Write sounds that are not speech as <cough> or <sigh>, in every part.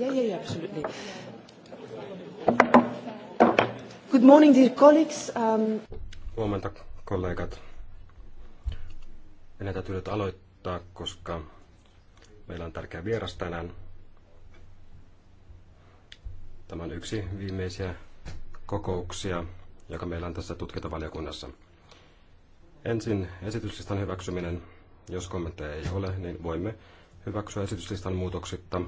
Yeah, yeah, yeah, absolutely. Good morning, dear colleagues. Um... Huomenta, kollegat. Meidän täytyy nyt aloittaa, koska meillä on tärkeä vieras tänään. Tämä on yksi viimeisiä kokouksia, joka meillä on tässä tutkintavaliokunnassa. Ensin esityslistan hyväksyminen. Jos kommentteja ei ole, niin voimme hyväksyä esityslistan muutoksitta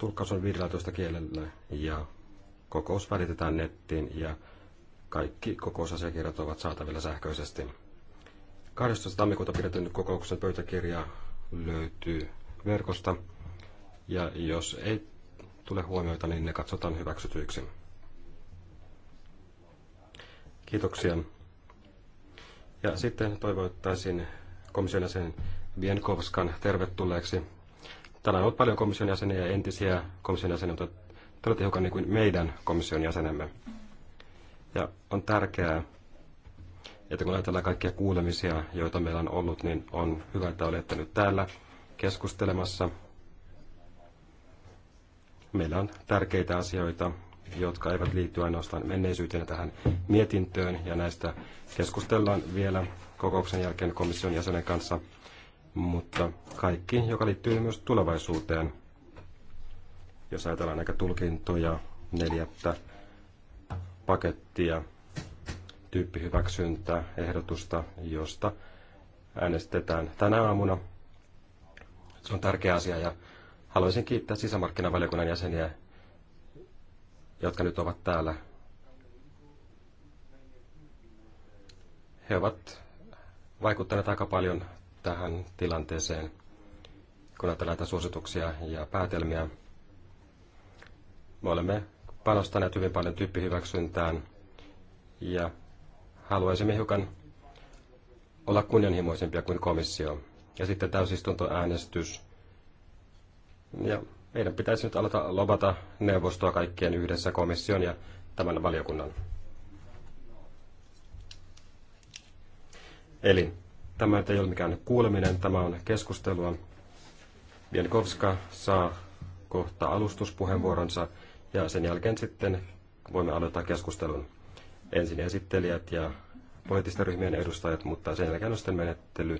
Tulkkaus on 15 kielellä ja kokous välitetään nettiin ja kaikki kokousasiakirjat ovat saatavilla sähköisesti. 12. tammikuuta pidetyn kokouksen pöytäkirja löytyy verkosta ja jos ei tule huomioita, niin ne katsotaan hyväksytyiksi. Kiitoksia. Ja sitten toivottaisin komission jäsen Vienkovskan tervetulleeksi Täällä on ollut paljon komission jäseniä ja entisiä komission jäseniä, mutta te olette hiukan niin kuin meidän komission jäsenemme. Ja on tärkeää, että kun ajatellaan kaikkia kuulemisia, joita meillä on ollut, niin on hyvä, että olette nyt täällä keskustelemassa. Meillä on tärkeitä asioita, jotka eivät liity ainoastaan menneisyyteen tähän mietintöön, ja näistä keskustellaan vielä kokouksen jälkeen komission jäsenen kanssa mutta kaikki, joka liittyy myös tulevaisuuteen. Jos ajatellaan näitä tulkintoja, neljättä pakettia, tyyppihyväksyntää, ehdotusta, josta äänestetään tänä aamuna. Se on tärkeä asia ja haluaisin kiittää sisämarkkinavaliokunnan jäseniä, jotka nyt ovat täällä. He ovat vaikuttaneet aika paljon tähän tilanteeseen, kun ajatellaan näitä suosituksia ja päätelmiä. Me olemme panostaneet hyvin paljon tyyppihyväksyntään ja haluaisimme hiukan olla kunnianhimoisempia kuin komissio. Ja sitten täysistuntoäänestys. Ja meidän pitäisi nyt aloita lobata neuvostoa kaikkien yhdessä komission ja tämän valiokunnan. Eli Tämä ei ole mikään kuuleminen, tämä on keskustelua. Vienkovska saa kohta alustuspuheenvuoronsa ja sen jälkeen sitten voimme aloittaa keskustelun. Ensin esittelijät ja poliittisten ryhmien edustajat, mutta sen jälkeen on sitten menettely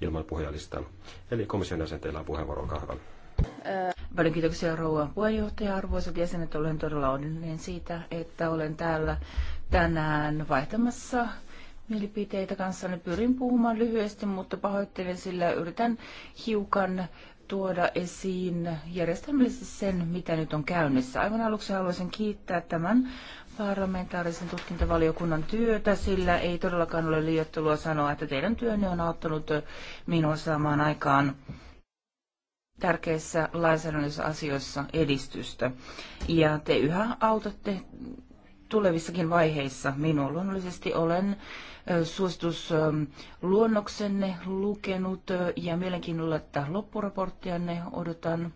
ilman puhujalistaa. Eli komission jäsen, teillä on puheenvuoro, olkaa Paljon kiitoksia rouva puheenjohtaja, arvoisat jäsenet. Olen todella onnellinen siitä, että olen täällä tänään vaihtamassa mielipiteitä kanssanne. Pyrin puhumaan lyhyesti, mutta pahoittelen, sillä yritän hiukan tuoda esiin järjestelmällisesti sen, mitä nyt on käynnissä. Aivan aluksi haluaisin kiittää tämän parlamentaarisen tutkintavaliokunnan työtä, sillä ei todellakaan ole liiottelua sanoa, että teidän työnne on auttanut minua saamaan aikaan tärkeissä lainsäädännöllisissä asioissa edistystä. Ja te yhä autatte tulevissakin vaiheissa minua. Luonnollisesti olen suositusluonnoksenne ähm, lukenut äh, ja mielenkiinnolla, että loppuraporttianne odotan.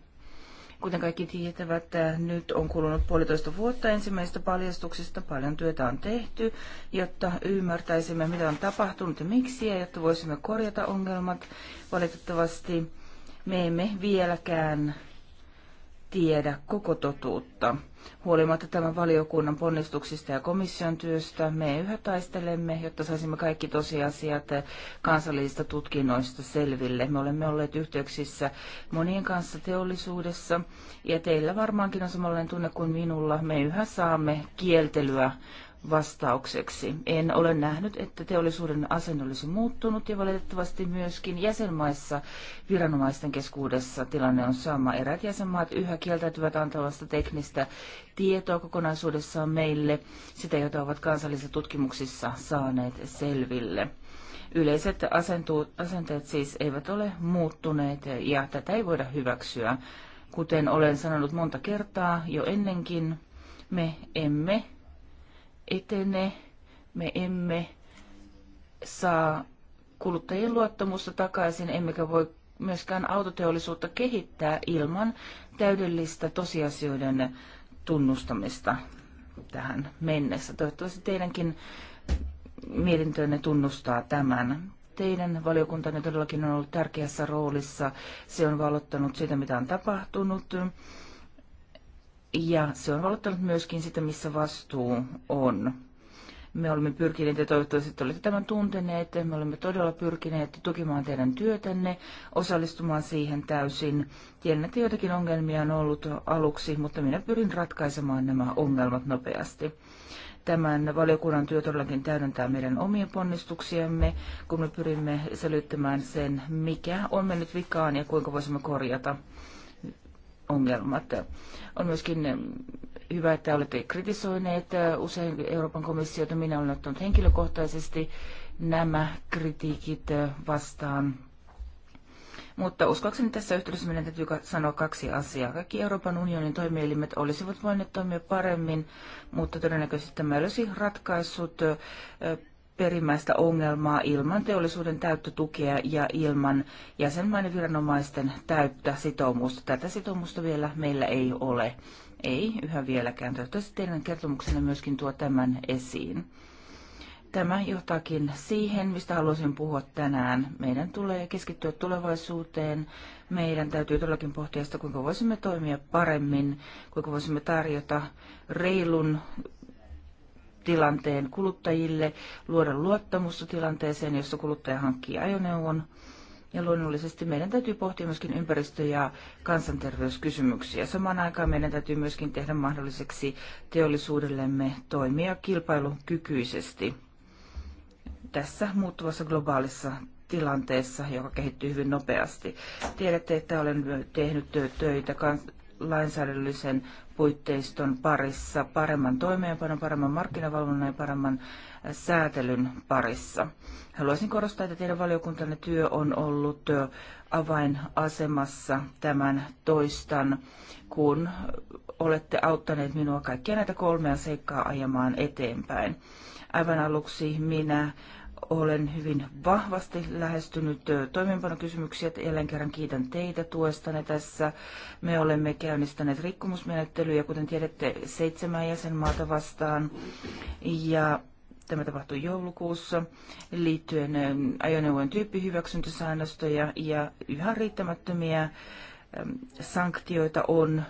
Kuten kaikki tietävät, äh, nyt on kulunut puolitoista vuotta ensimmäisestä paljastuksesta. Paljon työtä on tehty, jotta ymmärtäisimme, mitä on tapahtunut ja miksi, ja jotta voisimme korjata ongelmat. Valitettavasti me emme vieläkään tiedä koko totuutta. Huolimatta tämän valiokunnan ponnistuksista ja komission työstä, me yhä taistelemme, jotta saisimme kaikki tosiasiat kansallisista tutkinnoista selville. Me olemme olleet yhteyksissä monien kanssa teollisuudessa, ja teillä varmaankin on samanlainen tunne kuin minulla. Me yhä saamme kieltelyä vastaukseksi. En ole nähnyt, että teollisuuden asenne olisi muuttunut ja valitettavasti myöskin jäsenmaissa viranomaisten keskuudessa tilanne on sama. Eräät jäsenmaat yhä kieltäytyvät antavasta teknistä tietoa kokonaisuudessaan meille, sitä jota ovat kansallisissa tutkimuksissa saaneet selville. Yleiset asenteet siis eivät ole muuttuneet ja tätä ei voida hyväksyä. Kuten olen sanonut monta kertaa jo ennenkin, me emme etene. Me emme saa kuluttajien luottamusta takaisin, emmekä voi myöskään autoteollisuutta kehittää ilman täydellistä tosiasioiden tunnustamista tähän mennessä. Toivottavasti teidänkin mietintöönne tunnustaa tämän. Teidän valiokuntanne todellakin on ollut tärkeässä roolissa. Se on valottanut sitä, mitä on tapahtunut. Ja se on valottanut myöskin sitä, missä vastuu on. Me olemme pyrkineet, ja toivottavasti että olette tämän tunteneet, me olemme todella pyrkineet tukemaan teidän työtänne, osallistumaan siihen täysin. Tiedän, että joitakin ongelmia on ollut aluksi, mutta minä pyrin ratkaisemaan nämä ongelmat nopeasti. Tämän valiokunnan työ todellakin täydentää meidän omia ponnistuksiamme, kun me pyrimme selvittämään sen, mikä on mennyt vikaan ja kuinka voisimme korjata ongelmat. On myöskin hyvä, että olette kritisoineet usein Euroopan komissiota. Minä olen ottanut henkilökohtaisesti nämä kritiikit vastaan. Mutta uskoakseni tässä yhteydessä meidän täytyy sanoa kaksi asiaa. Kaikki Euroopan unionin toimielimet olisivat voineet toimia paremmin, mutta todennäköisesti tämä olisi ratkaissut perimmäistä ongelmaa ilman teollisuuden täyttä tukea ja ilman jäsenmaiden viranomaisten täyttä sitoumusta. Tätä sitoumusta vielä meillä ei ole. Ei yhä vieläkään. Toivottavasti teidän kertomuksenne myöskin tuo tämän esiin. Tämä johtaakin siihen, mistä haluaisin puhua tänään. Meidän tulee keskittyä tulevaisuuteen. Meidän täytyy todellakin pohtia sitä, kuinka voisimme toimia paremmin, kuinka voisimme tarjota reilun tilanteen kuluttajille, luoda luottamusta tilanteeseen, jossa kuluttaja hankkii ajoneuvon. Ja luonnollisesti meidän täytyy pohtia myöskin ympäristö- ja kansanterveyskysymyksiä. Samaan aikaan meidän täytyy myöskin tehdä mahdolliseksi teollisuudellemme toimia kilpailukykyisesti tässä muuttuvassa globaalissa tilanteessa, joka kehittyy hyvin nopeasti. Tiedätte, että olen tehnyt töitä lainsäädännöllisen puitteiston parissa, paremman toimeenpanon, paremman markkinavalvonnan ja paremman äh, säätelyn parissa. Haluaisin korostaa, että teidän valiokuntanne työ on ollut äh, avainasemassa tämän toistan, kun olette auttaneet minua kaikkia näitä kolmea seikkaa ajamaan eteenpäin. Aivan aluksi minä olen hyvin vahvasti lähestynyt toimeenpanokysymyksiä. Jälleen kerran kiitän teitä tuestanne tässä. Me olemme käynnistäneet rikkomusmenettelyjä, kuten tiedätte, seitsemän jäsenmaata vastaan. Ja tämä tapahtui joulukuussa liittyen ajoneuvojen tyyppihyväksyntäsäännöstöjä ja yhä riittämättömiä sanktioita on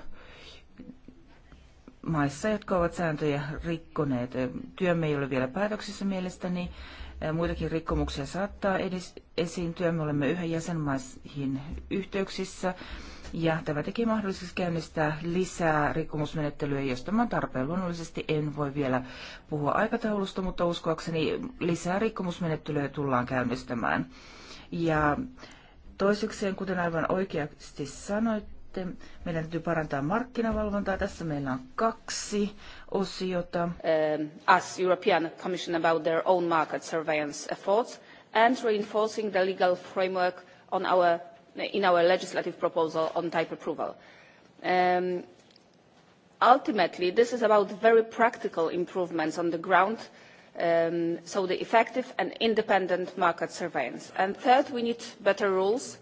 maissa, jotka ovat sääntöjä rikkoneet. Työmme ei ole vielä päätöksissä mielestäni. Muitakin rikkomuksia saattaa edes esiintyä. Me olemme yhä jäsenmaihin yhteyksissä. Ja tämä teki mahdollisesti käynnistää lisää rikkomusmenettelyä, jos tämä on tarpeen. Luonnollisesti en voi vielä puhua aikataulusta, mutta uskoakseni lisää rikkomusmenettelyä tullaan käynnistämään. Ja toisekseen, kuten aivan oikeasti sanoit, sitten Meidän täytyy parantaa markkinavalvontaa. Tässä meillä on kaksi osiota. Um, as European Commission about their own market surveillance efforts and reinforcing the legal framework on our, in our legislative proposal on type approval. Um, ultimately, this is about very practical improvements on the ground um, so the effective and independent market surveillance. And third, we need better rules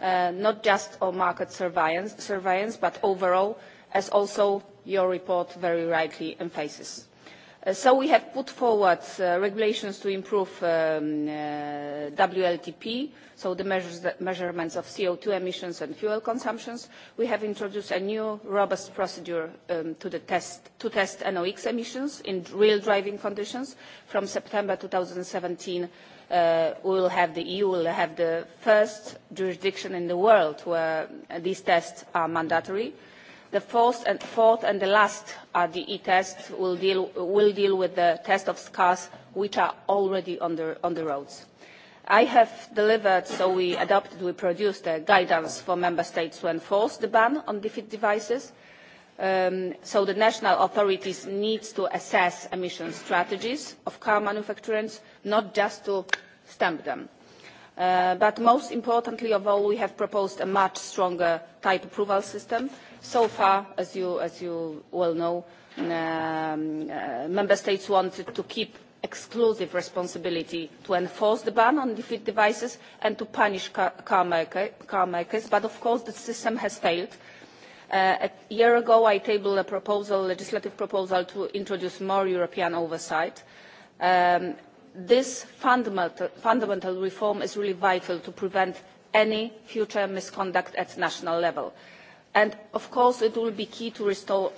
Uh, not just on market surveillance, but overall, as also your report very rightly emphasises. Uh, so we have put forward uh, regulations to improve um, WLTP, so the measurements of CO2 emissions and fuel consumptions. We have introduced a new robust procedure um, to, test, to test NOx emissions in real driving conditions from September 2017 Uh, we will have the EU will have the first jurisdiction in the world where these tests are mandatory. The fourth and, fourth and the last RDE test will deal, will deal with the test of cars which are already on the, on the roads. I have delivered, so we adopted, we produced a guidance for member states to enforce the ban on defeat devices. Um, so the national authorities need to assess emission strategies of car manufacturers not just to stamp them. Uh, but most importantly of all, we have proposed a much stronger type approval system. So far, as you, well know, um, uh, member states wanted to keep exclusive responsibility to enforce the ban on defeat devices and to punish car, makers, but of course the system has failed. Uh, a year ago, I tabled a proposal, legislative proposal to introduce more European oversight. Um, this fundamental, reform is really vital to prevent any future misconduct at national level. And of course, it will be key to restore,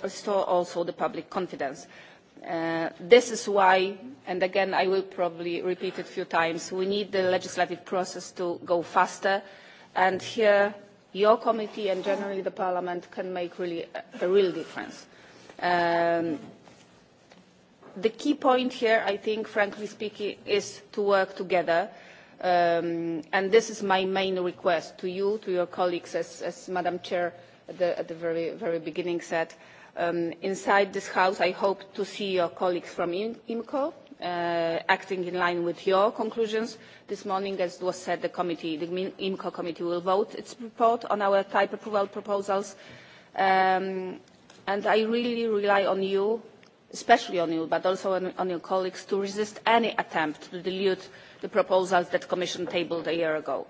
also the public confidence. Uh, this is why, and again, I will probably repeat it a few times, we need the legislative process to go faster. And here, your committee and generally the parliament can make a, real difference. Um, the key point here, I think, frankly speaking, is to work together. Um, and this is my main request to you, to your colleagues, as, as Madam Chair at the, at the very, very beginning said. Um, inside this House, I hope to see your colleagues from IMCO uh, acting in line with your conclusions. This morning, as was said, the committee, the IMCO committee will vote its report on our type approval proposals. Um, and I really rely on you especially on you, but also on, on your colleagues, to resist any attempt to dilute the proposals that the Commission tabled a year ago.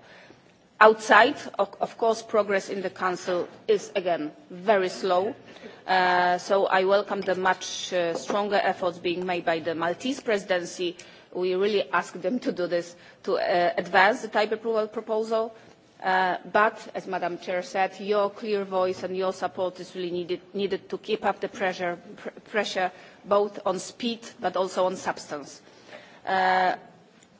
Outside, of, of course, progress in the Council is, again, very slow, uh, so I welcome the much uh, stronger efforts being made by the Maltese presidency. We really ask them to do this, to uh, advance the type approval proposal Uh, but, as Madam Chair said, your clear voice and your support is really needed, to keep up the pressure, both on speed but also on substance. Uh,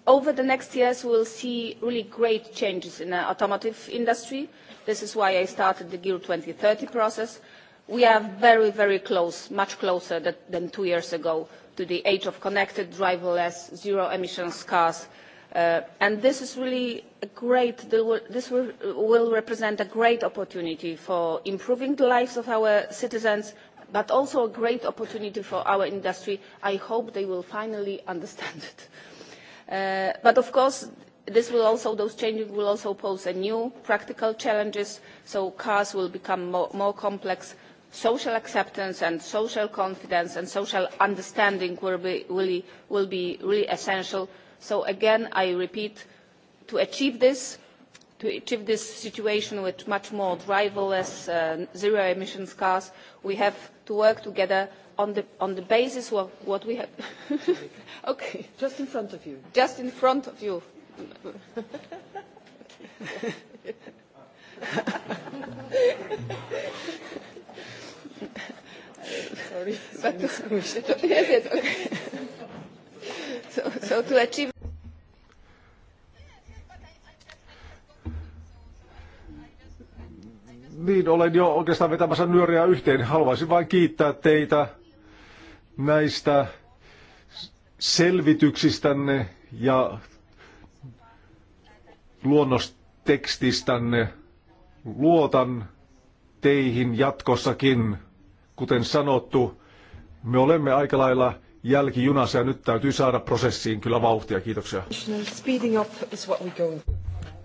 over the next years, we will see really great changes in the automotive industry. This is why I started the Gear 2030 process. We are very, very close, much closer than two years ago, to the age of connected, driverless, zero-emissions cars, Uh, and this is really a great, this will, represent a great opportunity for improving the lives of our citizens, but also a great opportunity for our industry. I hope they will finally <laughs> understand it. Uh, but of course, this will also, those changes will also pose a new practical challenges, so cars will become more, more complex, social acceptance and social confidence and social understanding will be, really, will be really essential so again i repeat to achieve this to achieve this situation with much more driverless uh, zero emissions cars we have to work together on the on the basis of what we have <laughs> okay just in front of you just in front of you <laughs> sorry <laughs> but, yes yes okay So, so to achieve... Niin, olen jo oikeastaan vetämässä nyöriä yhteen. Haluaisin vain kiittää teitä näistä selvityksistänne ja luonnostekstistänne. Luotan teihin jatkossakin. Kuten sanottu, me olemme aika lailla jälkijunassa ja nyt täytyy saada prosessiin kyllä vauhtia. Kiitoksia.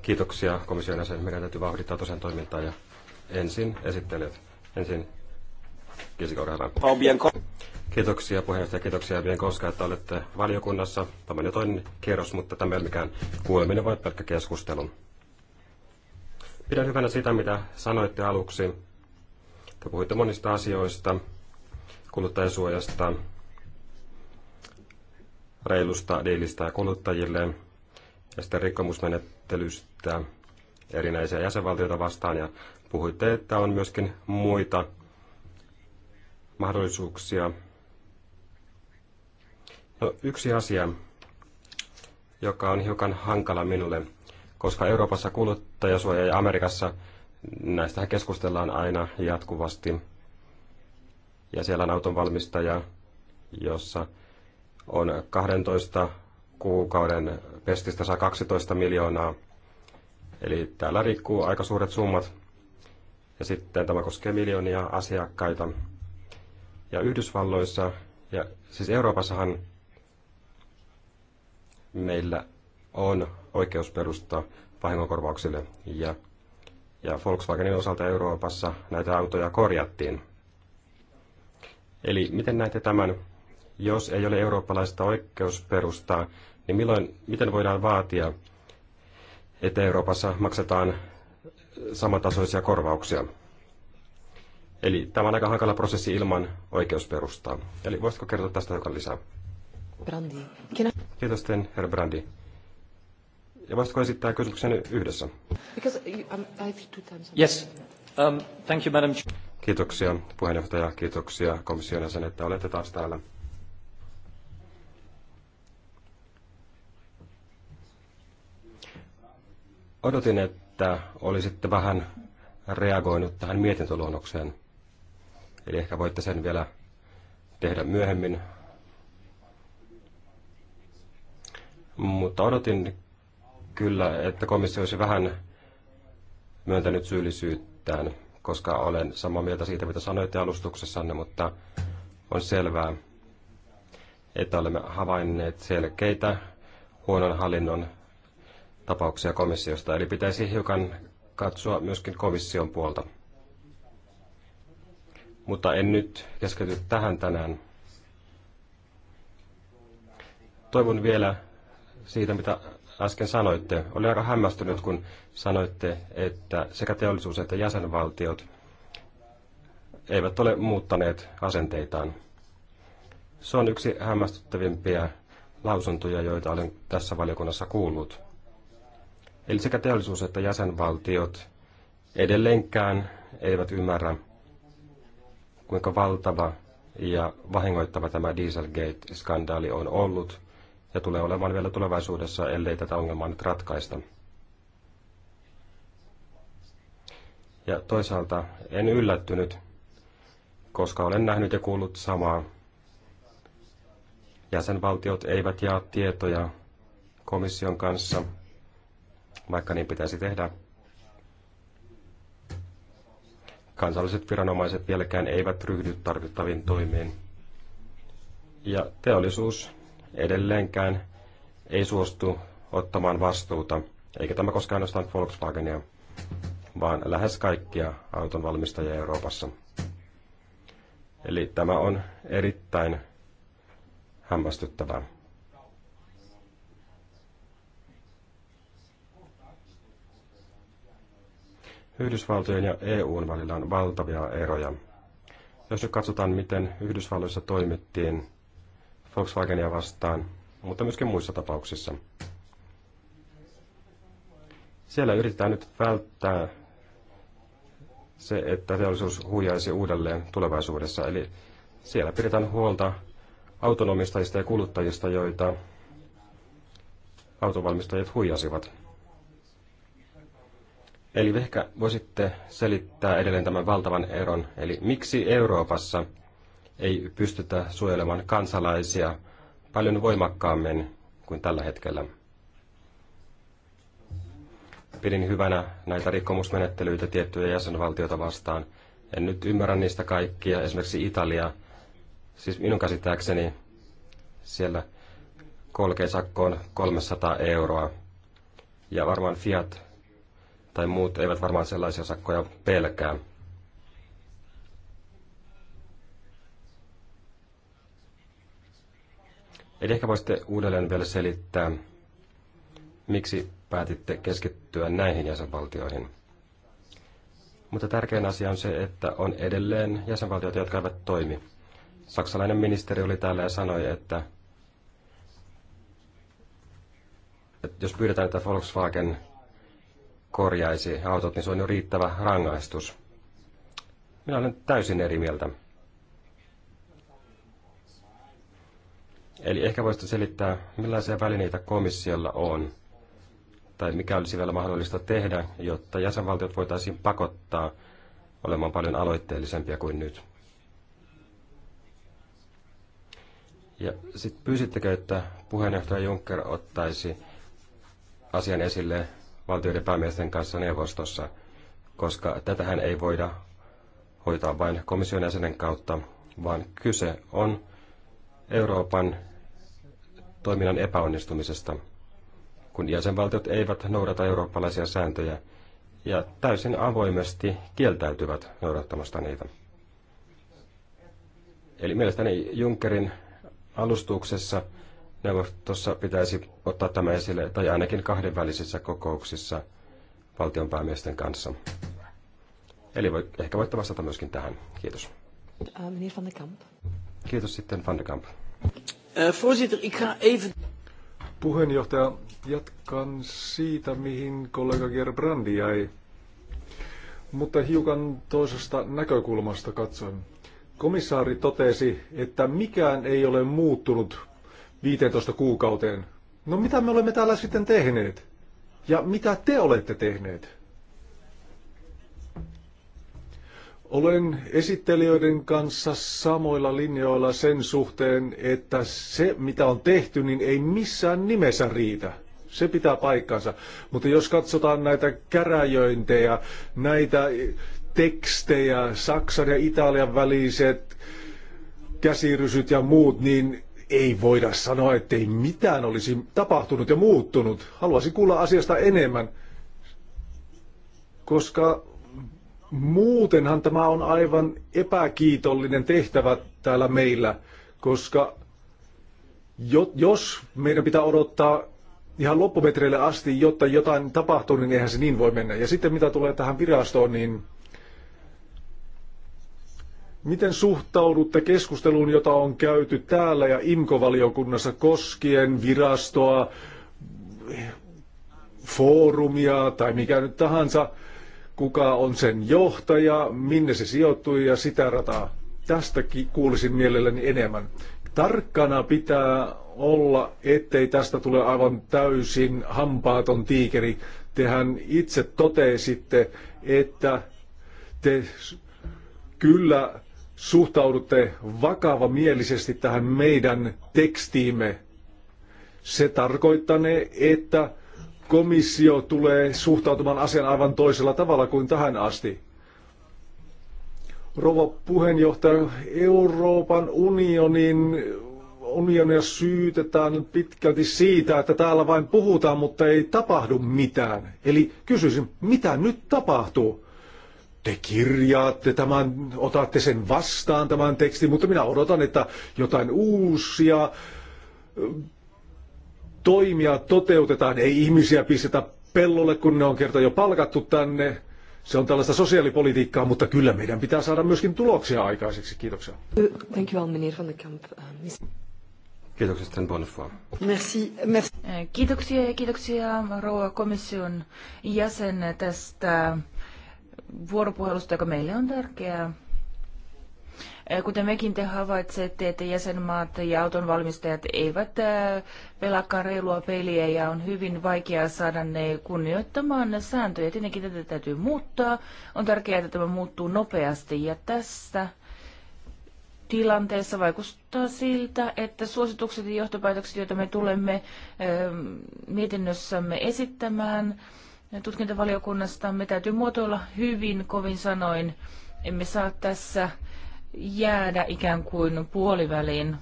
Kiitoksia komission jäsen. Meidän täytyy vauhdittaa tosiaan toimintaa ja ensin esittelijät. Ensin Kirsikorhara. Kiitoksia puheenjohtaja, kiitoksia Bienkoska, että olette valiokunnassa. Tämä on jo toinen kierros, mutta tämä ei ole mikään kuuleminen, vaan pelkkä keskustelu. Pidän hyvänä sitä, mitä sanoitte aluksi. Te puhuitte monista asioista, kuluttajasuojasta, reilusta diilistä kuluttajille ja sitten rikkomusmenettelystä erinäisiä jäsenvaltioita vastaan ja puhuitte, että on myöskin muita mahdollisuuksia. No, yksi asia, joka on hiukan hankala minulle, koska Euroopassa kuluttajasuoja ja Amerikassa näistä keskustellaan aina jatkuvasti. Ja siellä on auton valmistaja, jossa on 12 kuukauden pestistä saa 12 miljoonaa. Eli täällä rikkuu aika suuret summat. Ja sitten tämä koskee miljoonia asiakkaita. Ja Yhdysvalloissa, ja siis Euroopassahan meillä on oikeusperusta vahingonkorvauksille. Ja, ja Volkswagenin osalta Euroopassa näitä autoja korjattiin. Eli miten näette tämän jos ei ole eurooppalaista oikeusperustaa, niin milloin, miten voidaan vaatia, että Euroopassa maksetaan samantasoisia korvauksia? Eli tämä on aika hankala prosessi ilman oikeusperustaa. Eli voisitko kertoa tästä hiukan lisää? Brandi. Kiitos, Kiitos herra Brandi. Ja voisitko esittää kysymyksen yhdessä? you, um, Yes. Um, thank you, madam. Kiitoksia puheenjohtaja, kiitoksia komission jäsen, että olette taas täällä. Odotin, että olisitte vähän reagoinut tähän mietintöluonnokseen. Eli ehkä voitte sen vielä tehdä myöhemmin. Mutta odotin kyllä, että komissio olisi vähän myöntänyt syyllisyyttään, koska olen samaa mieltä siitä, mitä sanoitte alustuksessanne, mutta on selvää, että olemme havainneet selkeitä huonon hallinnon tapauksia komissiosta, eli pitäisi hiukan katsoa myöskin komission puolta. Mutta en nyt keskity tähän tänään. Toivon vielä siitä, mitä äsken sanoitte. Oli aika hämmästynyt, kun sanoitte, että sekä teollisuus että jäsenvaltiot eivät ole muuttaneet asenteitaan. Se on yksi hämmästyttävimpiä lausuntoja, joita olen tässä valiokunnassa kuullut. Eli sekä teollisuus että jäsenvaltiot edelleenkään eivät ymmärrä, kuinka valtava ja vahingoittava tämä Dieselgate-skandaali on ollut ja tulee olemaan vielä tulevaisuudessa, ellei tätä ongelmaa nyt ratkaista. Ja toisaalta en yllättynyt, koska olen nähnyt ja kuullut samaa. Jäsenvaltiot eivät jaa tietoja komission kanssa vaikka niin pitäisi tehdä. Kansalliset viranomaiset vieläkään eivät ryhdy tarvittaviin toimiin. Ja teollisuus edelleenkään ei suostu ottamaan vastuuta, eikä tämä koske ainoastaan Volkswagenia, vaan lähes kaikkia auton valmistajia Euroopassa. Eli tämä on erittäin hämmästyttävää. Yhdysvaltojen ja EUn välillä on valtavia eroja. Jos nyt katsotaan, miten Yhdysvalloissa toimittiin Volkswagenia vastaan, mutta myöskin muissa tapauksissa. Siellä yritetään nyt välttää se, että teollisuus huijaisi uudelleen tulevaisuudessa. Eli siellä pidetään huolta autonomistajista ja kuluttajista, joita autovalmistajat huijasivat. Eli ehkä voisitte selittää edelleen tämän valtavan eron, eli miksi Euroopassa ei pystytä suojelemaan kansalaisia paljon voimakkaammin kuin tällä hetkellä. Pidin hyvänä näitä rikkomusmenettelyitä tiettyjä jäsenvaltioita vastaan. En nyt ymmärrä niistä kaikkia, esimerkiksi Italia. Siis minun käsittääkseni siellä kolkeisakkoon sakkoon 300 euroa. Ja varmaan Fiat tai muut eivät varmaan sellaisia sakkoja pelkää. Eli ehkä voisitte uudelleen vielä selittää, miksi päätitte keskittyä näihin jäsenvaltioihin. Mutta tärkein asia on se, että on edelleen jäsenvaltioita, jotka eivät toimi. Saksalainen ministeri oli täällä ja sanoi, että, että jos pyydetään, että Volkswagen korjaisi autot, niin se on jo riittävä rangaistus. Minä olen täysin eri mieltä. Eli ehkä voisitte selittää, millaisia välineitä komissiolla on, tai mikä olisi vielä mahdollista tehdä, jotta jäsenvaltiot voitaisiin pakottaa olemaan paljon aloitteellisempia kuin nyt. Ja sitten pyysittekö, että puheenjohtaja Juncker ottaisi asian esille valtioiden päämiesten kanssa neuvostossa, koska tätähän ei voida hoitaa vain komission jäsenen kautta, vaan kyse on Euroopan toiminnan epäonnistumisesta, kun jäsenvaltiot eivät noudata eurooppalaisia sääntöjä ja täysin avoimesti kieltäytyvät noudattamasta niitä. Eli mielestäni Junckerin alustuksessa neuvostossa pitäisi ottaa tämä esille, tai ainakin kahdenvälisissä kokouksissa valtionpäämiesten kanssa. Eli voi, ehkä voitte vastata myöskin tähän. Kiitos. Eh, meneer Van de Kamp. Kiitos sitten Van de Kamp. Eh, voorzitter, even... Puheenjohtaja, jatkan siitä, mihin kollega Gerbrandi jäi, mutta hiukan toisesta näkökulmasta katsoen. Komissaari totesi, että mikään ei ole muuttunut 15 kuukauteen. No mitä me olemme täällä sitten tehneet? Ja mitä te olette tehneet? Olen esittelijöiden kanssa samoilla linjoilla sen suhteen, että se mitä on tehty, niin ei missään nimessä riitä. Se pitää paikkansa. Mutta jos katsotaan näitä käräjöintejä, näitä tekstejä, Saksan ja Italian väliset käsirysyt ja muut, niin ei voida sanoa, ettei mitään olisi tapahtunut ja muuttunut. Haluaisin kuulla asiasta enemmän, koska muutenhan tämä on aivan epäkiitollinen tehtävä täällä meillä, koska jos meidän pitää odottaa ihan loppumetreille asti, jotta jotain tapahtuu, niin eihän se niin voi mennä. Ja sitten mitä tulee tähän virastoon, niin Miten suhtaudutte keskusteluun, jota on käyty täällä ja IMKO-valiokunnassa koskien virastoa, foorumia tai mikä nyt tahansa, kuka on sen johtaja, minne se sijoittui ja sitä rataa? Tästäkin kuulisin mielelläni enemmän. Tarkkana pitää olla, ettei tästä tule aivan täysin hampaaton tiikeri. Tehän itse totesitte, että te kyllä suhtaudutte vakavamielisesti tähän meidän tekstiimme. Se tarkoittanee, että komissio tulee suhtautumaan asian aivan toisella tavalla kuin tähän asti. Rouva puheenjohtaja, Euroopan unionin unionia syytetään pitkälti siitä, että täällä vain puhutaan, mutta ei tapahdu mitään. Eli kysyisin, mitä nyt tapahtuu? te kirjaatte tämän, otatte sen vastaan tämän tekstin, mutta minä odotan, että jotain uusia toimia toteutetaan. Ei ihmisiä pistetä pellolle, kun ne on kerta jo palkattu tänne. Se on tällaista sosiaalipolitiikkaa, mutta kyllä meidän pitää saada myöskin tuloksia aikaiseksi. Kiitoksia. Thank you, van de Kamp. Uh, kiitoksia, Stan Merci, merci. Kiitoksia ja kiitoksia rouva komission jäsen tästä vuoropuhelusta, joka meille on tärkeää. Äh, kuten mekin te havaitsette, että jäsenmaat ja auton valmistajat eivät äh, pelaakaan reilua peliä ja on hyvin vaikeaa saada ne kunnioittamaan sääntöjä. Tietenkin tätä täytyy muuttaa. On tärkeää, että tämä muuttuu nopeasti ja tässä tilanteessa vaikuttaa siltä, että suositukset ja johtopäätökset, joita me tulemme ähm, mietinnössämme esittämään, tutkintavaliokunnasta. Me täytyy muotoilla hyvin kovin sanoin. Emme saa tässä jäädä ikään kuin puoliväliin.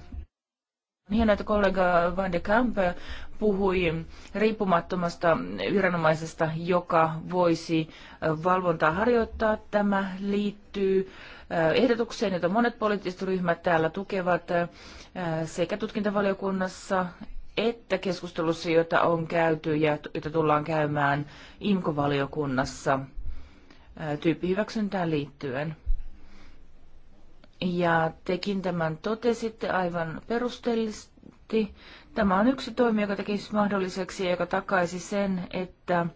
Hienoa, että kollega Van de Kamp puhui riippumattomasta viranomaisesta, joka voisi valvontaa harjoittaa. Tämä liittyy äh, ehdotukseen, jota monet poliittiset ryhmät täällä tukevat äh, sekä tutkintavaliokunnassa että keskustelussa, jota on käyty ja jota tullaan käymään IMKO-valiokunnassa tyyppihyväksyntään liittyen. Ja tekin tämän totesitte aivan perusteellisesti. Tämä on yksi toimi, joka tekisi mahdolliseksi ja joka takaisi sen, että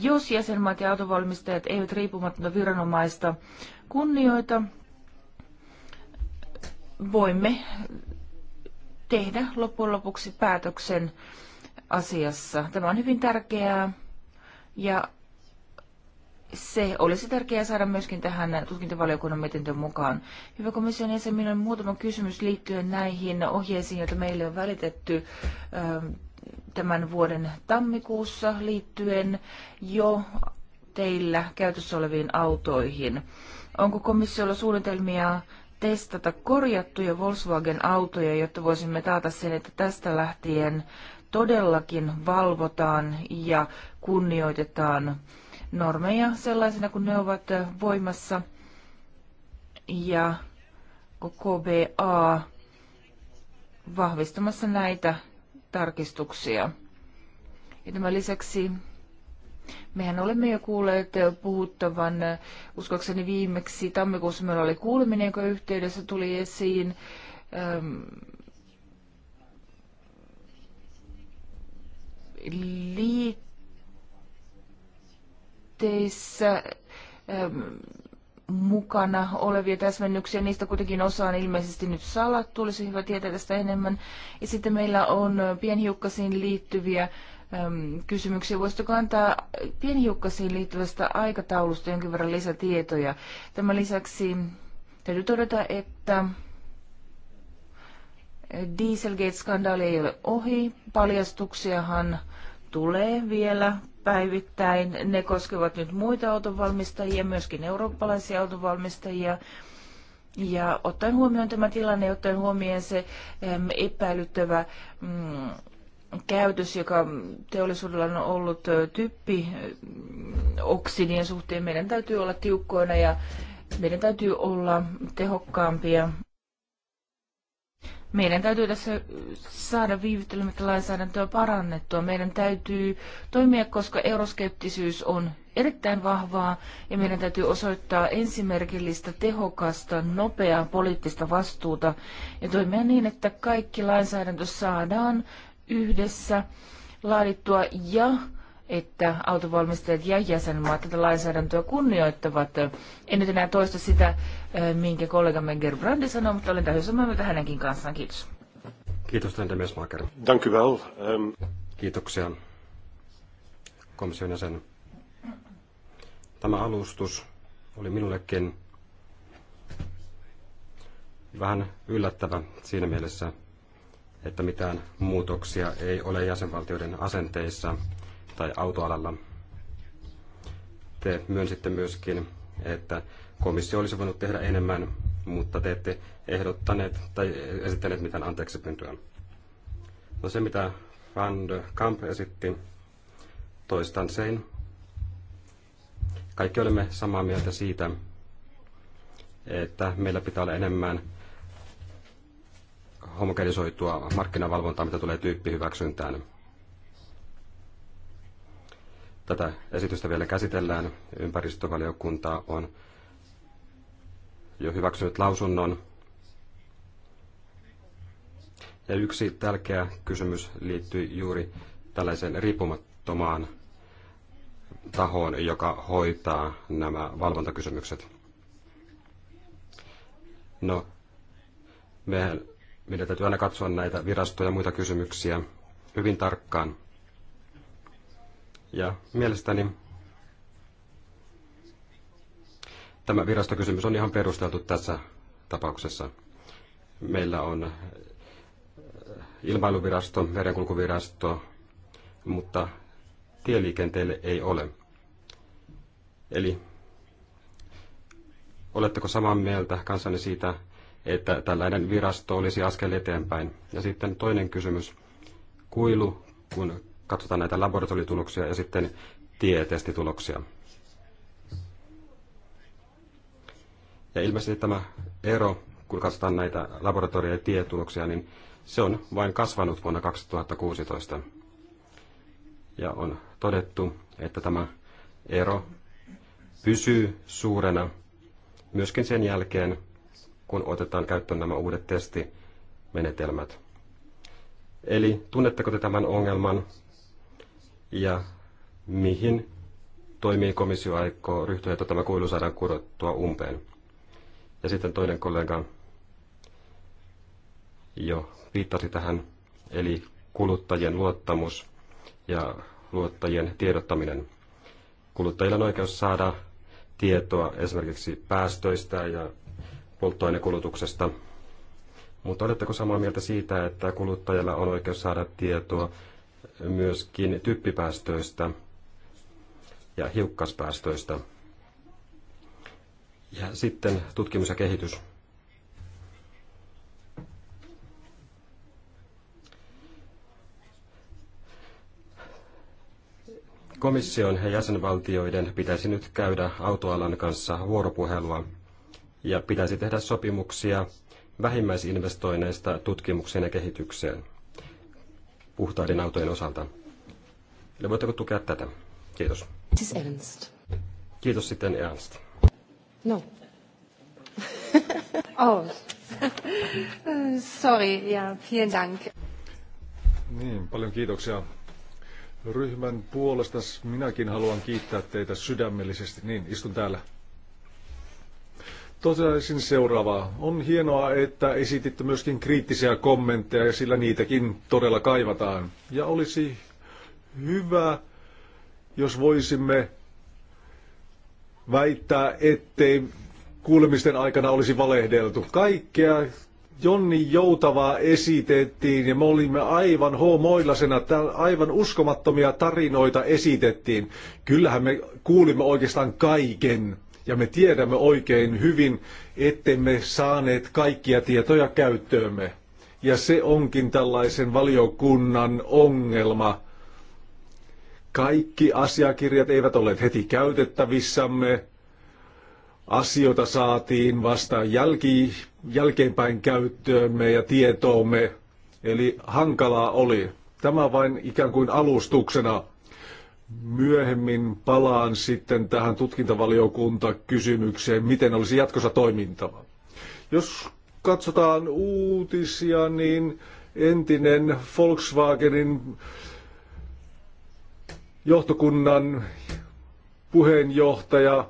jos jäsenmaat ja autovalmistajat eivät riippumatta viranomaista kunnioita, voimme tehdä loppujen lopuksi päätöksen asiassa. Tämä on hyvin tärkeää ja se olisi tärkeää saada myöskin tähän tutkintavaliokunnan mietintöön mukaan. Hyvä komission jäsen, minulla on muutama kysymys liittyen näihin ohjeisiin, joita meille on välitetty ähm, tämän vuoden tammikuussa liittyen jo teillä käytössä oleviin autoihin. Onko komissiolla suunnitelmia testata korjattuja Volkswagen-autoja, jotta voisimme taata sen, että tästä lähtien todellakin valvotaan ja kunnioitetaan normeja sellaisena kuin ne ovat voimassa. Ja KBA vahvistamassa näitä tarkistuksia. Ja tämän lisäksi Mehän olemme jo kuulleet puhuttavan, uskoakseni viimeksi tammikuussa meillä oli kuuleminen, joka yhteydessä tuli esiin äm, liitteissä ähm, mukana olevia täsmennyksiä. Niistä kuitenkin osa on ilmeisesti nyt salattu. Olisi hyvä tietää tästä enemmän. Ja sitten meillä on pienhiukkasiin liittyviä kysymyksiä. Voisitko antaa pienhiukkasiin liittyvästä aikataulusta jonkin verran lisätietoja? Tämän lisäksi täytyy todeta, että Dieselgate-skandaali ei ole ohi. Paljastuksiahan tulee vielä päivittäin. Ne koskevat nyt muita autonvalmistajia, myöskin eurooppalaisia autonvalmistajia. Ja ottaen huomioon tämä tilanne, ottaen huomioon se epäilyttävä mm, käytös, joka teollisuudella on ollut typpi oksidien suhteen, meidän täytyy olla tiukkoina ja meidän täytyy olla tehokkaampia. Meidän täytyy tässä saada viivyttelemättä lainsäädäntöä parannettua. Meidän täytyy toimia, koska euroskeptisyys on erittäin vahvaa ja meidän täytyy osoittaa ensimerkillistä, tehokasta, nopeaa poliittista vastuuta ja toimia niin, että kaikki lainsäädäntö saadaan yhdessä laadittua ja että autovalmistajat ja jäsenmaat tätä lainsäädäntöä kunnioittavat. En nyt enää toista sitä, minkä kollegamme Gerbrandi sanoi, mutta olen täysin samaa mieltä hänenkin kanssaan. Kiitos. Kiitos Tende Mesmaker. Dank u wel. Um... Kiitoksia komission jäsen. Tämä alustus oli minullekin vähän yllättävä siinä mielessä, että mitään muutoksia ei ole jäsenvaltioiden asenteissa tai autoalalla. Te myönsitte myöskin, että komissio olisi voinut tehdä enemmän, mutta te ette ehdottaneet tai esittäneet mitään anteeksi pyyntöä. No se, mitä Van de Kamp esitti, toistan sen. Kaikki olemme samaa mieltä siitä, että meillä pitää olla enemmän homogenisoitua markkinavalvontaa, mitä tulee tyyppihyväksyntään. Tätä esitystä vielä käsitellään. Ympäristövaliokunta on jo hyväksynyt lausunnon. Ja yksi tärkeä kysymys liittyy juuri tällaiseen riippumattomaan tahoon, joka hoitaa nämä valvontakysymykset. No, mehän meidän täytyy aina katsoa näitä virastoja ja muita kysymyksiä hyvin tarkkaan. Ja mielestäni tämä virastokysymys on ihan perusteltu tässä tapauksessa. Meillä on eh, ilmailuvirasto, merenkulkuvirasto, mutta tieliikenteelle ei ole. Eli oletteko samaa mieltä kanssani siitä, että tällainen virasto olisi askel eteenpäin. Ja sitten toinen kysymys, kuilu, kun katsotaan näitä laboratoriotuloksia ja sitten tietestituloksia. Ja ilmeisesti tämä ero, kun katsotaan näitä laboratorio- ja tietuloksia, niin se on vain kasvanut vuonna 2016. Ja on todettu, että tämä ero pysyy suurena myöskin sen jälkeen, kun otetaan käyttöön nämä uudet testimenetelmät. Eli tunnetteko te tämän ongelman ja mihin toimii komissio aikoo ryhtyä, että tämä kuilu saadaan kurottua umpeen? Ja sitten toinen kollega jo viittasi tähän, eli kuluttajien luottamus ja luottajien tiedottaminen. Kuluttajilla on oikeus saada tietoa esimerkiksi päästöistä ja polttoainekulutuksesta. Mutta oletteko samaa mieltä siitä, että kuluttajalla on oikeus saada tietoa myöskin typpipäästöistä ja hiukkaspäästöistä? Ja sitten tutkimus ja kehitys. Komission ja jäsenvaltioiden pitäisi nyt käydä autoalan kanssa vuoropuhelua ja pitäisi tehdä sopimuksia vähimmäisinvestoinneista tutkimukseen ja kehitykseen puhtaiden autojen osalta. Eli voitteko tukea tätä? Kiitos. Siis Ernst. Kiitos sitten Ernst. No. <laughs> oh. Sorry, ja vielen dank. Niin, paljon kiitoksia. Ryhmän puolesta minäkin haluan kiittää teitä sydämellisesti. Niin, istun täällä Toteaisin seuraavaa. On hienoa, että esititte myöskin kriittisiä kommentteja, sillä niitäkin todella kaivataan. Ja olisi hyvä, jos voisimme väittää, ettei kuulemisten aikana olisi valehdeltu. Kaikkea Jonni Joutavaa esitettiin ja me olimme aivan homoillasena, aivan uskomattomia tarinoita esitettiin. Kyllähän me kuulimme oikeastaan kaiken. Ja me tiedämme oikein hyvin, ettemme saaneet kaikkia tietoja käyttöömme. Ja se onkin tällaisen valiokunnan ongelma. Kaikki asiakirjat eivät olleet heti käytettävissämme. Asioita saatiin vasta jälki, jälkeenpäin käyttöömme ja tietoomme. Eli hankalaa oli. Tämä vain ikään kuin alustuksena Myöhemmin palaan sitten tähän tutkintavaliokuntakysymykseen, miten olisi jatkossa toimintava. Jos katsotaan uutisia, niin entinen Volkswagenin johtokunnan puheenjohtaja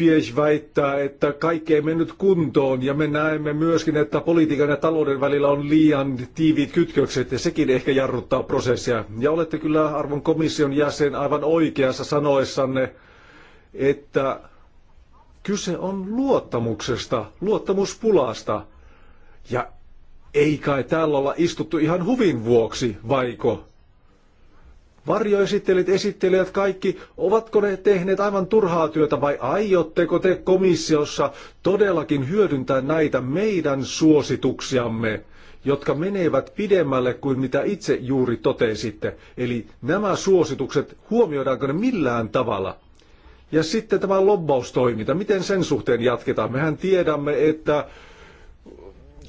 Pies väittää, että kaikki ei mennyt kuntoon ja me näemme myöskin, että politiikan ja talouden välillä on liian tiiviit kytkökset ja sekin ehkä jarruttaa prosessia. Ja olette kyllä arvon komission jäsen aivan oikeassa sanoessanne, että kyse on luottamuksesta, luottamuspulasta. Ja ei kai täällä olla istuttu ihan huvin vuoksi, vaiko? Varjoesittelijät, esittelijät, kaikki, ovatko ne tehneet aivan turhaa työtä vai aiotteko te komissiossa todellakin hyödyntää näitä meidän suosituksiamme? jotka menevät pidemmälle kuin mitä itse juuri totesitte. Eli nämä suositukset, huomioidaanko ne millään tavalla? Ja sitten tämä lobbaustoiminta, miten sen suhteen jatketaan? Mehän tiedämme, että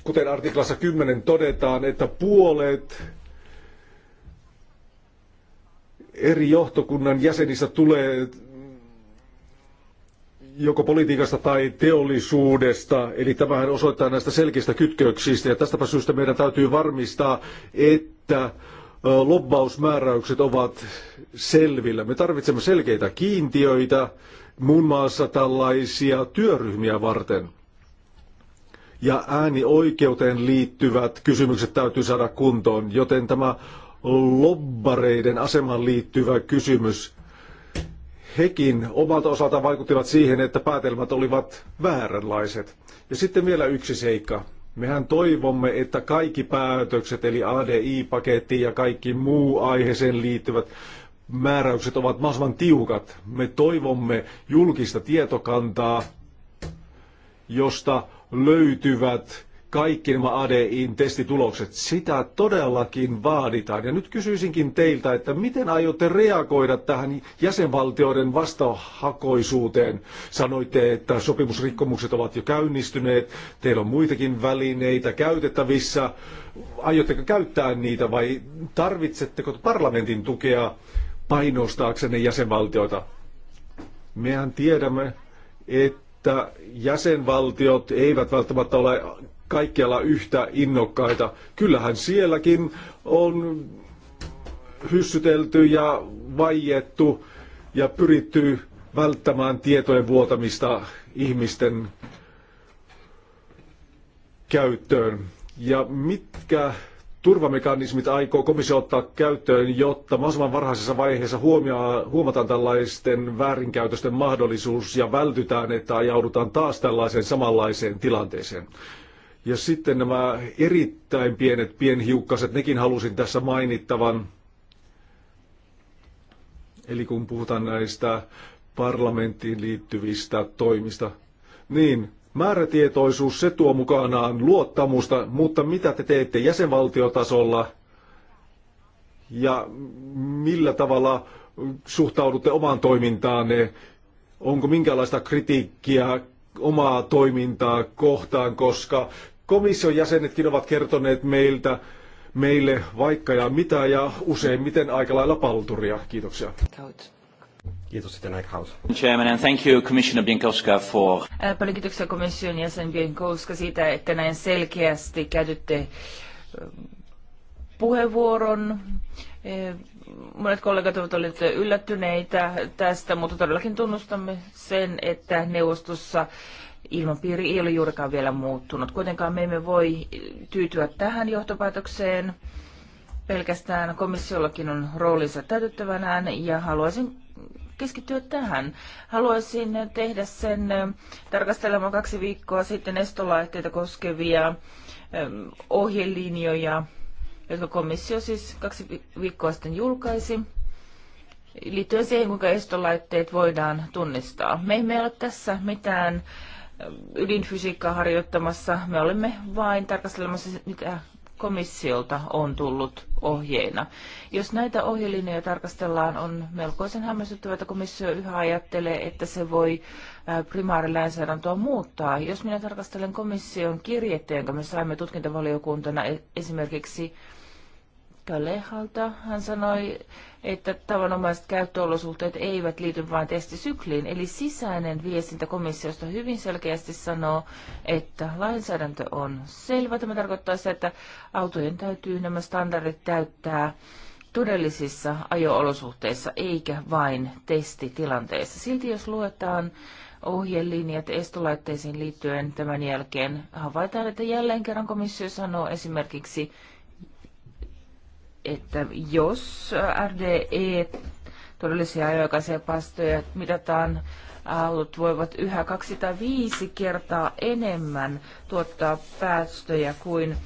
kuten artiklassa 10 todetaan, että puolet eri johtokunnan jäsenistä tulee joko politiikasta tai teollisuudesta, eli tämähän osoittaa näistä selkeistä kytköksistä, ja tästäpä syystä meidän täytyy varmistaa, että lobbausmääräykset ovat selvillä. Me tarvitsemme selkeitä kiintiöitä muun maassa tällaisia työryhmiä varten. Ja äänioikeuteen liittyvät kysymykset täytyy saada kuntoon, joten tämä lobbareiden asemaan liittyvä kysymys. Hekin omalta osalta vaikuttivat siihen, että päätelmät olivat vääränlaiset. Ja sitten vielä yksi seikka. Mehän toivomme, että kaikki päätökset, eli ADI-paketti ja kaikki muu aiheeseen liittyvät määräykset ovat mahdollisimman tiukat. Me toivomme julkista tietokantaa, josta löytyvät kaikki nämä adi testitulokset. Sitä todellakin vaaditaan. Ja nyt kysyisinkin teiltä, että miten aiotte reagoida tähän jäsenvaltioiden vastahakoisuuteen? Sanoitte, että sopimusrikkomukset ovat jo käynnistyneet, teillä on muitakin välineitä käytettävissä. Aiotteko käyttää niitä vai tarvitsetteko parlamentin tukea painostaaksenne jäsenvaltioita? Mehän tiedämme, että että jäsenvaltiot eivät välttämättä ole kaikkialla yhtä innokkaita. Kyllähän sielläkin on hyssytelty ja vaiettu ja pyritty välttämään tietojen vuotamista ihmisten käyttöön. Ja mitkä turvamekanismit aikoo komissio ottaa käyttöön, jotta mahdollisimman varhaisessa vaiheessa huomataan tällaisten väärinkäytösten mahdollisuus ja vältytään, että ajaudutaan taas tällaiseen samanlaiseen tilanteeseen. Ja sitten nämä erittäin pienet pienhiukkaset, nekin halusin tässä mainittavan. Eli kun puhutaan näistä parlamenttiin liittyvistä toimista, niin määrätietoisuus, se tuo mukanaan luottamusta, mutta mitä te teette jäsenvaltiotasolla ja millä tavalla suhtaudutte omaan toimintaanne? Onko minkälaista kritiikkiä omaa toimintaa kohtaan, koska komission jäsenetkin ovat kertoneet meiltä, meille vaikka ja mitä ja useimmiten aika lailla palturia. Kiitoksia. Kiitos sitten Chairman, and thank you Commissioner Bienkowska for... Paljon kiitoksia komission jäsen Bienkowska siitä, että näin selkeästi käytitte ähm, puheenvuoron. Monet kollegat ovat olleet yllättyneitä tästä, mutta todellakin tunnustamme sen, että neuvostossa ilmapiiri ei ole juurikaan vielä muuttunut. Kuitenkaan me emme voi tyytyä tähän johtopäätökseen. Pelkästään komissiollakin on roolinsa täytettävänään ja haluaisin keskittyä tähän. Haluaisin tehdä sen tarkastelemaan kaksi viikkoa sitten estolaitteita koskevia ohjelinjoja, jotka komissio siis kaksi viikkoa sitten julkaisi liittyen siihen, kuinka estolaitteet voidaan tunnistaa. Me emme ole tässä mitään ydinfysiikkaa harjoittamassa. Me olemme vain tarkastelemassa, mitä komissiolta on tullut ohjeina. Jos näitä ohjelinjoja tarkastellaan, on melkoisen hämmästyttävää, että komissio yhä ajattelee, että se voi primaarilainsäädäntöä muuttaa. Jos minä tarkastelen komission kirjettä, jonka me saimme tutkintavaliokuntana e- esimerkiksi Kalehalta. Hän sanoi, että tavanomaiset käyttöolosuhteet eivät liity vain testisykliin, eli sisäinen viestintä komissiosta hyvin selkeästi sanoo, että lainsäädäntö on selvä. Tämä tarkoittaa sitä, että autojen täytyy nämä standardit täyttää todellisissa ajo-olosuhteissa eikä vain testitilanteissa. Silti jos luetaan ohjelinjat estolaitteisiin liittyen tämän jälkeen, havaitaan, että jälleen kerran komissio sanoo esimerkiksi, että jos RDE todellisia ajoaikaisia päästöjä mitataan, allut voivat yhä kaksi tai viisi kertaa enemmän tuottaa päästöjä kuin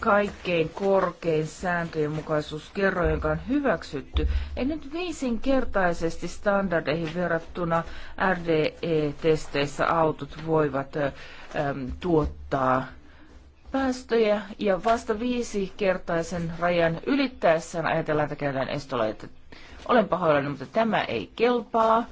kaikkein korkein sääntöjen mukaisuuskerro, joka on hyväksytty, ei nyt viisinkertaisesti standardeihin verrattuna RDE-testeissä autot voivat äm, tuottaa päästöjä ja vasta viisi kertaisen rajan ylittäessään ajatellaan, että käydään estolaita. Olen pahoillani, mutta tämä ei kelpaa.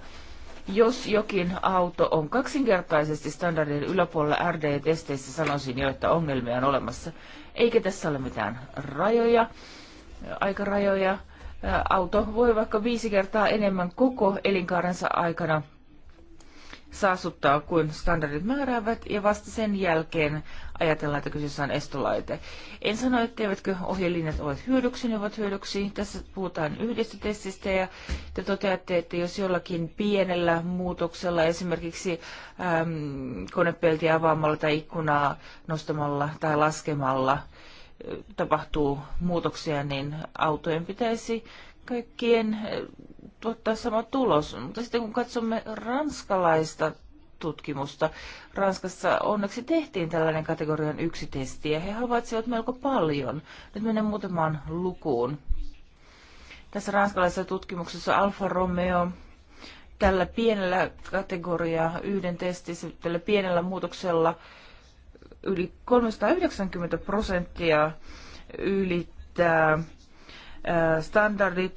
Jos jokin auto on kaksinkertaisesti standardin yläpuolella RD-testeissä, sanoisin jo, että ongelmia on olemassa. Eikä tässä ole mitään rajoja, aikarajoja. Auto voi vaikka viisi kertaa enemmän koko elinkaarensa aikana saastuttaa kuin standardit määräävät, ja vasta sen jälkeen ajatellaan, että kyseessä on estolaite. En sano, etteivätkö ohjelinjat ole hyödyksi, ne ovat hyödyksi. Tässä puhutaan yhdestä testistä ja te toteatte, että jos jollakin pienellä muutoksella, esimerkiksi äm, konepeltiä avaamalla tai ikkunaa nostamalla tai laskemalla tapahtuu muutoksia, niin autojen pitäisi kaikkien tuottaa sama tulos. Mutta sitten kun katsomme ranskalaista tutkimusta. Ranskassa onneksi tehtiin tällainen kategorian yksi testi ja he havaitsivat melko paljon. Nyt menen muutamaan lukuun. Tässä ranskalaisessa tutkimuksessa Alfa Romeo tällä pienellä kategoria yhden testissä, tällä pienellä muutoksella yli 390 prosenttia ylittää standardit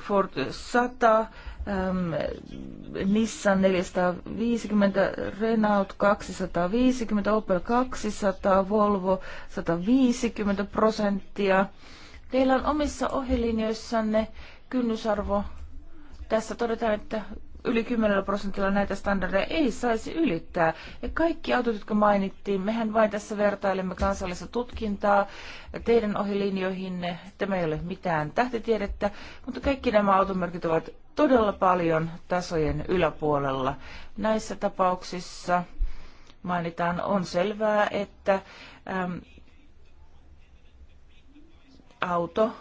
Ford 100 äm, Nissan 450, Renault 250, Opel 200, Volvo 150 prosenttia. Teillä on omissa ohilinjoissanne kynnysarvo. Tässä todetaan, että yli 10 prosentilla näitä standardeja ei saisi ylittää. Ja kaikki autot, jotka mainittiin, mehän vain tässä vertailemme kansallista tutkintaa teidän ohilinjoihinne. Tämä ei ole mitään tähtitiedettä, mutta kaikki nämä automerkit ovat todella paljon tasojen yläpuolella. Näissä tapauksissa mainitaan, on selvää, että ähm, auto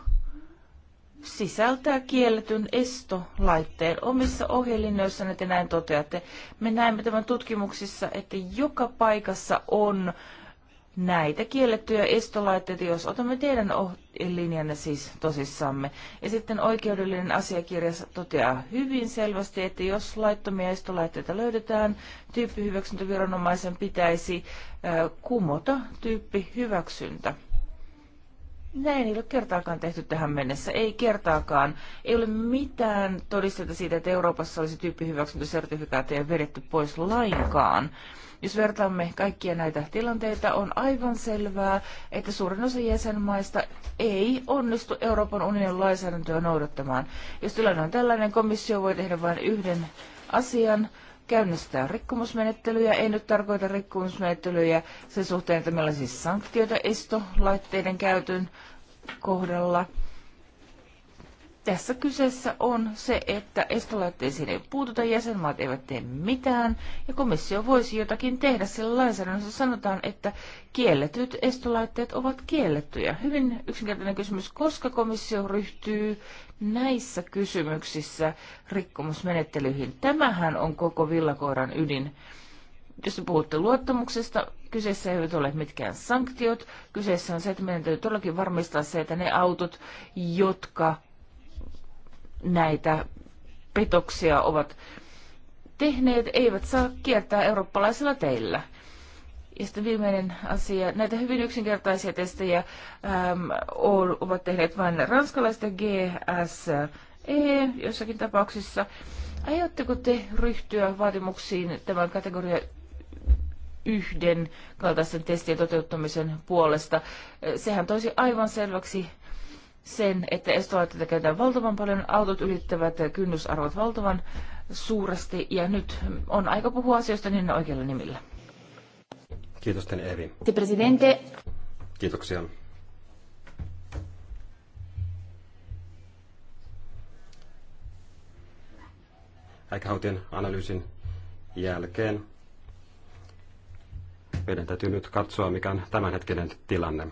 sisältää kielletyn estolaitteen omissa ohjelinnoissa, että näin toteatte. Me näemme tämän tutkimuksissa, että joka paikassa on näitä kiellettyjä estolaitteita, jos otamme teidän linjanne siis tosissamme. Ja sitten oikeudellinen asiakirja toteaa hyvin selvästi, että jos laittomia estolaitteita löydetään, tyyppihyväksyntäviranomaisen pitäisi kumota tyyppihyväksyntä. hyväksyntä. Näin ei ole kertaakaan tehty tähän mennessä, ei kertaakaan. Ei ole mitään todisteita siitä, että Euroopassa olisi tyyppihyväksyntösertifikaatteja vedetty pois lainkaan. Jos vertaamme kaikkia näitä tilanteita, on aivan selvää, että suurin osa jäsenmaista ei onnistu Euroopan unionin lainsäädäntöä noudattamaan. Jos tilanne on tällainen, komissio voi tehdä vain yhden asian, käynnistää rikkomusmenettelyjä. Ei nyt tarkoita rikkomusmenettelyjä sen suhteen, että meillä on siis sanktioita estolaitteiden käytön kohdalla tässä kyseessä on se, että estolaitteisiin ei puututa, jäsenmaat eivät tee mitään, ja komissio voisi jotakin tehdä, sillä lainsäädännössä sanotaan, että kielletyt estolaitteet ovat kiellettyjä. Hyvin yksinkertainen kysymys, koska komissio ryhtyy näissä kysymyksissä rikkomusmenettelyihin. Tämähän on koko villakoiran ydin. Jos te puhutte luottamuksesta, kyseessä eivät ole mitkään sanktiot. Kyseessä on se, että meidän täytyy todellakin varmistaa se, että ne autot, jotka näitä petoksia ovat tehneet, eivät saa kiertää eurooppalaisilla teillä. Ja sitten viimeinen asia. Näitä hyvin yksinkertaisia testejä ähm, ovat tehneet vain ranskalaiset GSE jossakin tapauksissa. Aiotteko te ryhtyä vaatimuksiin tämän kategoria yhden kaltaisten testien toteuttamisen puolesta? Sehän toisi aivan selväksi sen, että estolaitteita käytetään valtavan paljon, autot ylittävät kynnysarvot valtavan suuresti, ja nyt on aika puhua asioista niin oikealla nimillä. Kiitos, teille, Evi. Te Presidente. Kiitoksia. Häikähautien analyysin jälkeen meidän täytyy nyt katsoa, mikä on tämänhetkinen tilanne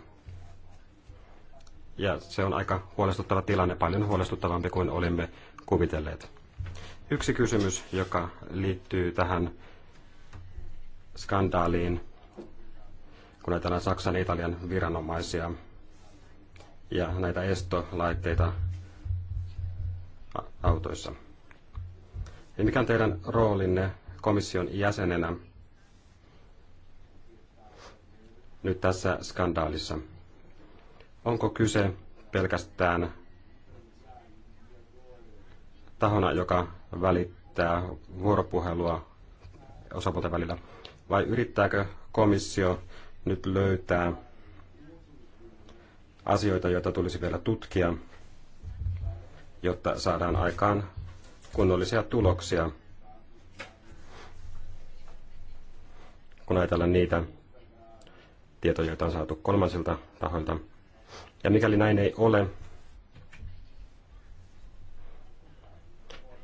ja se on aika huolestuttava tilanne, paljon huolestuttavampi kuin olimme kuvitelleet. Yksi kysymys, joka liittyy tähän skandaaliin, kun ajatellaan Saksan ja Italian viranomaisia ja näitä estolaitteita autoissa. Ja mikä on teidän roolinne komission jäsenenä nyt tässä skandaalissa? onko kyse pelkästään tahona, joka välittää vuoropuhelua osapuolten välillä, vai yrittääkö komissio nyt löytää asioita, joita tulisi vielä tutkia, jotta saadaan aikaan kunnollisia tuloksia, kun ajatellaan niitä tietoja, joita on saatu kolmansilta tahoilta – ja mikäli näin ei ole,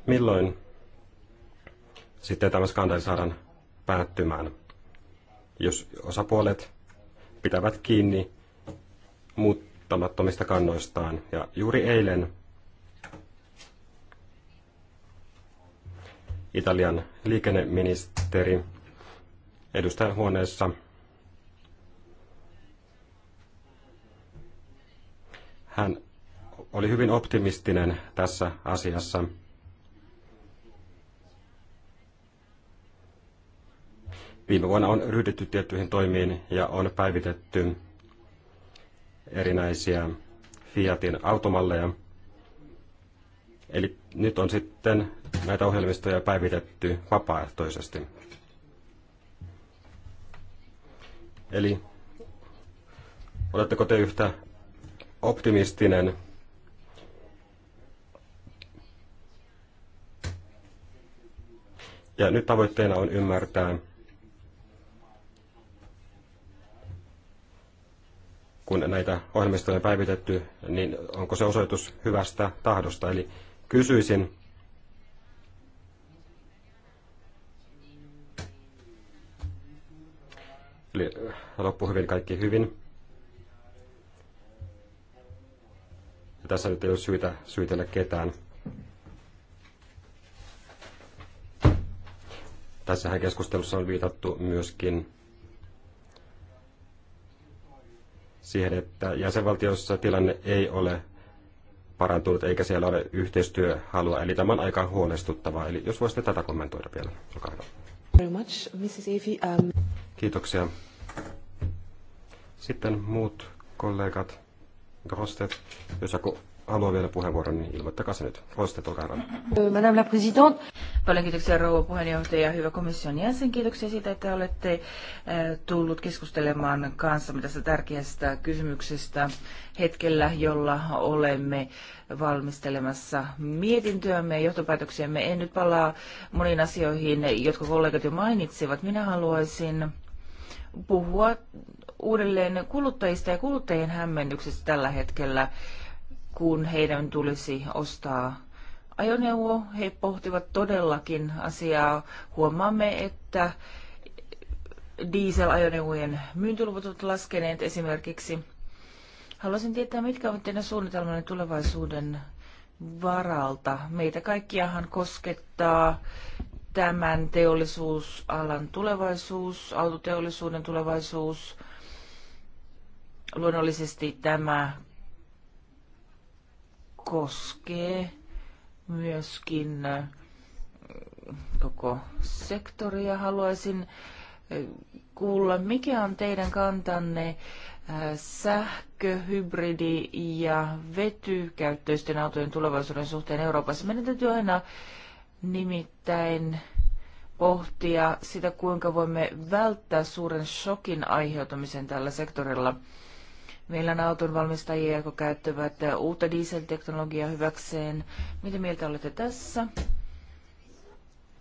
milloin sitten tämä skandaali saadaan päättymään, jos osapuolet pitävät kiinni muuttamattomista kannoistaan. Ja juuri eilen Italian liikenneministeri edustajan huoneessa Hän oli hyvin optimistinen tässä asiassa. Viime vuonna on ryhdytty tiettyihin toimiin ja on päivitetty erinäisiä Fiatin automalleja. Eli nyt on sitten näitä ohjelmistoja päivitetty vapaaehtoisesti. Eli oletteko te yhtä optimistinen. Ja nyt tavoitteena on ymmärtää, kun näitä ohjelmistoja on päivitetty, niin onko se osoitus hyvästä tahdosta. Eli kysyisin, eli loppu hyvin kaikki hyvin. tässä nyt ei ole syytä syytellä ketään. Tässähän keskustelussa on viitattu myöskin siihen, että jäsenvaltioissa tilanne ei ole parantunut eikä siellä ole yhteistyöhalua. Eli tämä on aika huolestuttavaa. Eli jos voisitte tätä kommentoida vielä, olkaa hyvä. Very much, Mrs. Evi. Um- Kiitoksia. Sitten muut kollegat. Grostet, jos joku haluaa vielä puheenvuoron, niin ilmoittakaa se nyt. Grostet, olkaa hyvä. Madame la Présidente. Paljon kiitoksia rouva puheenjohtaja ja hyvä komission jäsen. Kiitoksia siitä, että olette äh, tullut keskustelemaan kanssamme tästä tärkeästä kysymyksestä hetkellä, jolla olemme valmistelemassa mietintöämme ja johtopäätöksiämme. En nyt palaa moniin asioihin, jotka kollegat jo mainitsivat. Minä haluaisin puhua uudelleen kuluttajista ja kuluttajien hämmennyksestä tällä hetkellä, kun heidän tulisi ostaa ajoneuvo. He pohtivat todellakin asiaa. Huomaamme, että dieselajoneuvojen myyntiluvut ovat laskeneet esimerkiksi. Haluaisin tietää, mitkä ovat teidän suunnitelmanne tulevaisuuden varalta. Meitä kaikkiahan koskettaa tämän teollisuusalan tulevaisuus, autoteollisuuden tulevaisuus, Luonnollisesti tämä koskee myöskin äh, koko sektoria. Haluaisin äh, kuulla, mikä on teidän kantanne äh, sähkö, hybridi ja vetykäyttöisten autojen tulevaisuuden suhteen Euroopassa. Meidän täytyy aina nimittäin pohtia sitä, kuinka voimme välttää suuren shokin aiheutumisen tällä sektorilla – Meillä on autonvalmistajia, jotka käyttävät eh, uutta dieselteknologiaa hyväkseen. Mitä mieltä olette tässä?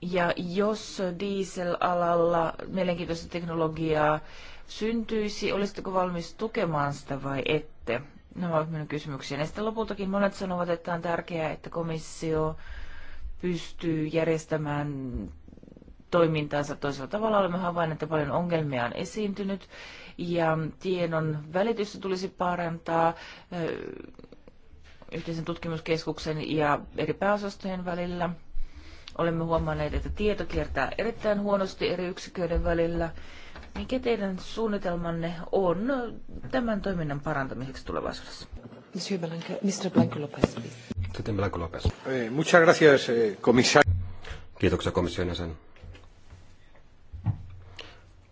Ja jos dieselalalla mielenkiintoista teknologiaa syntyisi, olisitteko valmis tukemaan sitä vai ette? Nämä ovat minun kysymyksiä. Ja sitten lopultakin monet sanovat, että on tärkeää, että komissio pystyy järjestämään toimintaansa toisella tavalla. Olemme havainneet, että paljon ongelmia on esiintynyt ja tiedon välitystä tulisi parantaa yhteisen tutkimuskeskuksen ja eri pääosastojen välillä. Olemme huomanneet, että tieto kiertää erittäin huonosti eri yksiköiden välillä. Mikä teidän suunnitelmanne on tämän toiminnan parantamiseksi tulevaisuudessa? Monsieur Blanco, Mr. Blanco eh, muchas gracias, eh, comisario. Kiitoksia komission jäsen.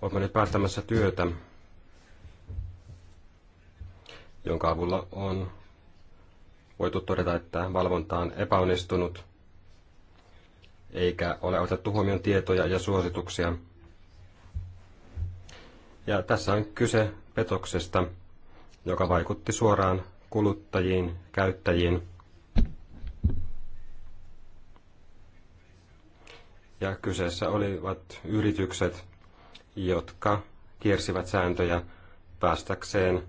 Olemme nyt päättämässä työtä, jonka avulla on voitu todeta, että valvonta on epäonnistunut eikä ole otettu huomioon tietoja ja suosituksia. Ja tässä on kyse petoksesta, joka vaikutti suoraan kuluttajiin, käyttäjiin. Ja kyseessä olivat yritykset, jotka kiersivät sääntöjä päästäkseen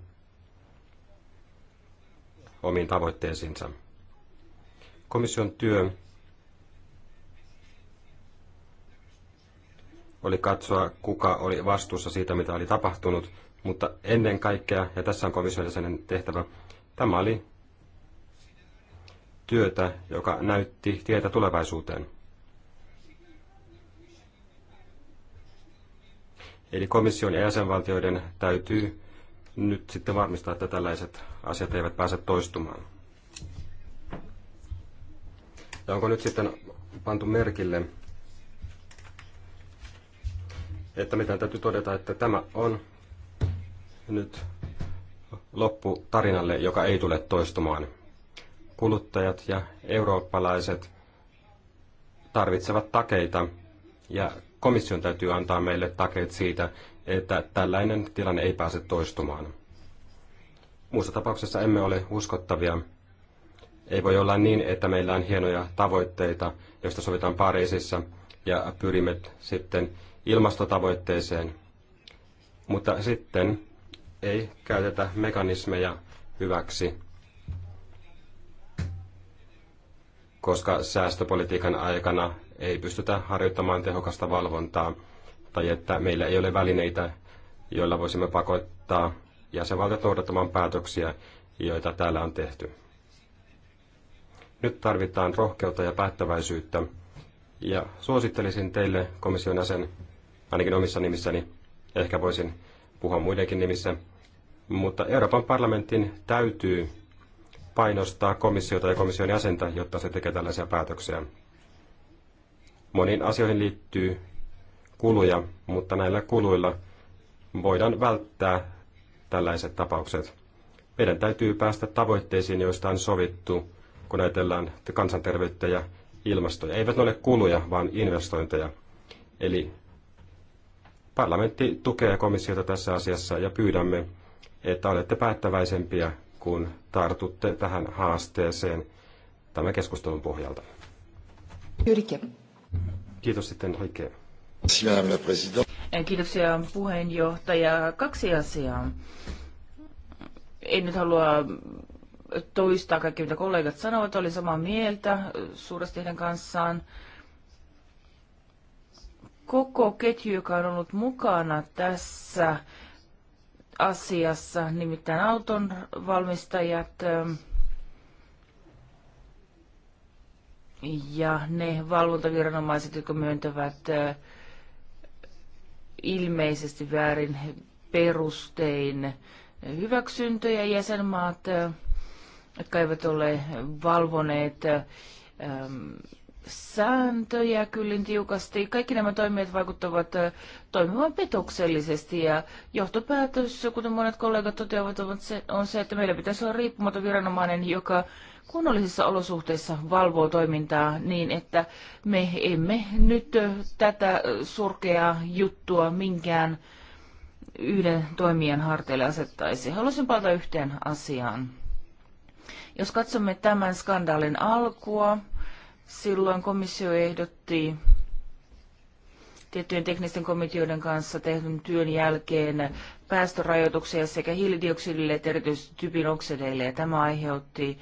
omiin tavoitteisiinsa. Komission työ oli katsoa, kuka oli vastuussa siitä, mitä oli tapahtunut, mutta ennen kaikkea, ja tässä on komission jäsenen tehtävä, tämä oli työtä, joka näytti tietä tulevaisuuteen. Eli komission ja jäsenvaltioiden täytyy nyt sitten varmistaa, että tällaiset asiat eivät pääse toistumaan. Ja onko nyt sitten pantu merkille, että mitä täytyy todeta, että tämä on nyt loppu tarinalle, joka ei tule toistumaan. Kuluttajat ja eurooppalaiset tarvitsevat takeita ja komission täytyy antaa meille takeet siitä, että tällainen tilanne ei pääse toistumaan. Muussa tapauksessa emme ole uskottavia. Ei voi olla niin, että meillä on hienoja tavoitteita, joista sovitaan Pariisissa, ja pyrimme sitten ilmastotavoitteeseen. Mutta sitten ei käytetä mekanismeja hyväksi, koska säästöpolitiikan aikana ei pystytä harjoittamaan tehokasta valvontaa – tai että meillä ei ole välineitä, joilla voisimme pakottaa jäsenvaltiot noudattamaan päätöksiä, joita täällä on tehty. Nyt tarvitaan rohkeutta ja päättäväisyyttä, ja suosittelisin teille komission jäsen, ainakin omissa nimissäni, ehkä voisin puhua muidenkin nimissä, mutta Euroopan parlamentin täytyy painostaa komissiota ja komission jäsentä, jotta se tekee tällaisia päätöksiä. Moniin asioihin liittyy kuluja, mutta näillä kuluilla voidaan välttää tällaiset tapaukset. Meidän täytyy päästä tavoitteisiin, joista on sovittu, kun ajatellaan kansanterveyttä ja ilmastoja. Eivät ne ole kuluja, vaan investointeja. Eli parlamentti tukee komissiota tässä asiassa ja pyydämme, että olette päättäväisempiä, kun tartutte tähän haasteeseen tämän keskustelun pohjalta. Yrke. Kiitos sitten oikein. Eh, kiitoksia puheenjohtaja. Kaksi asiaa. En nyt halua toistaa kaikki, mitä kollegat sanovat. Olin samaa mieltä suuresti heidän kanssaan. Koko ketju, joka on ollut mukana tässä asiassa, nimittäin auton valmistajat ähm, ja ne valvontaviranomaiset, jotka myöntävät äh, ilmeisesti väärin perustein hyväksyntöjä jäsenmaat, äh, jotka eivät ole valvoneet ähm, sääntöjä kyllin tiukasti. Kaikki nämä toimijat vaikuttavat toimivan petoksellisesti ja johtopäätös, kuten monet kollegat toteavat, on se, että meillä pitäisi olla riippumaton viranomainen, joka kunnollisissa olosuhteissa valvoo toimintaa niin, että me emme nyt tätä surkeaa juttua minkään yhden toimijan harteille asettaisi. Haluaisin palata yhteen asiaan. Jos katsomme tämän skandaalin alkua, Silloin komissio ehdotti tiettyjen teknisten komiteoiden kanssa tehdyn työn jälkeen päästörajoituksia sekä hiilidioksidille että erityisesti typin Ja tämä aiheutti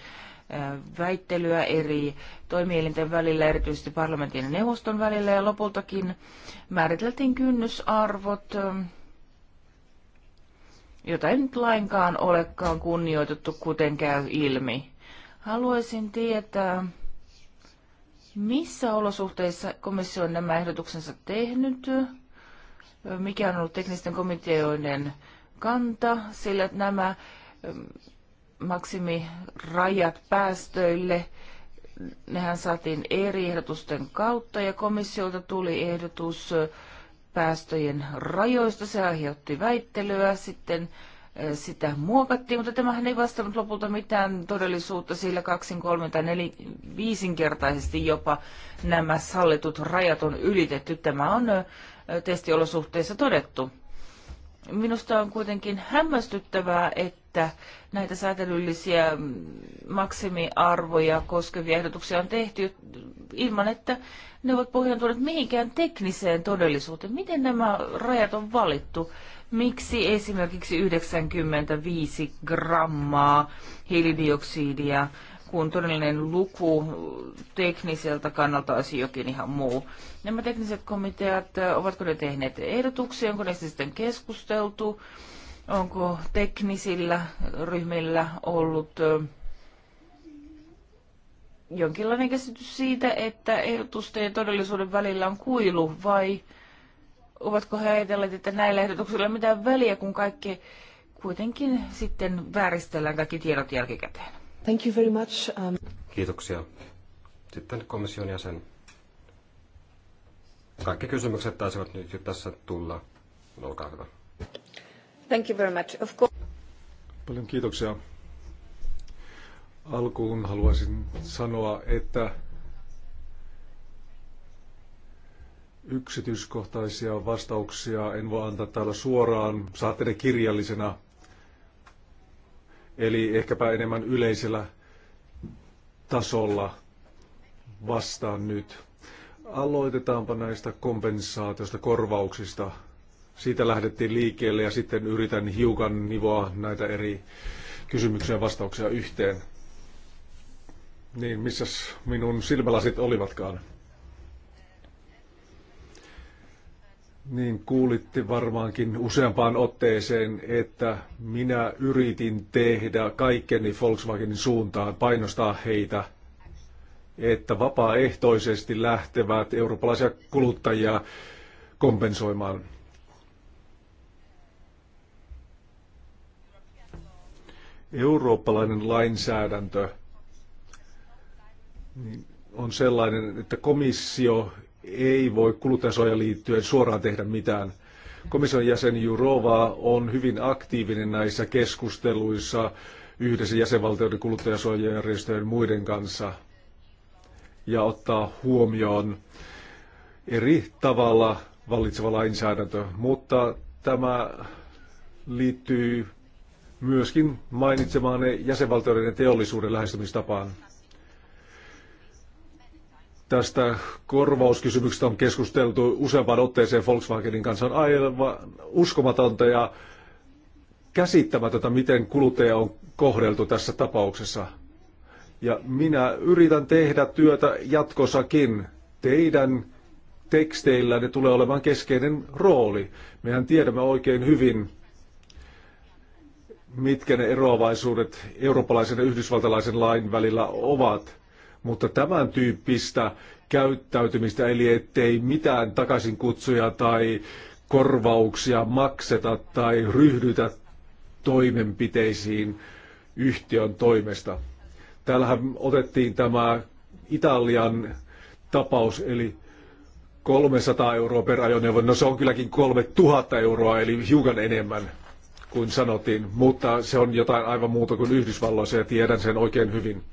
väittelyä eri toimielinten välillä, erityisesti parlamentin ja neuvoston välillä, ja lopultakin määriteltiin kynnysarvot, jota ei nyt lainkaan olekaan kunnioitettu, kuten käy ilmi. Haluaisin tietää, missä olosuhteissa komissio on nämä ehdotuksensa tehnyt? Mikä on ollut teknisten komiteoiden kanta, sillä nämä mm, maksimirajat päästöille, nehän saatiin eri ehdotusten kautta ja komissiolta tuli ehdotus päästöjen rajoista. Se aiheutti väittelyä. Sitten sitä muokattiin, mutta tämähän ei vastannut lopulta mitään todellisuutta, sillä kaksin, kolmen tai neli, viisinkertaisesti jopa nämä sallitut rajat on ylitetty. Tämä on testiolosuhteissa todettu. Minusta on kuitenkin hämmästyttävää, että että näitä säätelyllisiä maksimiarvoja koskevia ehdotuksia on tehty ilman, että ne ovat pohjantuneet mihinkään tekniseen todellisuuteen. Miten nämä rajat on valittu? Miksi esimerkiksi 95 grammaa hiilidioksidia, kun todellinen luku tekniseltä kannalta olisi jokin ihan muu? Nämä tekniset komiteat, ovatko ne tehneet ehdotuksia, onko ne sitten keskusteltu? Onko teknisillä ryhmillä ollut jonkinlainen käsitys siitä, että ehdotusten ja todellisuuden välillä on kuilu vai ovatko he ajatelleet, että näillä ehdotuksilla ei mitään väliä, kun kaikki kuitenkin sitten vääristellään kaikki tiedot jälkikäteen? Thank you very much. Um... Kiitoksia. Sitten komission jäsen. Kaikki kysymykset taisivat nyt jo tässä tulla. Olkaa hyvä. Thank you very much. Of course. Paljon kiitoksia. Alkuun haluaisin sanoa, että yksityiskohtaisia vastauksia en voi antaa täällä suoraan. Saatte ne kirjallisena, eli ehkäpä enemmän yleisellä tasolla vastaan nyt. Aloitetaanpa näistä kompensaatioista korvauksista – siitä lähdettiin liikkeelle ja sitten yritän hiukan nivoa näitä eri kysymyksiä ja vastauksia yhteen. Niin, missä minun silmälasit olivatkaan? Niin kuulitti varmaankin useampaan otteeseen, että minä yritin tehdä kaikkeni Volkswagenin suuntaan, painostaa heitä, että vapaaehtoisesti lähtevät eurooppalaisia kuluttajia kompensoimaan. Eurooppalainen lainsäädäntö niin on sellainen, että komissio ei voi kuluttajansuojan liittyen suoraan tehdä mitään. Komission jäsen Jurova on hyvin aktiivinen näissä keskusteluissa yhdessä jäsenvaltioiden kuluttajansuojajärjestöjen muiden kanssa ja ottaa huomioon eri tavalla vallitseva lainsäädäntö, mutta tämä liittyy myöskin mainitsemaanne jäsenvaltioiden teollisuuden lähestymistapaan. Tästä korvauskysymyksestä on keskusteltu useampaan otteeseen Volkswagenin kanssa. On aivan uskomatonta ja käsittämätöntä, miten kuluttaja on kohdeltu tässä tapauksessa. Ja minä yritän tehdä työtä jatkossakin. Teidän teksteillä ne tulee olemaan keskeinen rooli. Mehän tiedämme oikein hyvin, mitkä ne eroavaisuudet eurooppalaisen ja yhdysvaltalaisen lain välillä ovat. Mutta tämän tyyppistä käyttäytymistä, eli ettei mitään takaisinkutsuja tai korvauksia makseta tai ryhdytä toimenpiteisiin yhtiön toimesta. Täällähän otettiin tämä Italian tapaus, eli 300 euroa per ajoneuvo. No se on kylläkin 3000 euroa, eli hiukan enemmän kuin sanottiin, mutta se on jotain aivan muuta kuin Yhdysvalloissa ja tiedän sen oikein hyvin.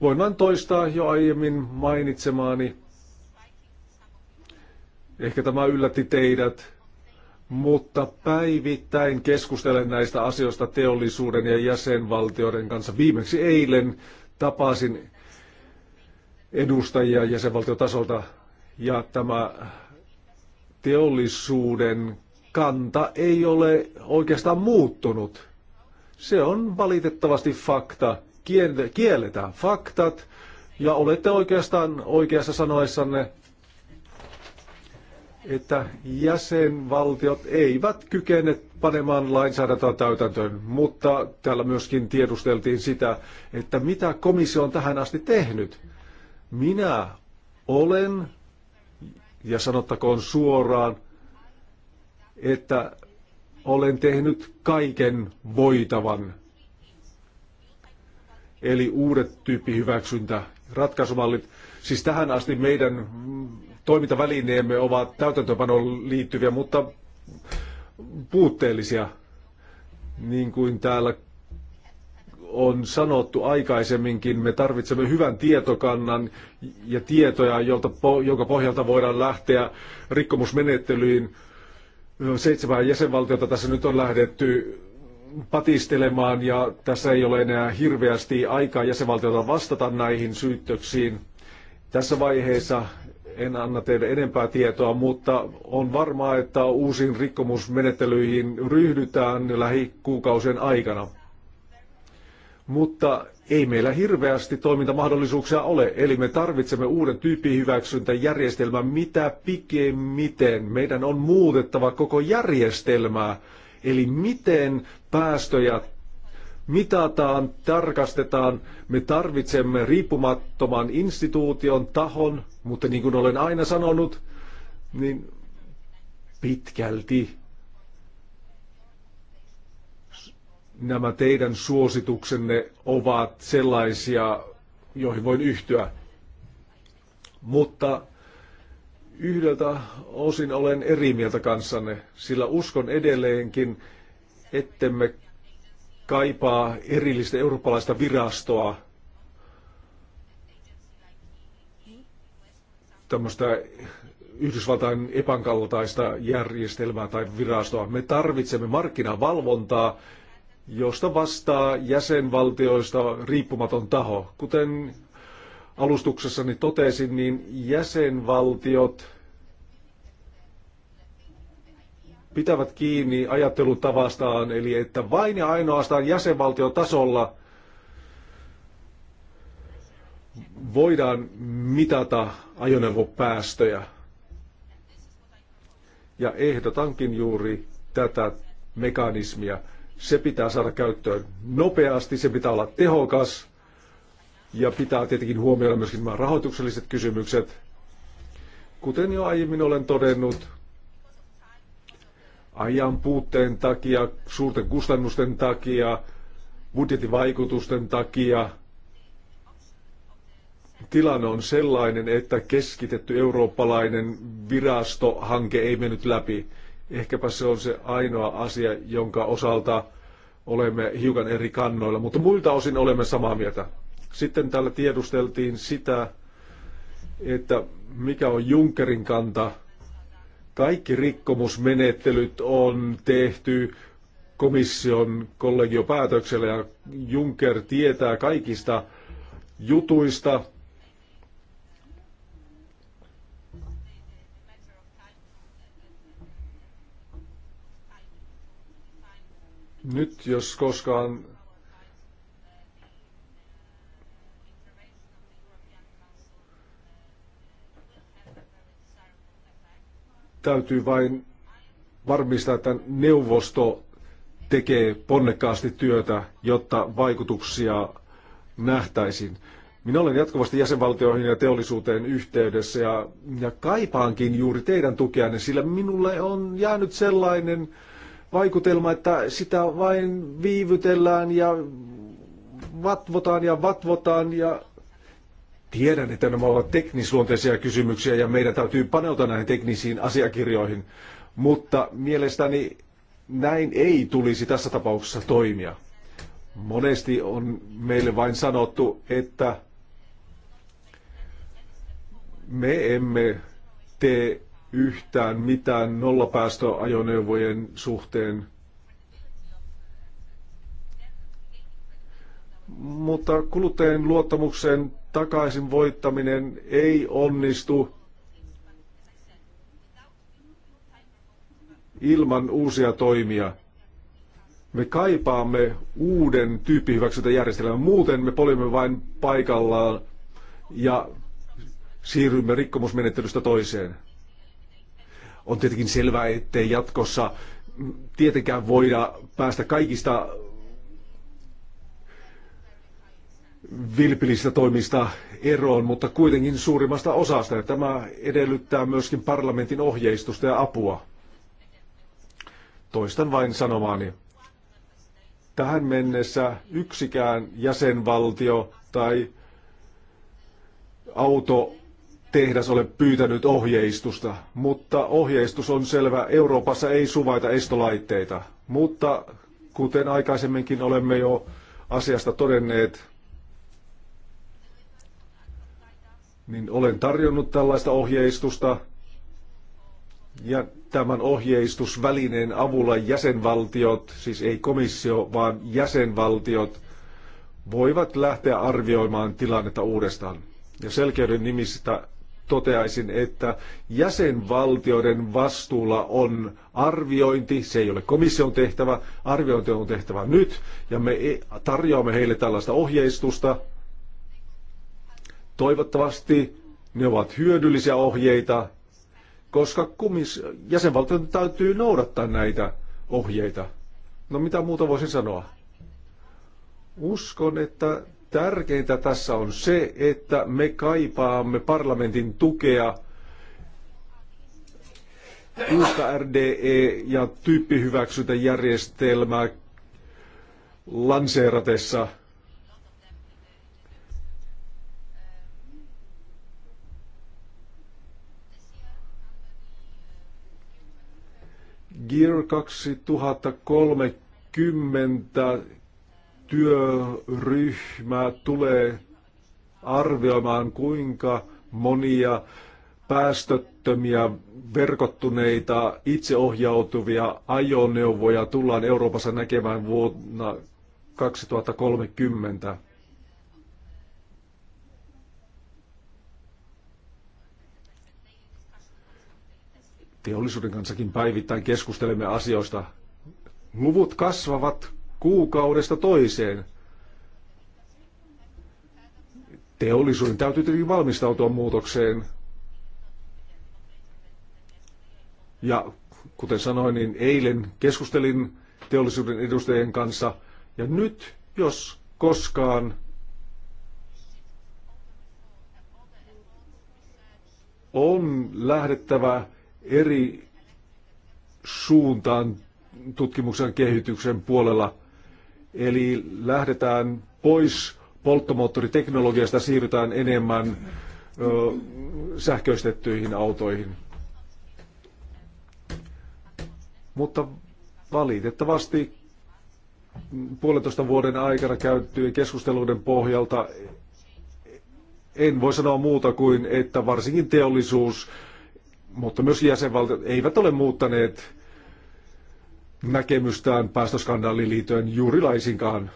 Voin vain toistaa jo aiemmin mainitsemaani. Ehkä tämä yllätti teidät, mutta päivittäin keskustelen näistä asioista teollisuuden ja jäsenvaltioiden kanssa. Viimeksi eilen tapasin edustajia jäsenvaltiotasolta ja tämä teollisuuden kanta ei ole oikeastaan muuttunut. Se on valitettavasti fakta. Kielletään faktat ja olette oikeastaan oikeassa sanoessanne, että jäsenvaltiot eivät kykene panemaan lainsäädäntöä täytäntöön, mutta täällä myöskin tiedusteltiin sitä, että mitä komissio on tähän asti tehnyt. Minä olen, ja sanottakoon suoraan, että olen tehnyt kaiken voitavan. Eli uudet tyyppihyväksyntä, ratkaisumallit. Siis tähän asti meidän toimintavälineemme ovat täytäntöpanoon liittyviä, mutta puutteellisia. Niin kuin täällä on sanottu aikaisemminkin, me tarvitsemme hyvän tietokannan ja tietoja, jolta, jonka pohjalta voidaan lähteä rikkomusmenettelyyn seitsemää jäsenvaltiota tässä nyt on lähdetty patistelemaan ja tässä ei ole enää hirveästi aikaa jäsenvaltiota vastata näihin syytöksiin. Tässä vaiheessa en anna teille enempää tietoa, mutta on varmaa, että uusiin rikkomusmenettelyihin ryhdytään lähikuukausien aikana. Mutta ei meillä hirveästi toimintamahdollisuuksia ole, eli me tarvitsemme uuden tyyppihyväksyntäjärjestelmän mitä pikemmiten. Meidän on muutettava koko järjestelmää, eli miten päästöjä mitataan, tarkastetaan. Me tarvitsemme riippumattoman instituution tahon, mutta niin kuin olen aina sanonut, niin pitkälti nämä teidän suosituksenne ovat sellaisia, joihin voin yhtyä. Mutta yhdeltä osin olen eri mieltä kanssanne, sillä uskon edelleenkin, ettemme kaipaa erillistä eurooppalaista virastoa, tämmöistä Yhdysvaltain epankaltaista järjestelmää tai virastoa. Me tarvitsemme markkinavalvontaa, josta vastaa jäsenvaltioista riippumaton taho. Kuten alustuksessani totesin, niin jäsenvaltiot pitävät kiinni ajattelutavastaan, eli että vain ja ainoastaan jäsenvaltiotasolla voidaan mitata ajoneuvopäästöjä. Ja ehdotankin juuri tätä mekanismia. Se pitää saada käyttöön nopeasti, se pitää olla tehokas ja pitää tietenkin huomioida myöskin nämä rahoitukselliset kysymykset. Kuten jo aiemmin olen todennut, ajan puutteen takia, suurten kustannusten takia, budjettivaikutusten takia tilanne on sellainen, että keskitetty eurooppalainen virastohanke ei mennyt läpi. Ehkäpä se on se ainoa asia, jonka osalta olemme hiukan eri kannoilla, mutta muilta osin olemme samaa mieltä. Sitten täällä tiedusteltiin sitä, että mikä on Junkerin kanta. Kaikki rikkomusmenettelyt on tehty komission kollegiopäätöksellä ja Juncker tietää kaikista jutuista, Nyt jos koskaan täytyy vain varmistaa, että neuvosto tekee ponnekkaasti työtä, jotta vaikutuksia nähtäisiin. Minä olen jatkuvasti jäsenvaltioihin ja teollisuuteen yhteydessä ja, ja kaipaankin juuri teidän tukeanne, sillä minulle on jäänyt sellainen äh, vaikutelma, että sitä vain viivytellään ja vatvotaan ja vatvotaan ja tiedän, että nämä ovat teknisluonteisia kysymyksiä ja meidän täytyy paneuta näihin teknisiin asiakirjoihin, mutta mielestäni näin ei tulisi tässä tapauksessa toimia. Monesti on meille vain sanottu, että me emme tee yhtään mitään nollapäästöajoneuvojen suhteen. Mutta kuluttajien luottamuksen takaisin voittaminen ei onnistu ilman uusia toimia. Me kaipaamme uuden tyyppihyväksyntäjärjestelmän, muuten me poljemme vain paikallaan ja siirrymme rikkomusmenettelystä toiseen. On tietenkin selvää, ettei jatkossa tietenkään voida päästä kaikista vilpillisistä toimista eroon, mutta kuitenkin suurimmasta osasta. Ja tämä edellyttää myöskin parlamentin ohjeistusta ja apua. Toistan vain sanomaani. Tähän mennessä yksikään jäsenvaltio tai auto tehdas ole pyytänyt ohjeistusta, mutta ohjeistus on selvä. Euroopassa ei suvaita estolaitteita, mutta kuten aikaisemminkin olemme jo asiasta todenneet, niin olen tarjonnut tällaista ohjeistusta ja tämän ohjeistusvälineen avulla jäsenvaltiot, siis ei komissio, vaan jäsenvaltiot voivat lähteä arvioimaan tilannetta uudestaan. Ja selkeyden nimissä toteaisin, että jäsenvaltioiden vastuulla on arviointi, se ei ole komission tehtävä, arviointi on tehtävä nyt, ja me e- tarjoamme heille tällaista ohjeistusta. Toivottavasti ne ovat hyödyllisiä ohjeita, koska jäsenvaltioiden täytyy noudattaa näitä ohjeita. No mitä muuta voisin sanoa? Uskon, että Tärkeintä tässä on se, että me kaipaamme parlamentin tukea uutta RDE- ja tyyppihyväksyntäjärjestelmää lanseeratessa. Gear 2030 työryhmä tulee arvioimaan, kuinka monia päästöttömiä, verkottuneita, itseohjautuvia ajoneuvoja tullaan Euroopassa näkemään vuonna 2030. Teollisuuden kanssakin päivittäin keskustelemme asioista. Luvut kasvavat, kuukaudesta toiseen. Teollisuuden täytyy tietenkin valmistautua muutokseen. Ja kuten sanoin, niin eilen keskustelin teollisuuden edustajien kanssa. Ja nyt, jos koskaan on lähdettävä eri suuntaan tutkimuksen kehityksen puolella – Eli lähdetään pois polttomoottoriteknologiasta, siirrytään enemmän ö, sähköistettyihin autoihin. Mutta valitettavasti puolentoista vuoden aikana käyttyjen keskusteluiden pohjalta en voi sanoa muuta kuin, että varsinkin teollisuus, mutta myös jäsenvaltiot eivät ole muuttaneet näkemystään päästöskandaaliin liittyen juuri laisinkaan.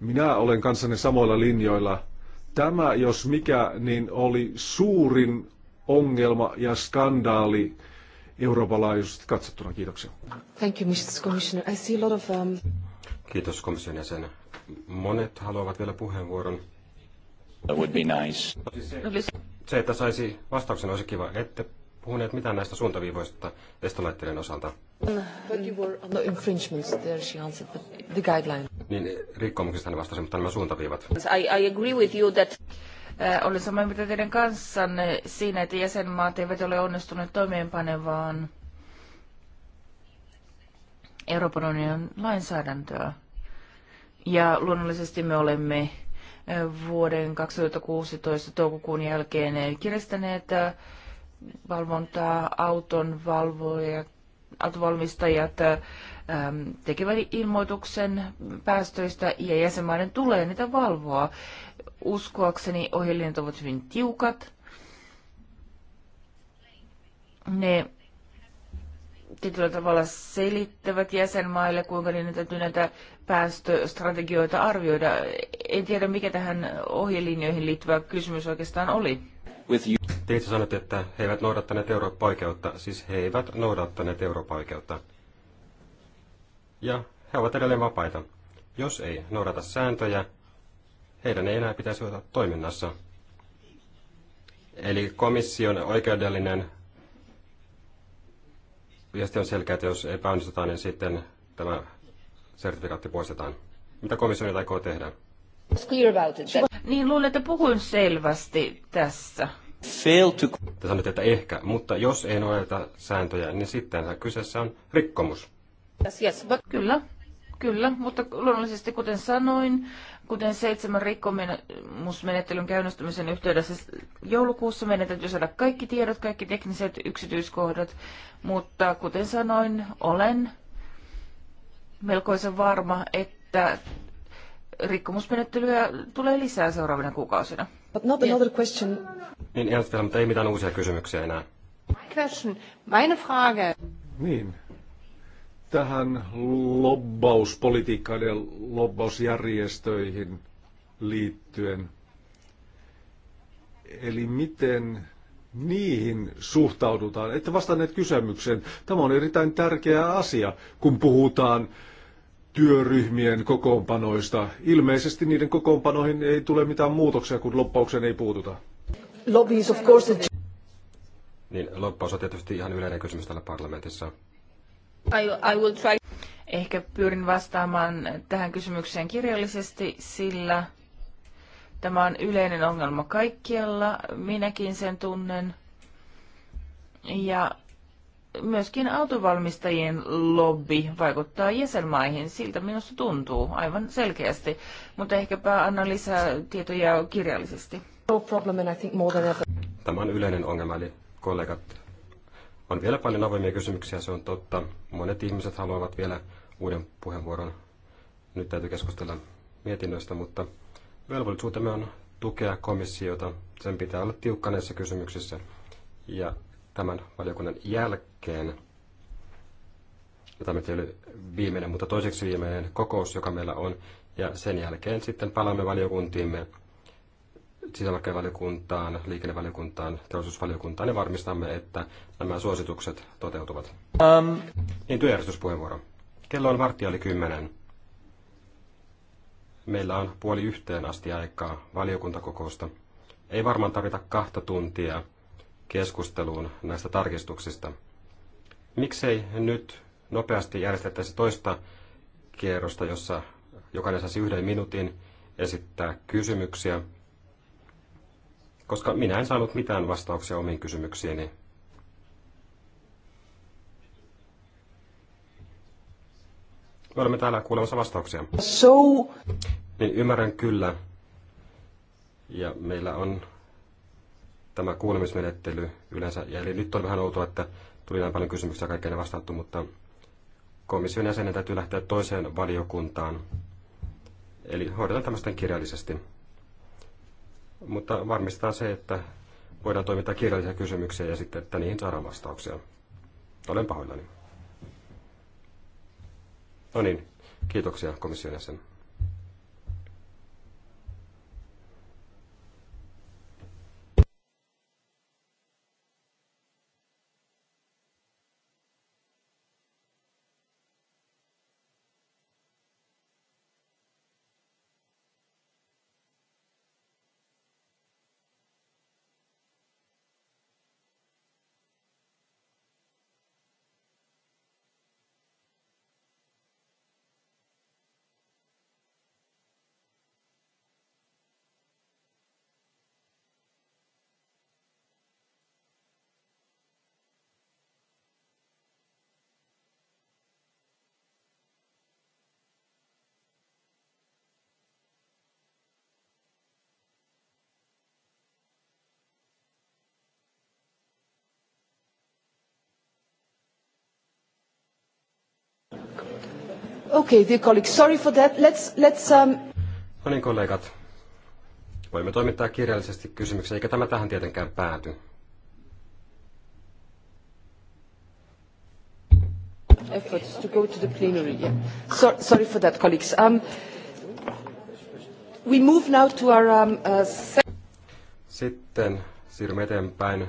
Minä olen kanssanne samoilla linjoilla. Tämä, jos mikä, niin oli suurin ongelma ja skandaali Euroopan laajuisesti katsottuna. Kiitoksia. Thank you, Mr. Commissioner. I see a lot of, um... Kiitos komission jäsen. Monet haluavat vielä puheenvuoron. That would be nice. No, siis se, että saisi vastauksen olisi kiva. Ette puhuneet mitään näistä suuntaviivoista estolaitteiden osalta. Niin, rikkomuksista hän vastasi, mutta nämä suuntaviivat. I, I agree with you that... Äh, olen samaa mitä teidän kanssanne siinä, että jäsenmaat eivät ole onnistuneet toimeenpanevaan Euroopan unionin lainsäädäntöä. Ja luonnollisesti me olemme äh, vuoden 2016 toukokuun jälkeen äh, kiristäneet valvontaa, auton valvojat, autovalmistajat ähm, tekevät ilmoituksen päästöistä ja jäsenmaiden tulee niitä valvoa. Uskoakseni ohjelijat ovat hyvin tiukat. Ne tietyllä tavalla selittävät jäsenmaille, kuinka niiden täytyy näitä päästöstrategioita arvioida. En tiedä, mikä tähän ohjelinjoihin liittyvä kysymys oikeastaan oli. With te itse sanotte, että he eivät noudattaneet Euroopan oikeutta Siis he eivät noudattaneet Euroopan oikeutta Ja he ovat edelleen vapaita. Jos ei noudata sääntöjä, heidän ei enää pitäisi olla toiminnassa. Eli komission oikeudellinen viesti on selkeä, että jos epäonnistutaan, niin sitten tämä sertifikaatti poistetaan. Mitä komissio aikoo tehdä? Niin, luulen, että puhuin selvästi tässä fail to... Te sanotte, että ehkä, mutta jos ei noudata sääntöjä, niin sitten kyseessä on rikkomus. Yes, yes, but... Kyllä, Kyllä, mutta luonnollisesti kuten sanoin, kuten seitsemän rikkomusmenettelyn käynnistymisen yhteydessä joulukuussa meidän täytyy saada kaikki tiedot, kaikki tekniset yksityiskohdat, mutta kuten sanoin, olen melkoisen varma, että rikkomusmenettelyä tulee lisää seuraavina kuukausina. But not another question. Niin, ihan sitä, mutta ei mitään uusia kysymyksiä enää. Question. Meine Frage. Niin. Tähän lobbauspolitiikkaan ja lobbausjärjestöihin liittyen. Eli miten niihin suhtaudutaan? Ette vastanneet kysymykseen. Tämä on erittäin tärkeä asia, kun puhutaan äh, työryhmien kokoonpanoista. Ilmeisesti niiden kokoonpanoihin ei tule mitään muutoksia, kun loppaukseen ei puututa. Lobbies, of course. Niin, loppaus on tietysti ihan yleinen kysymys täällä parlamentissa. I, I will try. Ehkä pyrin vastaamaan tähän kysymykseen kirjallisesti, sillä tämä on yleinen ongelma kaikkialla. Minäkin sen tunnen. Ja myöskin autovalmistajien lobby vaikuttaa jäsenmaihin. Siltä minusta tuntuu aivan selkeästi, mutta ehkäpä anna lisää tietoja kirjallisesti. No Tämä on yleinen ongelma, eli kollegat, on vielä paljon avoimia kysymyksiä, se on totta. Monet ihmiset haluavat vielä uuden puheenvuoron. Nyt täytyy keskustella mietinnöistä, mutta velvollisuutemme on tukea komissiota. Sen pitää olla tiukka näissä kysymyksissä. Ja tämän valiokunnan jälkeen liikkeen, jota me oli viimeinen, mutta toiseksi viimeinen kokous, joka meillä on. Ja sen jälkeen sitten palaamme valiokuntiimme, sisämarkkinavaliokuntaan, liikennevaliokuntaan, teollisuusvaliokuntaan ja varmistamme, että nämä suositukset toteutuvat. Um. Niin, työjärjestyspuheenvuoro. Kello on varttia oli kymmenen. Meillä on puoli yhteen asti aikaa valiokuntakokousta. Ei varmaan tarvita kahta tuntia keskusteluun näistä tarkistuksista miksei nyt nopeasti järjestettäisi toista kierrosta, jossa jokainen saisi yhden minuutin esittää kysymyksiä, koska minä en saanut mitään vastauksia omiin kysymyksiini. Me olemme täällä kuulemassa vastauksia. So... Niin ymmärrän kyllä. Ja meillä on tämä kuulemismenettely yleensä. Eli nyt on vähän outoa, että Tuli näin paljon kysymyksiä, kaikille vastattu, mutta komission jäsenen täytyy lähteä toiseen valiokuntaan. Eli hoidetaan tämmöisten kirjallisesti. Mutta varmistaa se, että voidaan toimittaa kirjallisia kysymyksiä ja sitten, että niihin saadaan vastauksia. Olen pahoillani. No niin, kiitoksia komission jäsen. Okay, dear colleagues, sorry for that. Let's, let's, um... No niin, kollegat. Voimme toimittaa kirjallisesti kysymyksen, eikä tämä tähän tietenkään pääty. Efforts to go to the plenary, yeah. So, sorry for that, colleagues. Um, we move now to our... Um, uh... Sitten siirrymme eteenpäin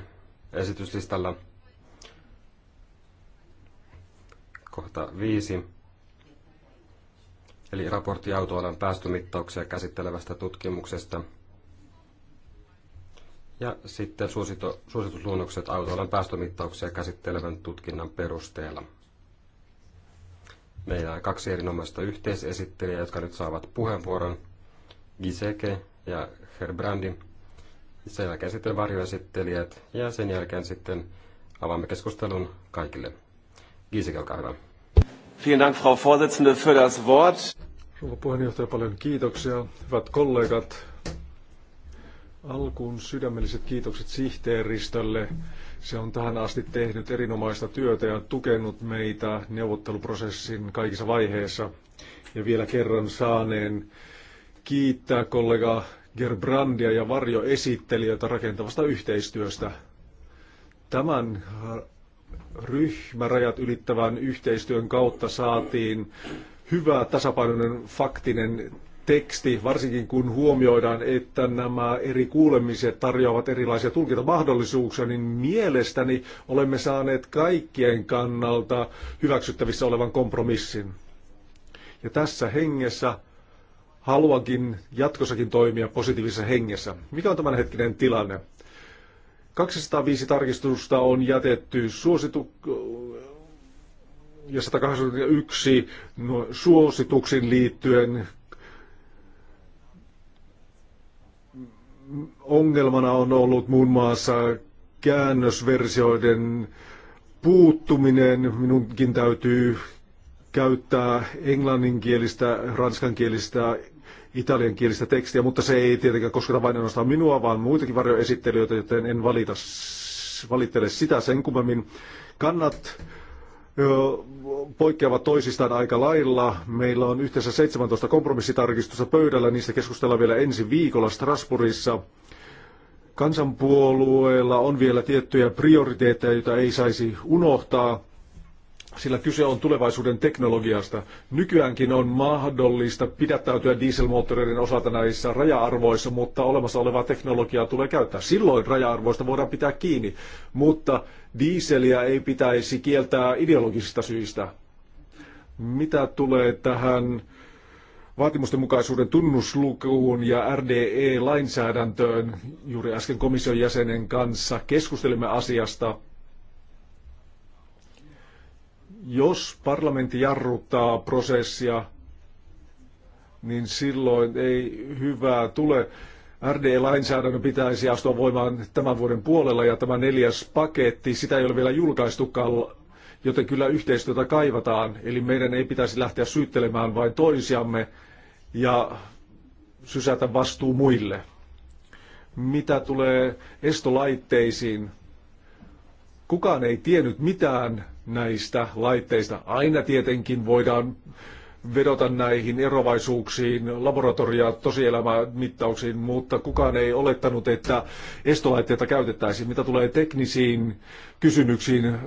esityslistalla kohta viisi eli raportti autoalan päästömittauksia käsittelevästä tutkimuksesta. Ja sitten suosito, suositusluonnokset autoalan päästömittauksia käsittelevän tutkinnan perusteella. Meillä on kaksi erinomaista yhteisesittelijää, jotka nyt saavat puheenvuoron. Giseke ja Herbrandi. Sen jälkeen sitten varjoesittelijät ja sen jälkeen sitten avaamme keskustelun kaikille. Giseke, olkaa hyvä. Vielen Dank, Frau Vorsitzende, für das Wort. Rouva puheenjohtaja, paljon kiitoksia. Hyvät kollegat, alkuun sydämelliset kiitokset sihteeristölle. Se on tähän asti tehnyt erinomaista työtä ja tukenut meitä neuvotteluprosessin kaikissa vaiheissa. Ja vielä kerran saaneen kiittää kollega Gerbrandia ja varjoesittelijöitä rakentavasta yhteistyöstä. Tämän ryhmärajat ylittävän yhteistyön kautta saatiin hyvä tasapainoinen faktinen teksti, varsinkin kun huomioidaan, että nämä eri kuulemiset tarjoavat erilaisia tulkintamahdollisuuksia, niin mielestäni olemme saaneet kaikkien kannalta hyväksyttävissä olevan kompromissin. Ja tässä hengessä haluankin jatkossakin toimia positiivisessa hengessä. Mikä on tämänhetkinen tilanne? 205 tarkistusta on jätetty suositu ja 181 no, suosituksiin liittyen. Ongelmana on ollut muun muassa käännösversioiden puuttuminen. Minunkin täytyy käyttää englanninkielistä, ranskankielistä italiankielistä tekstiä, mutta se ei tietenkään kosketa vain ainoastaan minua, vaan muitakin varjoesittelijöitä, joten en valita, valittele sitä sen kummemmin. Kannat poikkeavat toisistaan aika lailla. Meillä on yhteensä 17 kompromissitarkistusta pöydällä, niistä keskustellaan vielä ensi viikolla Strasbourgissa. Kansanpuolueella on vielä tiettyjä prioriteetteja, joita ei saisi unohtaa sillä kyse on tulevaisuuden teknologiasta. Nykyäänkin on mahdollista pidättäytyä dieselmoottoreiden osalta näissä raja-arvoissa, mutta olemassa olevaa teknologiaa tulee käyttää. Silloin raja-arvoista voidaan pitää kiinni, mutta dieseliä ei pitäisi kieltää ideologisista syistä. Mitä tulee tähän vaatimustenmukaisuuden tunnuslukuun ja RDE-lainsäädäntöön, juuri äsken komission jäsenen kanssa keskustelimme asiasta – jos parlamentti jarruttaa prosessia, niin silloin ei hyvää tule. RD-lainsäädännön pitäisi astua voimaan tämän vuoden puolella ja tämä neljäs paketti, sitä ei ole vielä julkaistukaan, joten kyllä yhteistyötä kaivataan. Eli meidän ei pitäisi lähteä syyttelemään vain toisiamme ja sysätä vastuu muille. Mitä tulee estolaitteisiin, kukaan ei tiennyt mitään näistä laitteista. Aina tietenkin voidaan vedota näihin erovaisuuksiin, laboratoria, tosielämämittauksiin, mutta kukaan ei olettanut, että estolaitteita käytettäisiin. Mitä tulee teknisiin kysymyksiin,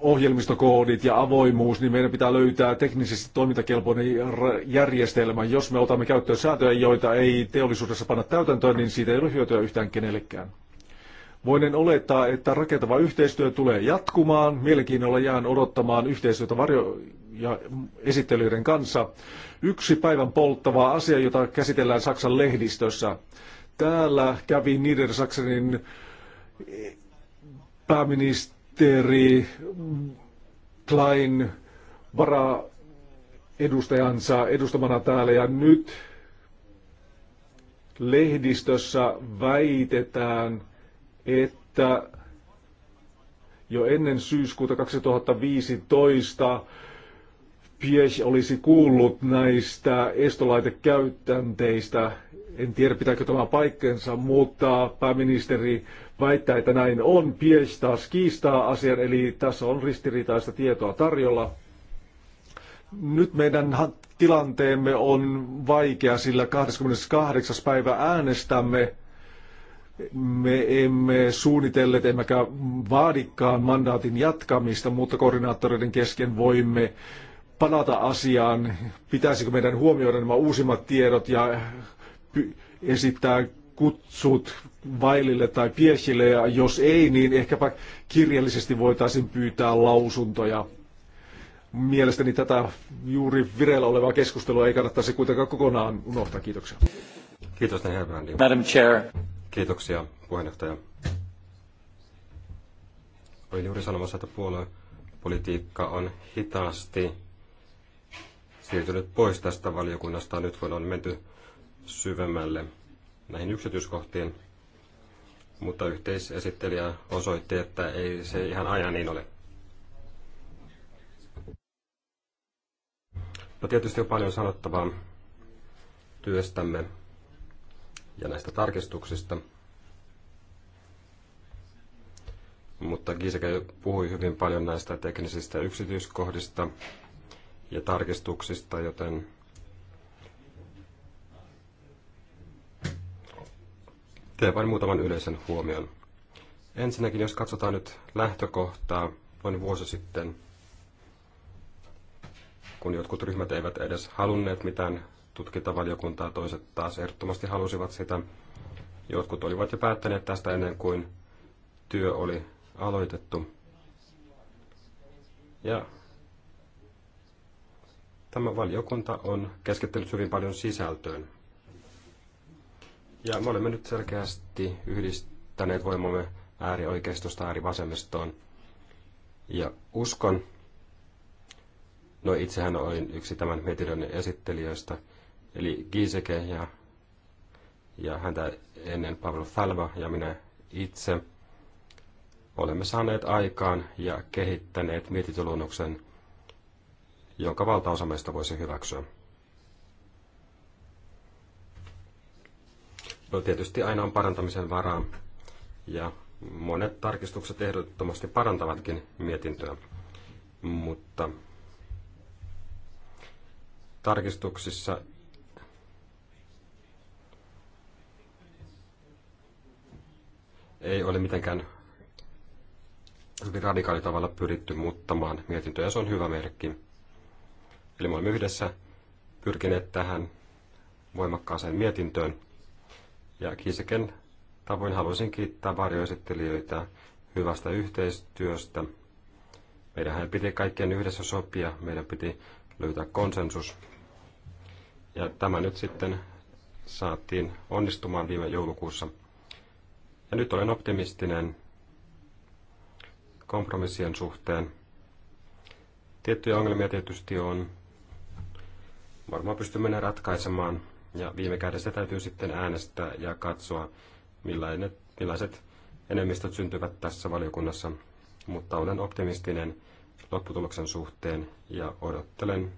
ohjelmistokoodit ja avoimuus, niin meidän pitää löytää teknisesti toimintakelpoinen järjestelmä. Jos me otamme käyttöön sääntöjä, joita ei teollisuudessa panna täytäntöön, niin siitä ei ole hyötyä yhtään kenellekään. Voinen olettaa, että rakentava yhteistyö tulee jatkumaan. Mielenkiinnolla jään odottamaan yhteistyötä varjo- ja esittelyiden kanssa. Yksi päivän polttava asia, jota käsitellään Saksan lehdistössä. Täällä kävi Niedersachsenin pääministeri Klein vara edustajansa edustamana täällä ja nyt lehdistössä väitetään, että jo ennen syyskuuta 2015 Pies olisi kuullut näistä estolaitekäytänteistä. En tiedä, pitääkö tämä paikkensa, mutta pääministeri väittää, että näin on. Pies taas kiistaa asian, eli tässä on ristiriitaista tietoa tarjolla. Nyt meidän tilanteemme on vaikea, sillä 28. päivä äänestämme me emme suunnitelleet emmekä vaadikaan mandaatin jatkamista, mutta koordinaattoreiden kesken voimme palata asiaan, pitäisikö meidän huomioida nämä uusimmat tiedot ja esittää kutsut vaillille tai piehille, ja jos ei, niin ehkäpä kirjallisesti voitaisiin pyytää lausuntoja. Mielestäni tätä juuri vireillä olevaa keskustelua ei kannattaisi kuitenkaan kokonaan unohtaa. Kiitoksia. Kiitos, Madam Chair. Kiitoksia, puheenjohtaja. Olin juuri sanomassa, että puoluepolitiikka on hitaasti siirtynyt pois tästä valiokunnasta. Nyt kun on menty syvemmälle näihin yksityiskohtiin, mutta yhteisesittelijä osoitti, että ei se ihan aina niin ole. No tietysti on paljon sanottavaa työstämme ja näistä tarkistuksista. Mutta Giseke puhui hyvin paljon näistä teknisistä yksityiskohdista ja tarkistuksista, joten teen vain muutaman yleisen huomion. Ensinnäkin, jos katsotaan nyt lähtökohtaa noin vuosi sitten, kun jotkut ryhmät eivät edes halunneet mitään tutkintavaliokuntaa, toiset taas ehdottomasti halusivat sitä. Jotkut olivat jo päättäneet tästä ennen kuin työ oli aloitettu. Ja tämä valiokunta on keskittynyt hyvin paljon sisältöön. Ja me olemme nyt selkeästi yhdistäneet voimamme äärioikeistosta äärivasemmistoon. Ja uskon, no itsehän olin yksi tämän mietinnön esittelijöistä – eli Giseke ja, ja häntä ennen Pavel Falva ja minä itse olemme saaneet aikaan ja kehittäneet mietintöluonnoksen, jonka valtaosa meistä voisi hyväksyä. No tietysti aina on parantamisen varaa ja monet tarkistukset ehdottomasti parantavatkin mietintöä, mutta tarkistuksissa ei ole mitenkään hyvin radikaalilla tavalla pyritty muuttamaan mietintöjä, se on hyvä merkki. Eli me olemme yhdessä pyrkineet tähän voimakkaaseen mietintöön. Ja Kiseken tavoin haluaisin kiittää varjoesittelijöitä hyvästä yhteistyöstä. Meidän piti kaikkien yhdessä sopia, meidän piti löytää konsensus. Ja tämä nyt sitten saatiin onnistumaan viime joulukuussa – ja nyt olen optimistinen kompromissien suhteen. Tiettyjä ongelmia tietysti on. Varmaan pystymme ne ratkaisemaan. Ja viime kädessä täytyy sitten äänestää ja katsoa, millaiset, millaiset enemmistöt syntyvät tässä valiokunnassa. Mutta olen optimistinen lopputuloksen suhteen ja odottelen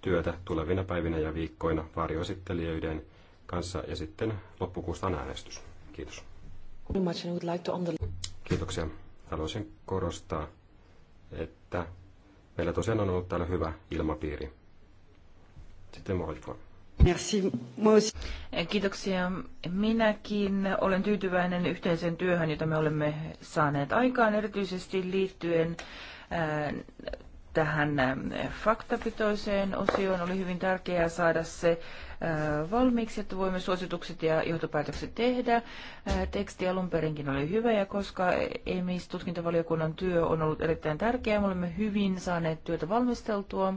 työtä tulevina päivinä ja viikkoina varjoesittelijöiden kanssa ja sitten loppukuusta on äänestys. Kiitos. Kiitoksia. Haluaisin korostaa, että meillä tosiaan on ollut täällä hyvä ilmapiiri. Sitten Moritva. Merci. Kiitoksia. Minäkin olen tyytyväinen yhteiseen työhön, jota me olemme saaneet aikaan, erityisesti liittyen äh, tähän äh, faktapitoiseen osioon. Oli hyvin tärkeää saada se valmiiksi, että voimme suositukset ja johtopäätökset tehdä. Teksti alun perinkin oli hyvä ja koska EMIS-tutkintavaliokunnan työ on ollut erittäin tärkeää, me olemme hyvin saaneet työtä valmisteltua.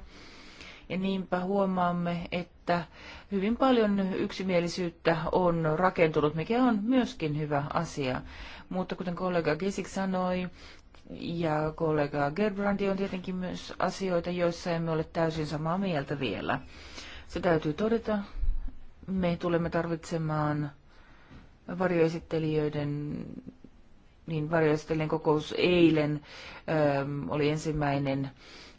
Ja niinpä huomaamme, että hyvin paljon yksimielisyyttä on rakentunut, mikä on myöskin hyvä asia. Mutta kuten kollega Gesik sanoi, ja kollega Gerbrandi on tietenkin myös asioita, joissa emme ole täysin samaa mieltä vielä. Se täytyy todeta. Me tulemme tarvitsemaan varjoesittelijöiden, niin varjoesittelijän kokous eilen ö, ähm, oli ensimmäinen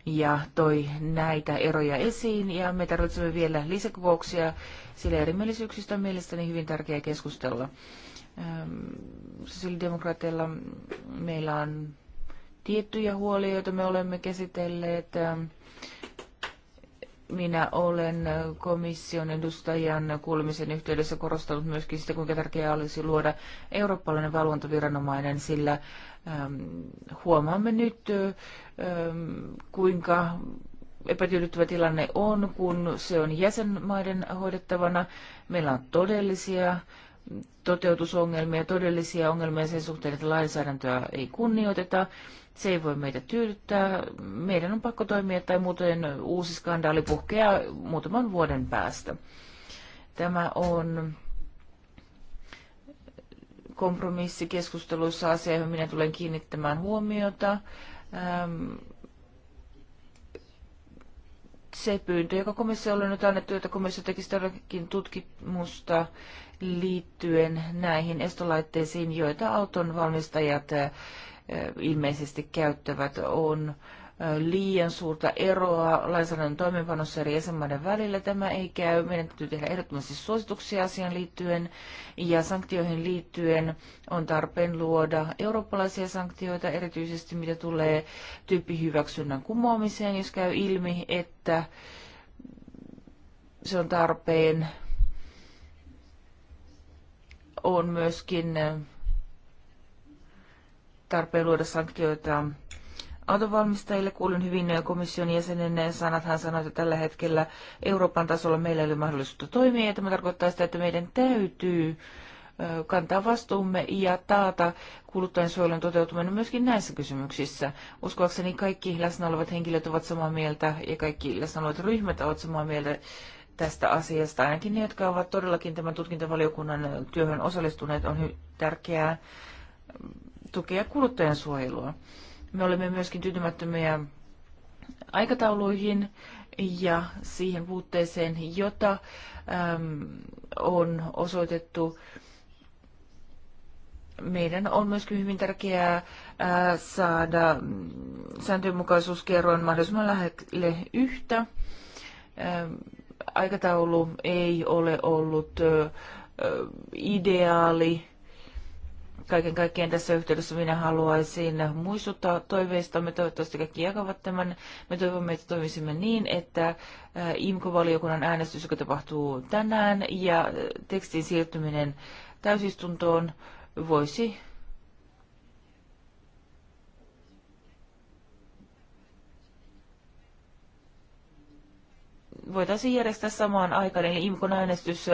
ja toi näitä eroja esiin. Ja me tarvitsemme vielä lisäkokouksia, sillä erimielisyyksistä on mielestäni hyvin tärkeää keskustella. Ähm, sosiaalidemokraateilla meillä on tiettyjä huolia, joita me olemme käsitelleet. Ähm, minä olen komission edustajan kuulemisen yhteydessä korostanut myöskin sitä, kuinka tärkeää olisi luoda eurooppalainen valvontaviranomainen, sillä äm, huomaamme nyt, äm, kuinka epätyydyttävä tilanne on, kun se on jäsenmaiden hoidettavana. Meillä on todellisia toteutusongelmia, todellisia ongelmia sen suhteen, että lainsäädäntöä ei kunnioiteta. Se ei voi meitä tyydyttää. Meidän on pakko toimia tai muuten uusi skandaali puhkeaa muutaman vuoden päästä. Tämä on kompromissikeskusteluissa asia, johon minä tulen kiinnittämään huomiota. Ähm, se pyyntö, joka komissiolle on nyt annettu, että komissio tekisi todellakin tutkimusta liittyen näihin estolaitteisiin, joita auton valmistajat Eh, ilmeisesti käyttävät, on eh, liian suurta eroa lainsäädännön toimeenpanossa eri jäsenmaiden välillä. Tämä ei käy. Meidän täytyy tehdä ehdottomasti suosituksia asian liittyen ja sanktioihin liittyen on tarpeen luoda eurooppalaisia sanktioita, erityisesti mitä tulee tyyppihyväksynnän kumoamiseen, jos käy ilmi, että se on tarpeen. On myöskin eh, tarpeen luoda sanktioita autovalmistajille. Kuulin hyvin komission jäsenen sanat. Hän sanoi, että tällä hetkellä Euroopan tasolla meillä ei ole mahdollisuutta toimia. Ja tämä tarkoittaa sitä, että meidän täytyy kantaa vastuumme ja taata suojelun toteutuminen myöskin näissä kysymyksissä. Uskoakseni kaikki läsnä olevat henkilöt ovat samaa mieltä ja kaikki läsnä olevat ryhmät ovat samaa mieltä tästä asiasta. Ainakin ne, jotka ovat todellakin tämän tutkintavaliokunnan työhön osallistuneet, on tärkeää tukea kuluttajan suojelua. Me olemme myöskin tyytymättömiä aikatauluihin ja siihen puutteeseen, jota äm, on osoitettu. Meidän on myöskin hyvin tärkeää ää, saada sääntöjenmukaisuuskerroin mahdollisimman lähelle yhtä. Ää, aikataulu ei ole ollut ää, ideaali Kaiken kaikkiaan tässä yhteydessä minä haluaisin muistuttaa toiveista, Me Toivottavasti kaikki jakavat tämän. Me toivomme, että toimisimme niin, että imco valiokunnan äänestys, joka tapahtuu tänään, ja tekstin siirtyminen täysistuntoon voisi voitaisiin järjestää samaan aikaan, eli IMKON äänestys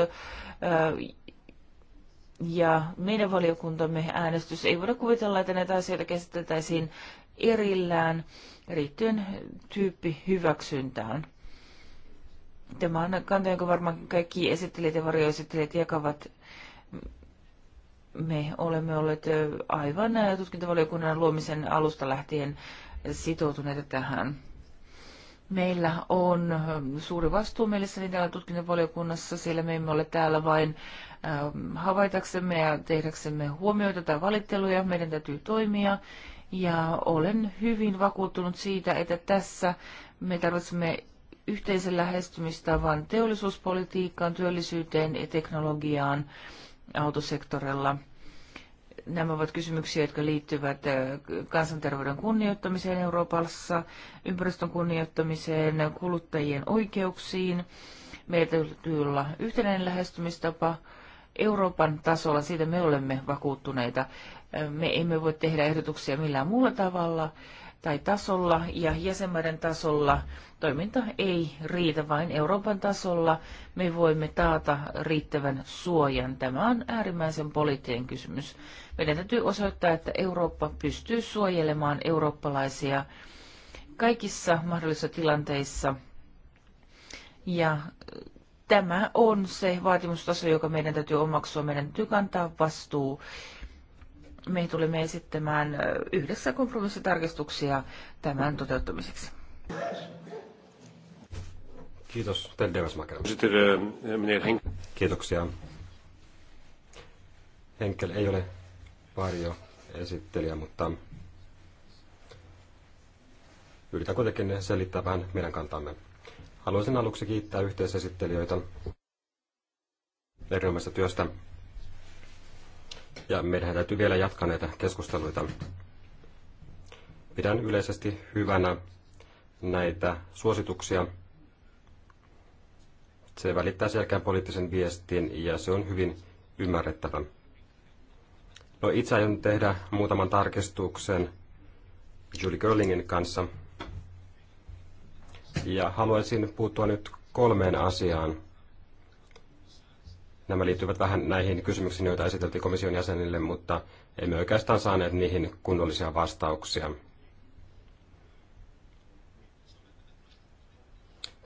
ja meidän valiokuntamme äänestys. Ei voida kuvitella, että näitä asioita käsiteltäisiin erillään riittyen tyyppi hyväksyntään. Tämä on kanta, jonka varmaan kaikki esittelijät ja varjoesittelijät jakavat. Me olemme olleet aivan tutkintavaliokunnan luomisen alusta lähtien sitoutuneita tähän. Meillä on suuri vastuu mielessäni täällä tutkintavaliokunnassa, sillä me emme ole täällä vain ähm, havaitaksemme ja tehdäksemme huomioita tai valitteluja. Meidän täytyy toimia ja olen hyvin vakuuttunut siitä, että tässä me tarvitsemme yhteisen lähestymistavan teollisuuspolitiikkaan, työllisyyteen ja teknologiaan autosektorilla – Nämä ovat kysymyksiä, jotka liittyvät äh, kansanterveyden kunnioittamiseen Euroopassa, ympäristön kunnioittamiseen, kuluttajien oikeuksiin. Meillä täytyy olla yhtenäinen lähestymistapa Euroopan tasolla, siitä me olemme vakuuttuneita. Äh, me emme voi tehdä ehdotuksia millään muulla tavalla tai tasolla ja jäsenmaiden tasolla toiminta ei riitä, vain Euroopan tasolla me voimme taata riittävän suojan. Tämä on äärimmäisen poliittinen kysymys. Meidän täytyy osoittaa, että Eurooppa pystyy suojelemaan eurooppalaisia kaikissa mahdollisissa tilanteissa. Ja tämä on se vaatimustaso, joka meidän täytyy omaksua. Meidän täytyy kantaa vastuu me tulemme esittämään yhdessä kompromissitarkistuksia tämän toteuttamiseksi. Kiitos, Tendevasmaker. Kiitoksia. Henkel ei ole varjo esittelijä, mutta yritän kuitenkin selittää vähän meidän kantamme. Haluaisin aluksi kiittää yhteisesittelijöitä erinomaisesta työstä ja meidän täytyy vielä jatkaa näitä keskusteluita. Pidän yleisesti hyvänä näitä suosituksia. Se välittää selkeän poliittisen viestin ja se on hyvin ymmärrettävä. No, itse aion tehdä muutaman tarkistuksen Julie Girlingin kanssa. Ja haluaisin puuttua nyt kolmeen asiaan Nämä liittyvät vähän näihin kysymyksiin, joita esiteltiin komission jäsenille, mutta emme oikeastaan saaneet niihin kunnollisia vastauksia.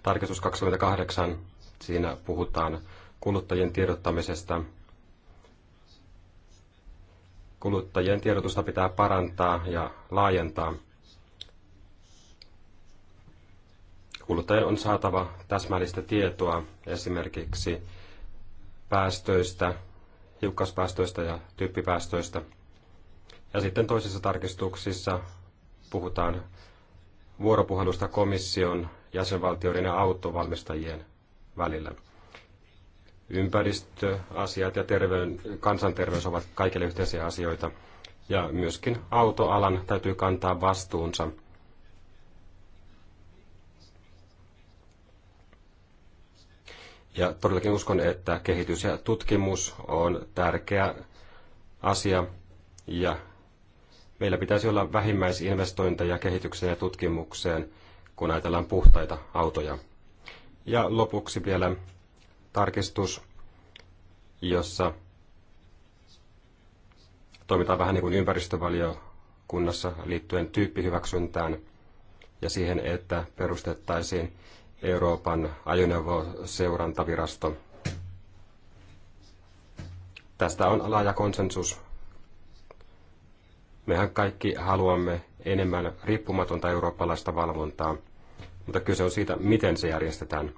Tarkistus 28, siinä puhutaan kuluttajien tiedottamisesta. Kuluttajien tiedotusta pitää parantaa ja laajentaa. Kuluttajien on saatava täsmällistä tietoa esimerkiksi päästöistä, hiukkaspäästöistä ja typpipäästöistä. Ja sitten toisissa tarkistuksissa puhutaan vuoropuhelusta komission, jäsenvaltioiden ja autovalmistajien välillä. Ympäristöasiat ja terveyden, kansanterveys ovat kaikille yhteisiä asioita. Ja myöskin autoalan täytyy kantaa vastuunsa – Ja todellakin uskon, että kehitys ja tutkimus on tärkeä asia ja meillä pitäisi olla vähimmäisinvestointeja kehitykseen ja tutkimukseen, kun ajatellaan puhtaita autoja. Ja lopuksi vielä tarkistus, jossa toimitaan vähän niin kuin ympäristövaliokunnassa liittyen tyyppihyväksyntään ja siihen, että perustettaisiin Euroopan ajoneuvoseurantavirasto. Tästä on laaja konsensus. Mehän kaikki haluamme enemmän riippumatonta eurooppalaista valvontaa, mutta kyse on siitä, miten se järjestetään.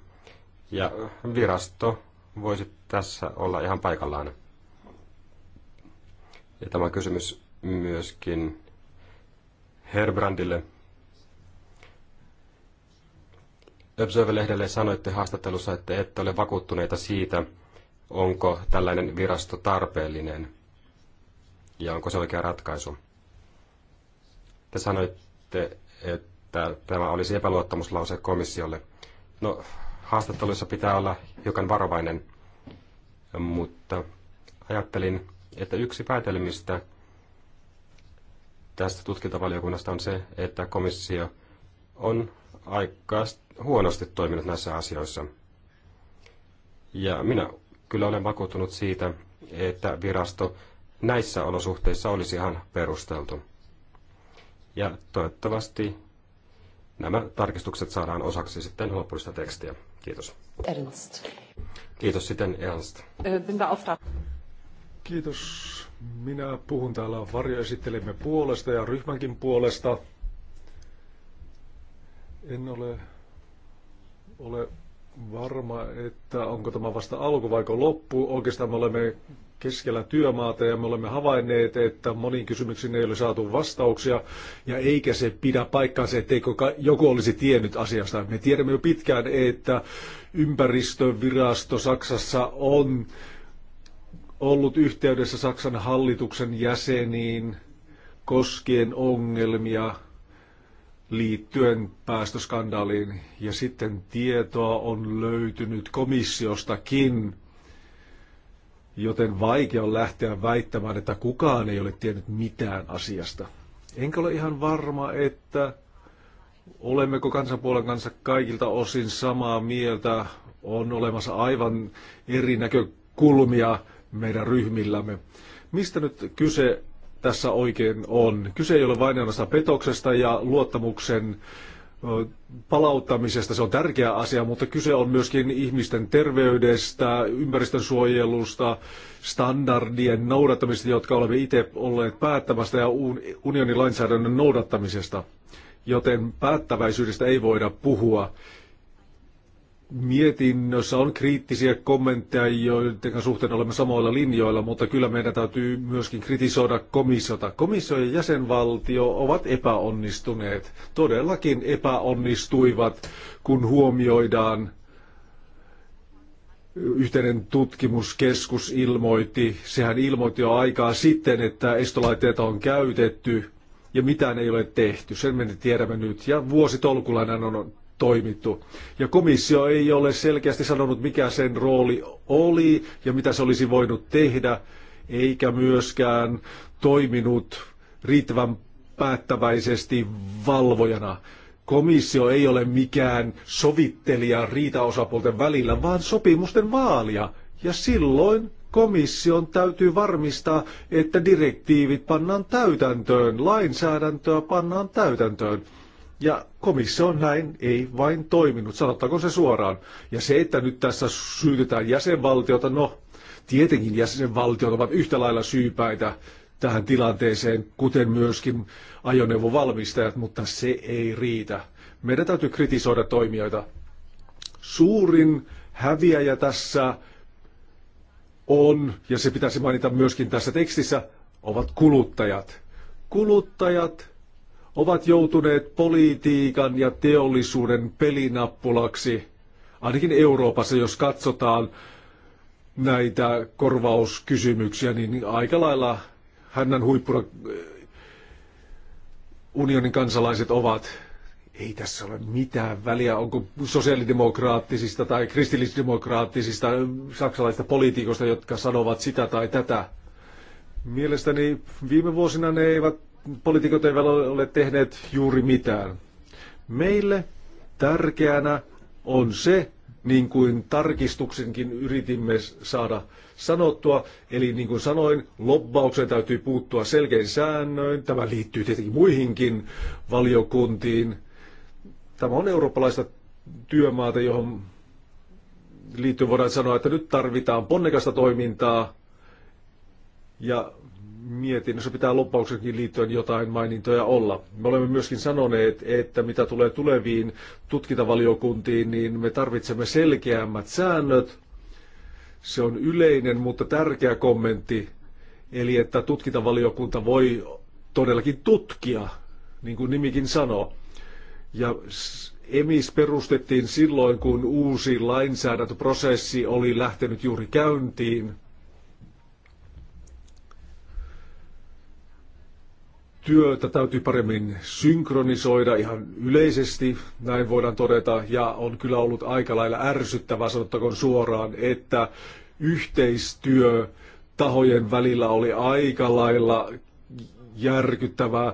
Ja virasto voisi tässä olla ihan paikallaan. Ja tämä kysymys myöskin Herbrandille. Observer-lehdelle sanoitte haastattelussa, että ette ole vakuuttuneita siitä, onko tällainen virasto tarpeellinen ja onko se oikea ratkaisu. Te sanoitte, että tämä olisi epäluottamuslause komissiolle. No, haastatteluissa pitää olla hiukan varovainen, mutta ajattelin, että yksi päätelmistä tästä tutkintavaliokunnasta on se, että komissio on aika huonosti toiminut näissä asioissa. Ja minä kyllä olen vakuuttunut siitä, että virasto näissä olosuhteissa olisi ihan perusteltu. Ja toivottavasti nämä tarkistukset saadaan osaksi sitten lopullista tekstiä. Kiitos. Ernst. Kiitos sitten Ernst. Kiitos. Minä puhun täällä varjoesittelemme puolesta ja ryhmänkin puolesta. En ole, ole varma, että onko tämä vasta alku vai loppu. Oikeastaan me olemme keskellä työmaata ja me olemme havainneet, että moniin kysymyksiin ei ole saatu vastauksia ja eikä se pidä paikkaansa, etteikö joku olisi tiennyt asiasta. Me tiedämme jo pitkään, että ympäristövirasto Saksassa on ollut yhteydessä Saksan hallituksen jäseniin koskien ongelmia – liittyen päästöskandaaliin. Ja sitten tietoa on löytynyt komissiostakin, joten vaikea on lähteä väittämään, että kukaan ei ole tiennyt mitään asiasta. Enkä ole ihan varma, että olemmeko kansanpuolen kanssa kaikilta osin samaa mieltä. On olemassa aivan eri näkökulmia meidän ryhmillämme. Mistä nyt kyse tässä oikein on. Kyse ei ole vain ainoastaan petoksesta ja luottamuksen palauttamisesta, se on tärkeä asia, mutta kyse on myöskin ihmisten terveydestä, suojelusta, standardien noudattamisesta, jotka olemme itse olleet päättämästä ja unionin lainsäädännön noudattamisesta. Joten päättäväisyydestä ei voida puhua mietinnössä on kriittisiä kommentteja, joiden suhteen olemme samoilla linjoilla, mutta kyllä meidän täytyy myöskin kritisoida komissiota. Komissio ja jäsenvaltio ovat epäonnistuneet, todellakin epäonnistuivat, kun huomioidaan yhteinen tutkimuskeskus ilmoitti, sehän ilmoitti jo aikaa sitten, että estolaitteita on käytetty ja mitään ei ole tehty. Sen me tiedämme nyt. Ja vuositolkulla näin on toimittu. Ja komissio ei ole selkeästi sanonut, mikä sen rooli oli ja mitä se olisi voinut tehdä, eikä myöskään toiminut riittävän päättäväisesti valvojana. Komissio ei ole mikään sovittelija riitaosapuolten välillä, vaan sopimusten vaalia. Ja silloin komission täytyy varmistaa, että direktiivit pannaan täytäntöön, lainsäädäntöä pannaan täytäntöön. Ja komissio on näin ei vain toiminut, sanottakoon se suoraan. Ja se, että nyt tässä syytetään jäsenvaltiota, no tietenkin jäsenvaltiot ovat yhtä lailla syypäitä tähän tilanteeseen, kuten myöskin ajoneuvovalmistajat, mutta se ei riitä. Meidän täytyy kritisoida toimijoita. Suurin häviäjä tässä on, ja se pitäisi mainita myöskin tässä tekstissä, ovat kuluttajat. Kuluttajat ovat joutuneet politiikan ja teollisuuden pelinappulaksi, ainakin Euroopassa, jos katsotaan näitä korvauskysymyksiä, niin aika lailla hännän huippuna unionin kansalaiset ovat. Ei tässä ole mitään väliä, onko sosiaalidemokraattisista tai kristillisdemokraattisista saksalaisista poliitikoista, jotka sanovat sitä tai tätä. Mielestäni viime vuosina ne eivät poliitikot eivät ole tehneet juuri mitään. Meille tärkeänä on se, niin kuin tarkistuksenkin yritimme saada sanottua. Eli niin kuin sanoin, lobbaukseen täytyy puuttua selkein säännöin. Tämä liittyy tietenkin muihinkin valiokuntiin. Tämä on eurooppalaista työmaata, johon liittyen voidaan sanoa, että nyt tarvitaan ponnekasta toimintaa ja mietinnössä pitää loppauksenkin liittyen jotain mainintoja olla. Me olemme myöskin sanoneet, että mitä tulee tuleviin tutkintavaliokuntiin, niin me tarvitsemme selkeämmät säännöt. Se on yleinen, mutta tärkeä kommentti. Eli että tutkintavaliokunta voi todellakin tutkia, niin kuin nimikin sanoo. Ja EMIS perustettiin silloin, kun uusi lainsäädäntöprosessi oli lähtenyt juuri käyntiin – työtä täytyy paremmin synkronisoida ihan yleisesti, näin voidaan todeta, ja on kyllä ollut aika lailla ärsyttävää, sanottakoon suoraan, että yhteistyö tahojen välillä oli aika lailla järkyttävää.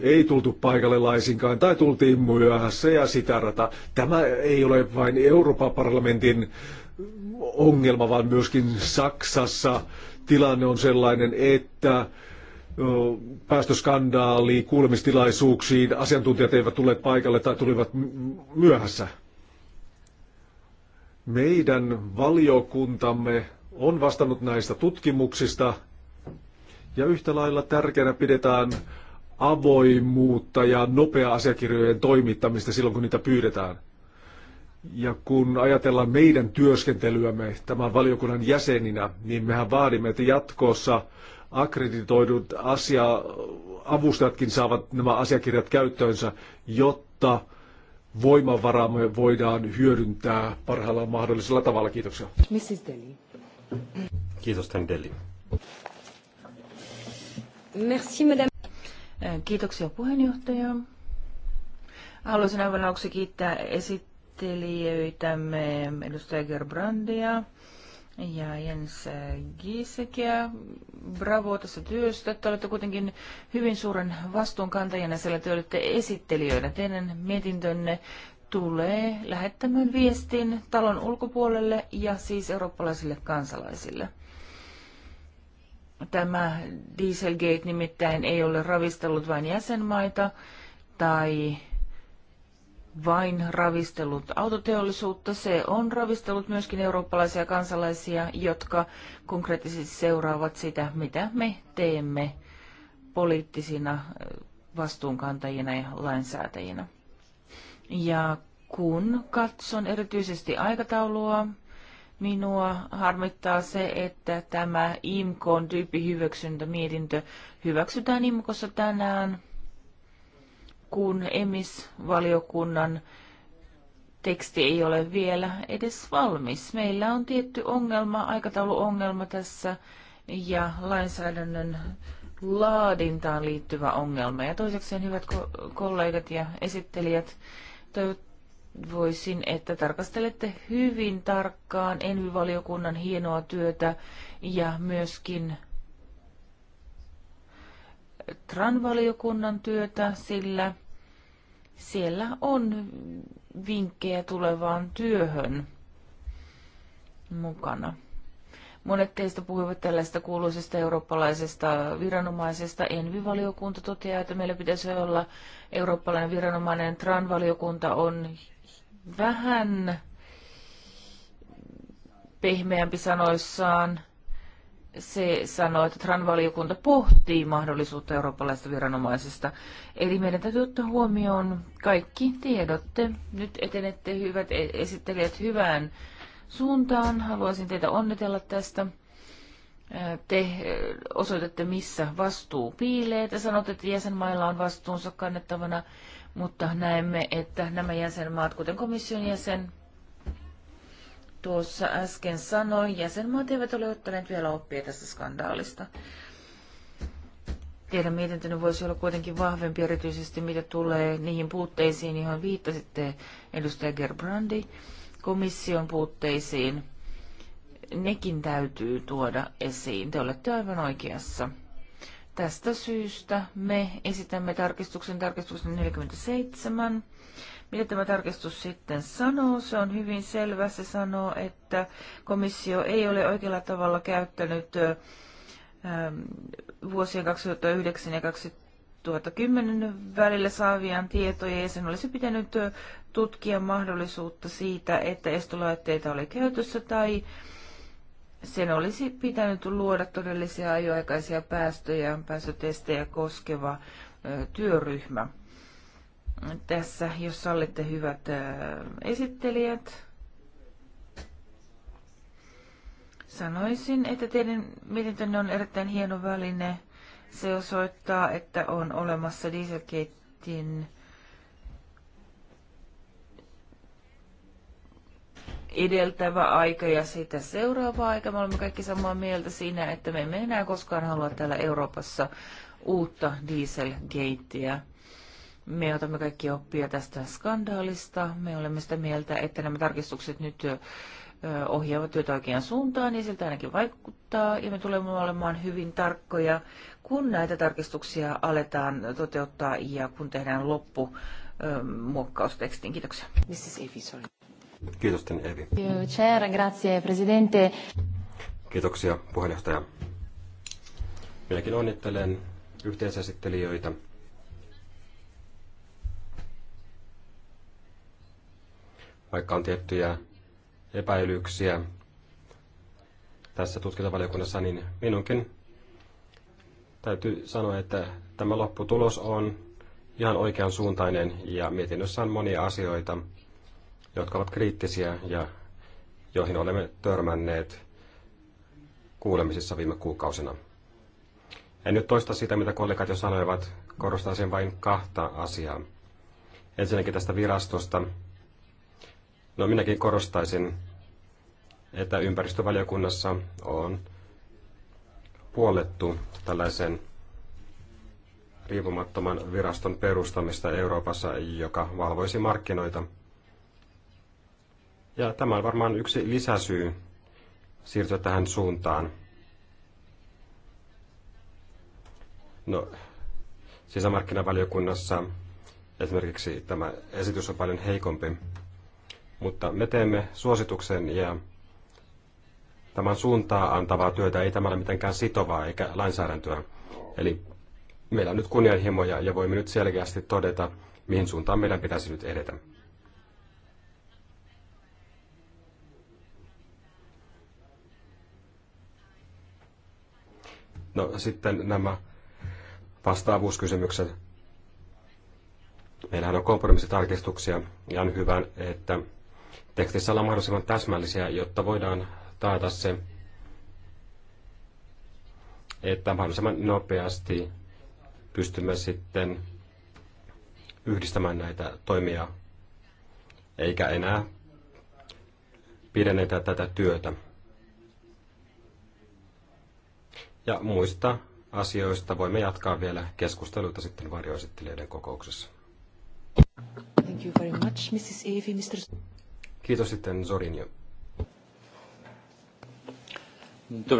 Ei tultu paikalle laisinkaan tai tultiin myöhässä ja sitä rata. Tämä ei ole vain Euroopan parlamentin ongelma, vaan myöskin Saksassa tilanne on sellainen, että päästöskandaaliin, kuulemistilaisuuksiin, asiantuntijat eivät tulleet paikalle tai tulivat myöhässä. Meidän valiokuntamme on vastannut näistä tutkimuksista ja yhtä lailla tärkeänä pidetään avoimuutta ja nopea asiakirjojen toimittamista silloin, kun niitä pyydetään. Ja kun ajatellaan meidän työskentelyämme tämän valiokunnan jäseninä, niin mehän vaadimme, että jatkossa akkreditoidut asia, avustajatkin saavat nämä asiakirjat käyttöönsä, jotta voimavaramme voidaan hyödyntää parhaalla mahdollisella tavalla. Kiitoksia. Mrs. Deli. Kiitos, Tän Deli. Merci, madame. Kiitoksia puheenjohtaja. Haluaisin aivan aluksi kiittää esittelijöitämme edustaja Gerbrandia ja Jens Giisekiä. Bravo tässä työstä. Te olette kuitenkin hyvin suuren vastuunkantajana, sillä te olette esittelijöinä. Teidän mietintönne tulee lähettämään viestin talon ulkopuolelle ja siis eurooppalaisille kansalaisille. Tämä Dieselgate nimittäin ei ole ravistellut vain jäsenmaita tai vain ravistellut autoteollisuutta, se on ravistellut myöskin eurooppalaisia kansalaisia, jotka konkreettisesti seuraavat sitä, mitä me teemme poliittisina vastuunkantajina ja lainsäätäjinä. Ja kun katson erityisesti aikataulua, minua harmittaa se, että tämä IMKon tyyppihyväksyntämietintö hyväksytään IMKossa tänään – kun EMIS-valiokunnan teksti ei ole vielä edes valmis. Meillä on tietty ongelma, aikatauluongelma tässä ja lainsäädännön laadintaan liittyvä ongelma. Ja toiseksi hyvät kollegat ja esittelijät, toivoisin, että tarkastelette hyvin tarkkaan envivaliokunnan hienoa työtä ja myöskin TRAN-valiokunnan työtä, sillä siellä on vinkkejä tulevaan työhön mukana. Monet teistä puhuivat tällaista kuuluisesta eurooppalaisesta viranomaisesta. Envi-valiokunta toteaa, että meillä pitäisi olla eurooppalainen viranomainen. TRAN-valiokunta on vähän pehmeämpi sanoissaan se sanoo, että TRAN-valiokunta pohtii mahdollisuutta eurooppalaisesta viranomaisesta. Eli meidän täytyy ottaa huomioon kaikki tiedotte. nyt etenette hyvät e- esittelijät hyvään suuntaan. Haluaisin teitä onnitella tästä. Te osoitatte, missä vastuu piilee. Te sanotte, että jäsenmailla on vastuunsa kannettavana, mutta näemme, että nämä jäsenmaat, kuten komission jäsen, tuossa äsken sanoi, jäsenmaat eivät ole ottaneet vielä oppia tästä skandaalista. Teidän mietintöni voisi olla kuitenkin vahvempi, erityisesti mitä tulee niihin puutteisiin, joihin viittasitte edustaja Gerbrandi, komission puutteisiin. Nekin täytyy tuoda esiin. Te olette aivan oikeassa. Tästä syystä me esitämme tarkistuksen tarkistuksen 47 mitä tämä tarkistus sitten sanoo? Se on hyvin selvä. Se sanoo, että komissio ei ole oikealla tavalla käyttänyt vuosien 2009 ja 2010 välillä saaviaan tietoja ja sen olisi pitänyt tutkia mahdollisuutta siitä, että estolaitteita oli käytössä tai sen olisi pitänyt luoda todellisia ajoaikaisia päästöjä, päästötestejä koskeva työryhmä tässä, jos sallitte hyvät esittelijät. Sanoisin, että teidän mietintönne on erittäin hieno väline. Se osoittaa, että on olemassa dieselkeitin edeltävä aika ja sitä seuraava aika. Me olemme kaikki samaa mieltä siinä, että me emme enää koskaan halua täällä Euroopassa uutta dieselgeittiä. Me otamme kaikki oppia tästä skandaalista. Me olemme sitä mieltä, että nämä tarkistukset nyt ohjaavat työtä oikeaan suuntaan ja niin siltä ainakin vaikuttaa. Ja me tulemme olemaan hyvin tarkkoja, kun näitä tarkistuksia aletaan toteuttaa ja kun tehdään loppu muokkaustekstin Kiitoksia. Mrs. Evi, sorry. Kiitos, Evi. Chair, grazie, presidente. Kiitoksia, puheenjohtaja. Minäkin onnittelen yhteisesittelijöitä vaikka on tiettyjä epäilyksiä tässä tutkintavaliokunnassa, niin minunkin täytyy sanoa, että tämä lopputulos on ihan oikean suuntainen ja mietinnössä on monia asioita, jotka ovat kriittisiä ja joihin olemme törmänneet kuulemisissa viime kuukausina. En nyt toista sitä, mitä kollegat jo sanoivat, korostaisin vain kahta asiaa. Ensinnäkin tästä virastosta. No minäkin korostaisin, että ympäristövaliokunnassa on puolettu tällaisen riippumattoman viraston perustamista Euroopassa, joka valvoisi markkinoita. Ja tämä on varmaan yksi lisäsyy siirtyä tähän suuntaan. No, sisämarkkinavaliokunnassa esimerkiksi tämä esitys on paljon heikompi. Mutta me teemme suosituksen ja tämän suuntaa antavaa työtä ei tämä ole mitenkään sitovaa eikä lainsäädäntöä. Eli meillä on nyt kunnianhimoja ja voimme nyt selkeästi todeta, mihin suuntaan meidän pitäisi nyt edetä. No sitten nämä vastaavuuskysymykset. Meillähän on kompromissitarkistuksia ja on hyvä, että tekstissä olla mahdollisimman täsmällisiä, jotta voidaan taata se, että mahdollisimman nopeasti pystymme sitten yhdistämään näitä toimia, eikä enää pidennetä tätä työtä. Ja muista asioista voimme jatkaa vielä keskusteluita sitten varjoesittelijöiden kokouksessa. Thank you very much, Mrs. Evie, Mr. Kiitos sitten Zorinio. Muito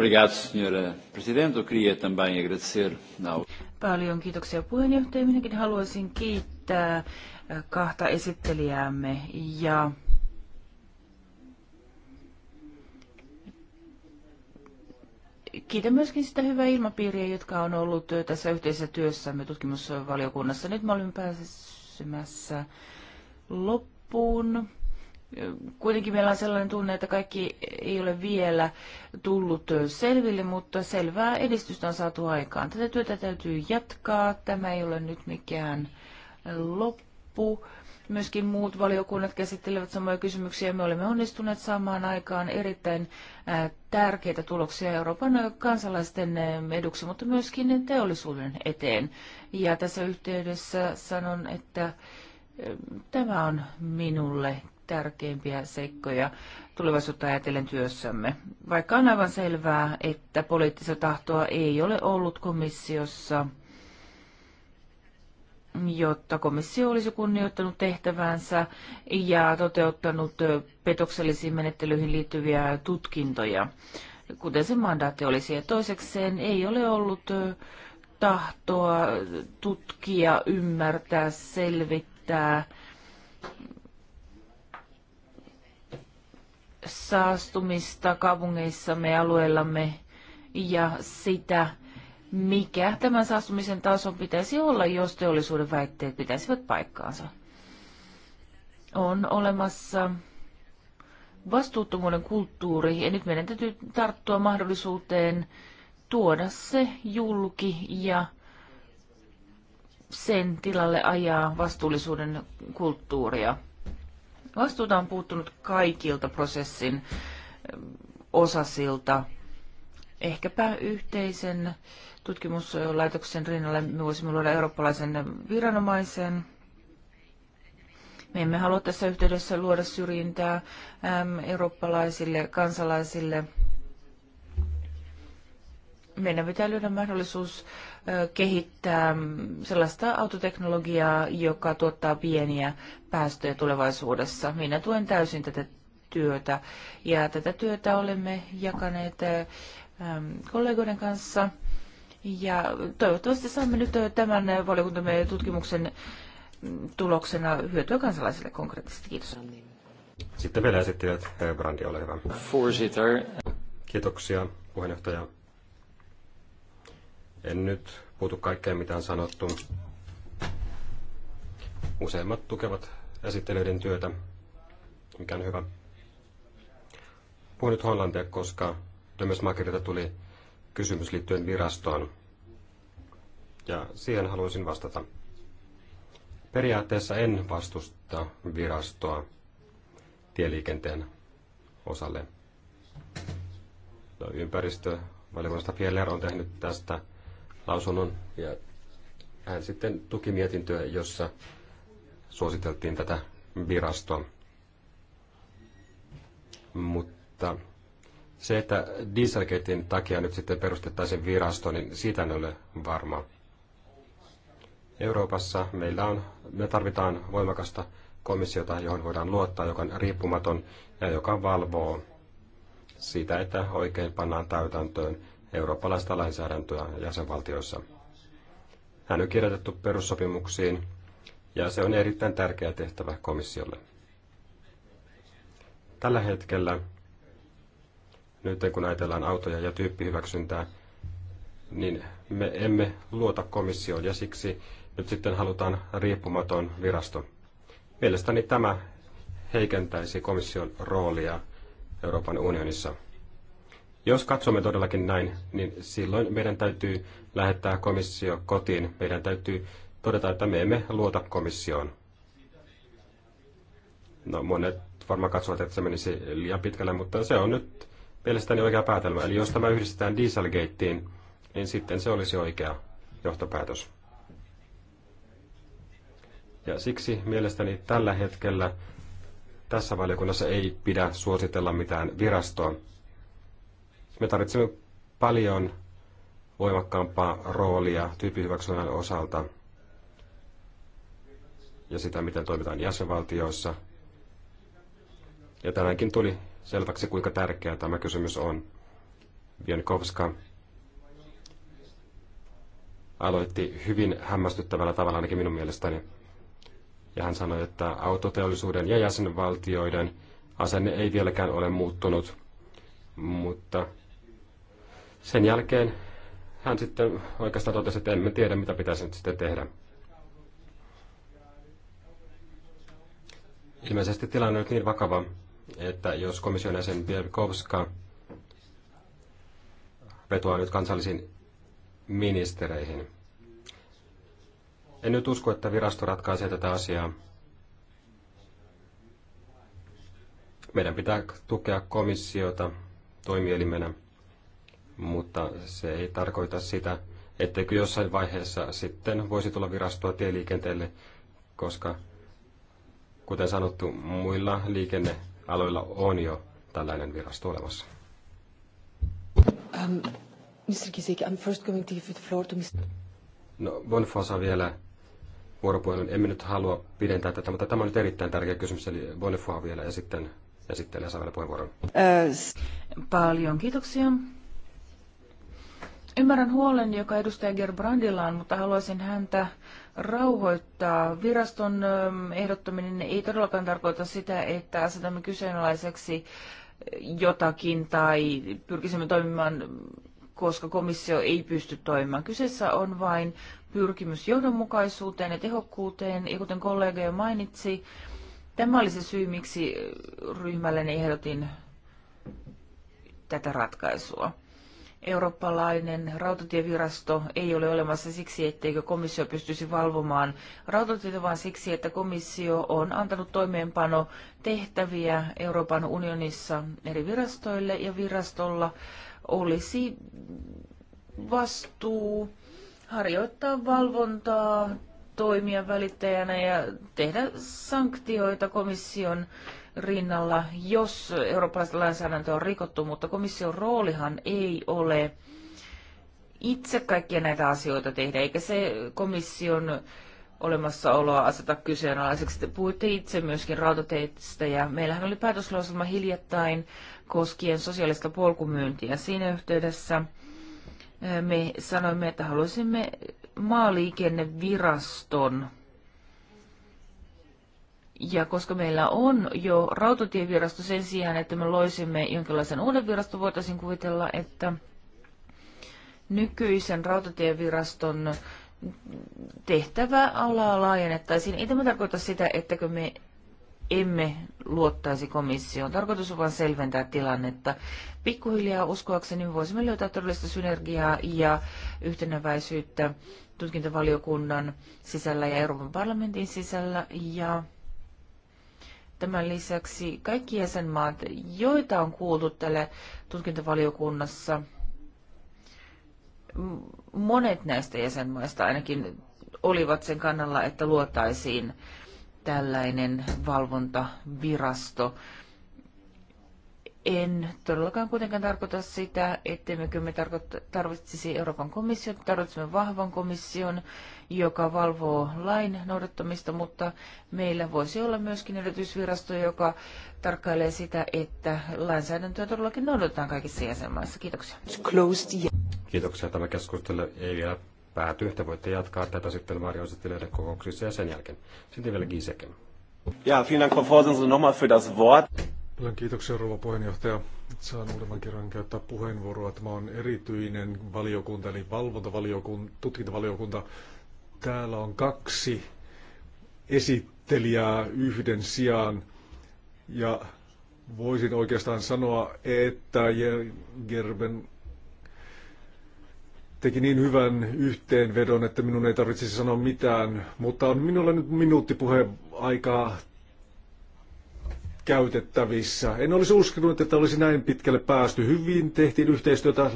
Paljon kiitoksia puheenjohtaja. Minäkin haluaisin kiittää eh, kahta esittelijäämme ja kiitän myöskin sitä hyvää ilmapiiriä, jotka on ollut eh, tässä yhteisessä työssämme tutkimusvaliokunnassa. Nyt me olemme pääsemässä loppuun. Kuitenkin meillä on sellainen tunne, että kaikki ei ole vielä tullut selville, mutta selvää edistystä on saatu aikaan. Tätä työtä täytyy jatkaa. Tämä ei ole nyt mikään loppu. Myöskin muut valiokunnat käsittelevät samoja kysymyksiä. Me olemme onnistuneet saamaan aikaan erittäin tärkeitä tuloksia Euroopan kansalaisten eduksi, mutta myöskin teollisuuden eteen. Ja tässä yhteydessä sanon, että tämä on minulle tärkeimpiä seikkoja tulevaisuutta ajatellen työssämme. Vaikka on aivan selvää, että poliittista tahtoa ei ole ollut komissiossa, jotta komissio olisi kunnioittanut tehtävänsä ja toteuttanut petoksellisiin menettelyihin liittyviä tutkintoja, kuten se mandaatti olisi. Ja toisekseen ei ole ollut tahtoa tutkia, ymmärtää, selvittää saastumista kaupungeissamme ja alueillamme ja sitä, mikä tämän saastumisen tason pitäisi olla, jos teollisuuden väitteet pitäisivät paikkaansa. On olemassa vastuuttomuuden kulttuuri, ja nyt meidän täytyy tarttua mahdollisuuteen tuoda se julki ja sen tilalle ajaa vastuullisuuden kulttuuria. Vastuuta on puuttunut kaikilta prosessin ähm, osasilta. Ehkäpä yhteisen tutkimuslaitoksen rinnalle me voisimme luoda eurooppalaisen viranomaisen. Me emme halua tässä yhteydessä luoda syrjintää ähm, eurooppalaisille kansalaisille. Meidän pitää löydä mahdollisuus kehittää sellaista autoteknologiaa, joka tuottaa pieniä päästöjä tulevaisuudessa. Minä tuen täysin tätä työtä ja tätä työtä olemme jakaneet kollegoiden kanssa. Ja toivottavasti saamme nyt tämän valiokuntamme tutkimuksen tuloksena hyötyä kansalaisille konkreettisesti. Kiitos. Sitten vielä esittelijät. Brandi, ole hyvä. Kiitoksia, puheenjohtaja. En nyt puutu kaikkeen, mitä on sanottu. Useimmat tukevat esittelyiden työtä, mikä on hyvä. Puhun nyt hollantia, koska Dömesmakerilta tuli kysymys liittyen virastoon. Ja siihen haluaisin vastata. Periaatteessa en vastusta virastoa tieliikenteen osalle. No, ympäristövaliokunnasta Fieler on tehnyt tästä lausunnon ja hän sitten tuki mietintöä, jossa suositeltiin tätä virastoa. Mutta se, että Dieselgatein takia nyt sitten perustettaisiin virasto, niin siitä en ole varma. Euroopassa meillä on, me tarvitaan voimakasta komissiota, johon voidaan luottaa, joka on riippumaton ja joka valvoo sitä, että oikein pannaan täytäntöön eurooppalaista lainsäädäntöä jäsenvaltioissa. Hän on kirjoitettu perussopimuksiin ja se on erittäin tärkeä tehtävä komissiolle. Tällä hetkellä, nyt kun ajatellaan autoja ja tyyppihyväksyntää, niin me emme luota komissioon ja siksi nyt sitten halutaan riippumaton virasto. Mielestäni tämä heikentäisi komission roolia Euroopan unionissa. Jos katsomme todellakin näin, niin silloin meidän täytyy lähettää komissio kotiin. Meidän täytyy todeta, että me emme luota komissioon. No monet varmaan katsovat, että se menisi liian pitkälle, mutta se on nyt mielestäni oikea päätelmä. Eli jos tämä yhdistetään Dieselgateen, niin sitten se olisi oikea johtopäätös. Ja siksi mielestäni tällä hetkellä tässä valiokunnassa ei pidä suositella mitään virastoa. Me tarvitsemme paljon voimakkaampaa roolia tyyppihyväksynnän osalta ja sitä, miten toimitaan jäsenvaltioissa. Ja tänäänkin tuli selväksi, kuinka tärkeä tämä kysymys on. Vienkovska aloitti hyvin hämmästyttävällä tavalla ainakin minun mielestäni. Ja hän sanoi, että autoteollisuuden ja jäsenvaltioiden asenne ei vieläkään ole muuttunut, mutta sen jälkeen hän sitten oikeastaan totesi, että emme tiedä, mitä pitäisi nyt sitten tehdä. Ilmeisesti tilanne on nyt niin vakava, että jos komission jäsen Bielkowska vetoaa nyt kansallisiin ministereihin. En nyt usko, että virasto ratkaisee tätä asiaa. Meidän pitää tukea komissiota toimielimenä mutta se ei tarkoita sitä, etteikö jossain vaiheessa sitten voisi tulla virastoa tieliikenteelle, koska kuten sanottu, muilla liikennealoilla on jo tällainen virasto olemassa. Um, ähm, Mr. Kisik, I'm first going to give the floor to Mr. No, Bonfosa vielä vuoropuhelun. Emme nyt halua pidentää tätä, mutta tämä on nyt erittäin tärkeä kysymys, eli Bonfa vielä ja sitten esittelee saa vielä puheenvuoron. Äh, Paljon kiitoksia. Ymmärrän huolen, joka edustaja Gerbrandilla on, mutta haluaisin häntä rauhoittaa. Viraston ähm, ehdottaminen ei todellakaan tarkoita sitä, että asetamme kyseenalaiseksi jotakin tai pyrkisimme toimimaan, koska komissio ei pysty toimimaan. Kyseessä on vain pyrkimys johdonmukaisuuteen ja tehokkuuteen, ja kuten kollega jo mainitsi, tämä oli se syy, miksi ryhmälleni ehdotin tätä ratkaisua eurooppalainen rautatievirasto ei ole olemassa siksi, etteikö komissio pystyisi valvomaan rautatietä, vaan siksi, että komissio on antanut toimeenpano tehtäviä Euroopan unionissa eri virastoille ja virastolla olisi vastuu harjoittaa valvontaa, toimia välittäjänä ja tehdä sanktioita komission rinnalla, jos eurooppalaista lainsäädäntöä on rikottu, mutta komission roolihan ei ole itse kaikkia näitä asioita tehdä, eikä se komission olemassaoloa aseta kyseenalaiseksi. Te puhuitte itse myöskin rautateistä ja meillähän oli päätöslauselma hiljattain koskien sosiaalista polkumyyntiä. Siinä yhteydessä eh, me sanoimme, että haluaisimme maaliikenneviraston ja koska meillä on jo rautatievirasto sen sijaan, että me loisimme jonkinlaisen uuden viraston, voitaisiin kuvitella, että nykyisen rautatieviraston tehtäväalaa laajennettaisiin. Ei tämä tarkoita sitä, että me emme luottaisi komissioon. Tarkoitus on vain selventää tilannetta. Pikkuhiljaa uskoakseni voisimme löytää todellista synergiaa ja yhtenäväisyyttä tutkintavaliokunnan sisällä ja Euroopan parlamentin sisällä ja Tämän lisäksi kaikki jäsenmaat, joita on kuultu tällä tutkintavaliokunnassa, monet näistä jäsenmaista ainakin olivat sen kannalla, että luotaisiin tällainen valvontavirasto en todellakaan kuitenkaan tarkoita sitä, että me tarvitsisi Euroopan komissiota, tarvitsemme vahvan komission, joka valvoo lain noudattamista, mutta meillä voisi olla myöskin erityisvirasto, joka tarkkailee sitä, että lainsäädäntöä todellakin noudatetaan kaikissa jäsenmaissa. Kiitoksia. Kiitoksia. Tämä keskustelu ei vielä pääty, että voitte jatkaa tätä sitten varjoesittelijöiden kokouksissa ja sen jälkeen. Sitten vielä Giseke. Ja, vielen Dank, Frau Vorsitzende, nochmal für das Wort. Paljon kiitoksia, rouva puheenjohtaja. Saan uudemman kerran käyttää puheenvuoroa. Tämä on erityinen valiokunta, eli valvontavaliokunta, tutkintavaliokunta. Täällä on kaksi esittelijää yhden sijaan. Ja voisin oikeastaan sanoa, että Gerben teki niin hyvän yhteenvedon, että minun ei tarvitsisi sanoa mitään, mutta on minulla nyt minuutti aikaa käytettävissä. En olisi uskonut, että olisi näin pitkälle päästy. Hyvin tehtiin yhteistyötä,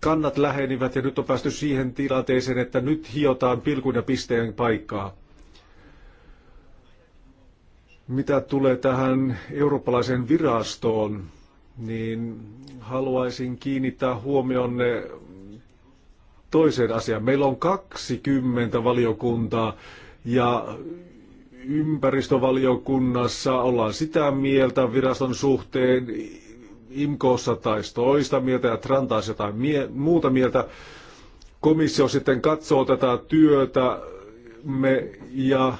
kannat lähenivät ja nyt on päästy siihen tilanteeseen, että nyt hiotaan pilkun ja pisteen paikkaa. Mitä tulee tähän eurooppalaiseen virastoon, niin haluaisin kiinnittää huomionne toiseen asiaan. Meillä on 20 valiokuntaa ja ympäristövaliokunnassa ollaan sitä mieltä viraston suhteen, IMKOssa tai toista mieltä ja TRAN taas jotain mie- muuta mieltä. Komissio sitten katsoo tätä työtä me, ja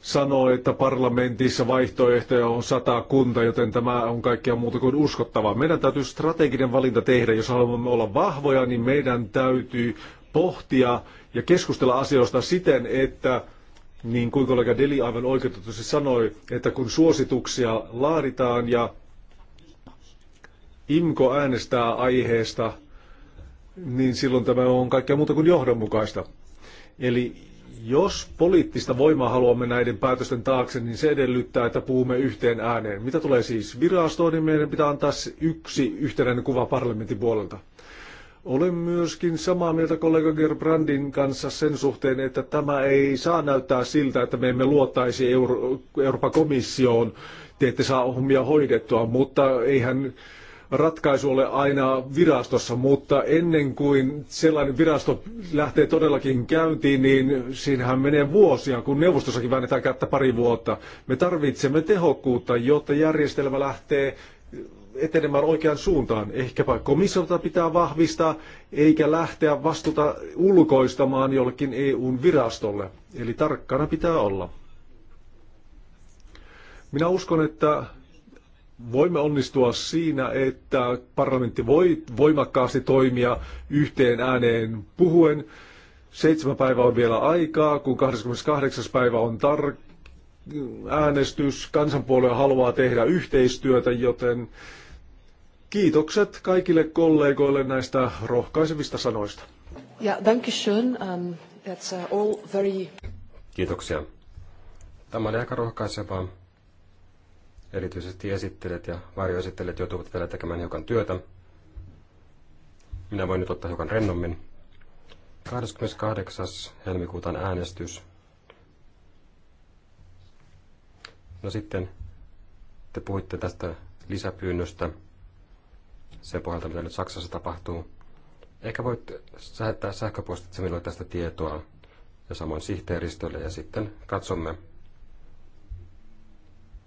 sanoo, että parlamentissa vaihtoehtoja on sata kunta, joten tämä on kaikkea muuta kuin uskottavaa. Meidän täytyy strateginen valinta tehdä. Jos haluamme olla vahvoja, niin meidän täytyy pohtia ja keskustella asioista siten, että niin kuin kollega Deli aivan oikeutetusti sanoi, että kun suosituksia laaditaan ja IMKO äänestää aiheesta, niin silloin tämä on kaikkea muuta kuin johdonmukaista. Eli jos poliittista voimaa haluamme näiden päätösten taakse, niin se edellyttää, että puhumme yhteen ääneen. Mitä tulee siis virastoon, niin meidän pitää antaa yksi yhtenäinen kuva parlamentin puolelta. Olen myöskin samaa mieltä kollega Gerbrandin kanssa sen suhteen, että tämä ei saa näyttää siltä, että me emme luottaisi Euro- Euroopan komissioon, te ette saa hommia hoidettua, mutta eihän ratkaisu ole aina virastossa, mutta ennen kuin sellainen virasto lähtee todellakin käyntiin, niin siinähän menee vuosia, kun neuvostossakin väännetään kättä pari vuotta. Me tarvitsemme tehokkuutta, jotta järjestelmä lähtee etenemään oikeaan suuntaan. Ehkäpä komissiota pitää vahvistaa, eikä lähteä vastuuta ulkoistamaan jollekin EUn virastolle. Eli tarkkana pitää olla. Minä uskon, että voimme onnistua siinä, että parlamentti voi voimakkaasti toimia yhteen ääneen puhuen. Seitsemän päivää on vielä aikaa, kun 28. päivä on tar- äänestys. Kansanpuolue haluaa tehdä yhteistyötä, joten Kiitokset kaikille kollegoille näistä rohkaisevista sanoista. Ja, danke schön. Um, that's uh, all very... Kiitoksia. Tämä on aika rohkaisevaa. Erityisesti esittelijät ja varjoesittelijät joutuvat vielä tekemään hiukan työtä. Minä voin nyt ottaa hiukan rennommin. 28. helmikuuta äänestys. No sitten te puhuitte tästä lisäpyynnöstä sen pohjalta, mitä nyt Saksassa tapahtuu. Ehkä voit lähettää sähköpostitse minulle tästä tietoa ja samoin sihteeristölle ja sitten katsomme.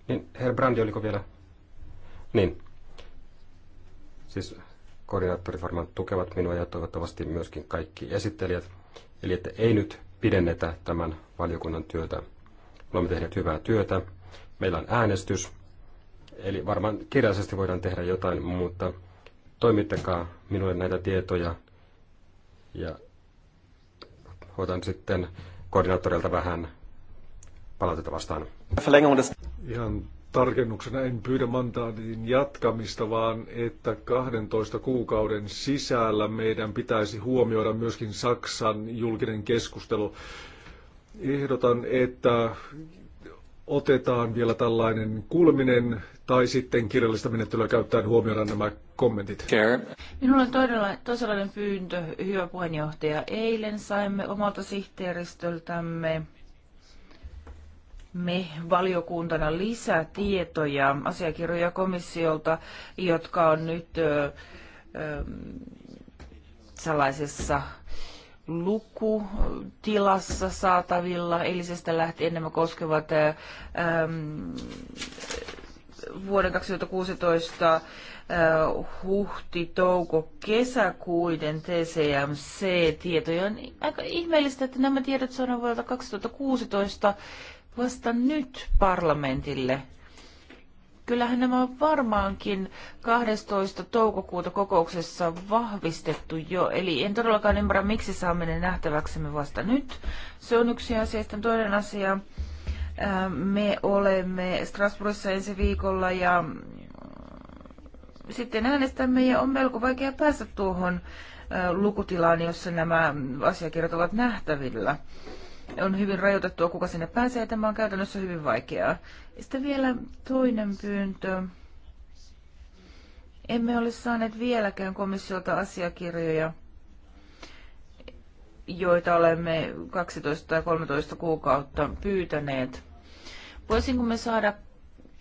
Niin, Herr Brandi, oliko vielä? Niin. Siis koordinaattorit varmaan tukevat minua ja toivottavasti myöskin kaikki esittelijät. Eli että ei nyt pidennetä tämän valiokunnan työtä. Olemme tehneet hyvää työtä. Meillä on äänestys. Eli varmaan kirjallisesti voidaan tehdä jotain, mutta toimittakaa minulle näitä tietoja ja otan sitten koordinaattorilta vähän palautetta vastaan. Ihan tarkennuksena en pyydä mandaatin jatkamista, vaan että 12 kuukauden sisällä meidän pitäisi huomioida myöskin Saksan julkinen keskustelu. Ehdotan, että otetaan vielä tällainen kulminen tai sitten kirjallista menettelyä käyttäen huomioida nämä kommentit. Minulla on todella toisenlainen pyyntö, hyvä puheenjohtaja. Eilen saimme omalta sihteeristöltämme me valiokuntana lisätietoja asiakirjoja komissiolta, jotka on nyt ö, ö, salaisessa lukutilassa saatavilla. Eilisestä lähtien nämä koskevat ö, vuoden 2016 huhti, touko, kesäkuiden TCMC-tietoja. On aika ihmeellistä, että nämä tiedot saadaan vuodelta 2016 vasta nyt parlamentille. Kyllähän nämä on varmaankin 12. toukokuuta kokouksessa vahvistettu jo, eli en todellakaan ymmärrä, miksi saamme ne nähtäväksemme vasta nyt. Se on yksi asia. Sitten toinen asia, me olemme Strasbourgissa ensi viikolla ja sitten äänestämme ja on melko vaikea päästä tuohon lukutilaan, jossa nämä asiakirjat ovat nähtävillä. On hyvin rajoitettua, kuka sinne pääsee. Tämä on käytännössä hyvin vaikeaa. Sitten vielä toinen pyyntö. Emme ole saaneet vieläkään komissiolta asiakirjoja, joita olemme 12 tai 13 kuukautta pyytäneet. Voisinko me saada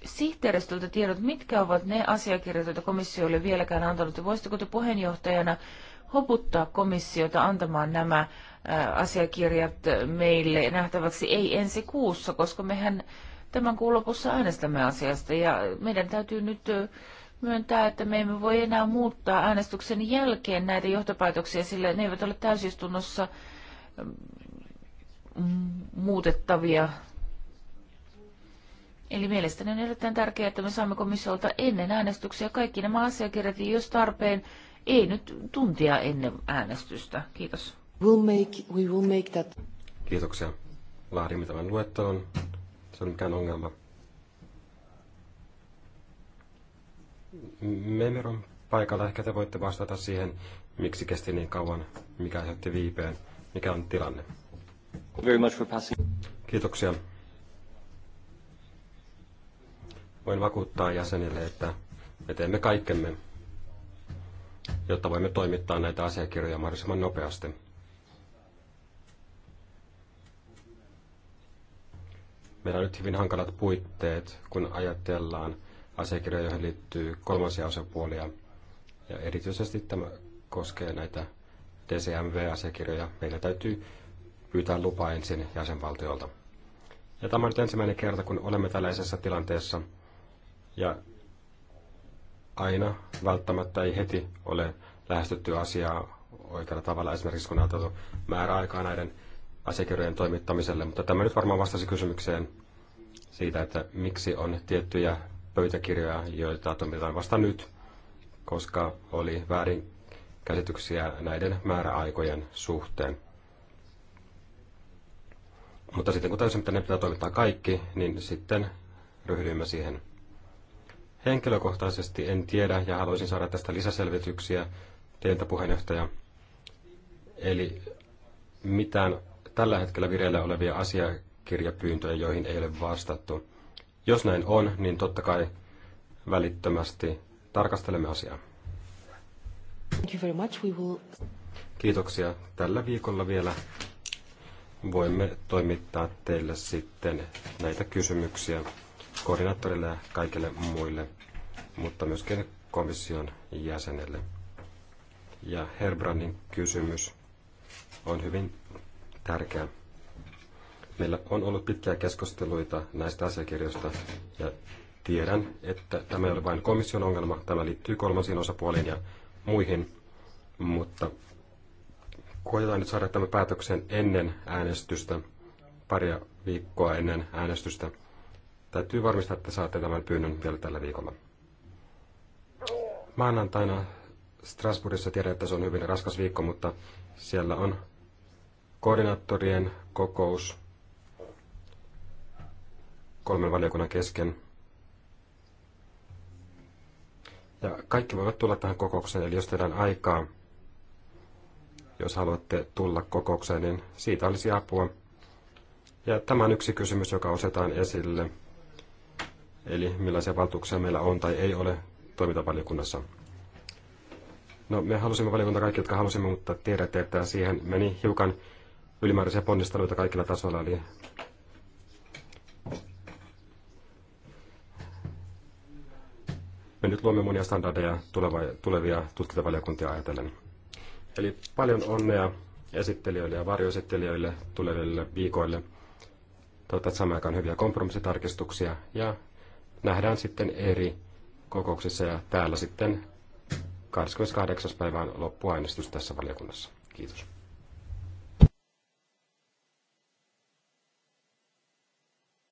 sihteeristöltä tiedot, mitkä ovat ne asiakirjat, joita komissio oli vieläkään antanut, ja voisitteko te puheenjohtajana hoputtaa komissiota antamaan nämä asiakirjat meille nähtäväksi ei ensi kuussa, koska mehän tämän kuun lopussa äänestämme asiasta ja meidän täytyy nyt myöntää, että me emme voi enää muuttaa äänestyksen jälkeen näitä johtopäätöksiä, sillä ne eivät ole täysistunnossa muutettavia Eli mielestäni on erittäin tärkeää, että me saamme komissiolta ennen äänestyksiä kaikki nämä asiakirjat, jos tarpeen, ei nyt tuntia ennen äänestystä. Kiitos. We'll make, we will make that. Kiitoksia. Laadimme tämän luettelon. Se on mikään ongelma. emme ole paikalla. Ehkä te voitte vastata siihen, miksi kesti niin kauan, mikä aiheutti viipeen, mikä on tilanne. Very much for passing. Kiitoksia Voin vakuuttaa jäsenille, että me teemme kaikkemme, jotta voimme toimittaa näitä asiakirjoja mahdollisimman nopeasti. Meillä on nyt hyvin hankalat puitteet, kun ajatellaan asiakirjoja, joihin liittyy kolmansia osapuolia. Ja erityisesti tämä koskee näitä DCMV-asiakirjoja. Meillä täytyy pyytää lupa ensin jäsenvaltiolta. Ja tämä on nyt ensimmäinen kerta, kun olemme tällaisessa tilanteessa – ja aina välttämättä ei heti ole lähestytty asiaa oikealla tavalla, esimerkiksi kun on määräaikaa näiden asiakirjojen toimittamiselle. Mutta tämä nyt varmaan vastasi kysymykseen siitä, että miksi on tiettyjä pöytäkirjoja, joita toimitetaan vasta nyt, koska oli väärin käsityksiä näiden määräaikojen suhteen. Mutta sitten kun täysin, että ne pitää toimittaa kaikki, niin sitten ryhdyimme siihen Henkilökohtaisesti en tiedä ja haluaisin saada tästä lisäselvityksiä teiltä puheenjohtaja. Eli mitään tällä hetkellä vireillä olevia asiakirjapyyntöjä, joihin ei ole vastattu. Jos näin on, niin totta kai välittömästi tarkastelemme asiaa. Thank you very much. We will... Kiitoksia. Tällä viikolla vielä voimme toimittaa teille sitten näitä kysymyksiä koordinaattorille ja kaikille muille, mutta myöskin komission jäsenelle. Ja Herbrandin kysymys on hyvin tärkeä. Meillä on ollut pitkiä keskusteluita näistä asiakirjoista ja tiedän, että tämä ei ole vain komission ongelma, tämä liittyy kolmansiin osapuoliin ja muihin, mutta koetaan nyt saada tämä päätöksen ennen äänestystä, paria viikkoa ennen äänestystä. Täytyy varmistaa, että saatte tämän pyynnön vielä tällä viikolla. Maanantaina Strasbourgissa tiedän, että se on hyvin raskas viikko, mutta siellä on koordinaattorien kokous kolmen valiokunnan kesken. Ja kaikki voivat tulla tähän kokoukseen, eli jos teidän aikaa, jos haluatte tulla kokoukseen, niin siitä olisi apua. Ja tämä on yksi kysymys, joka osetaan esille eli millaisia valtuuksia meillä on tai ei ole toimintavaliokunnassa. No, me halusimme valiokunta kaikki, jotka halusimme, mutta tiedätte, että siihen meni hiukan ylimääräisiä ponnisteluita kaikilla tasoilla, eli me nyt luomme monia standardeja tulevia tutkintavaliokuntia ajatellen. Eli paljon onnea esittelijöille ja varjoesittelijöille tuleville viikoille. Toivottavasti samaan aikaan hyviä kompromissitarkistuksia ja nähdään sitten eri kokouksissa ja täällä sitten 28. päivän loppuainestus tässä valiokunnassa. Kiitos.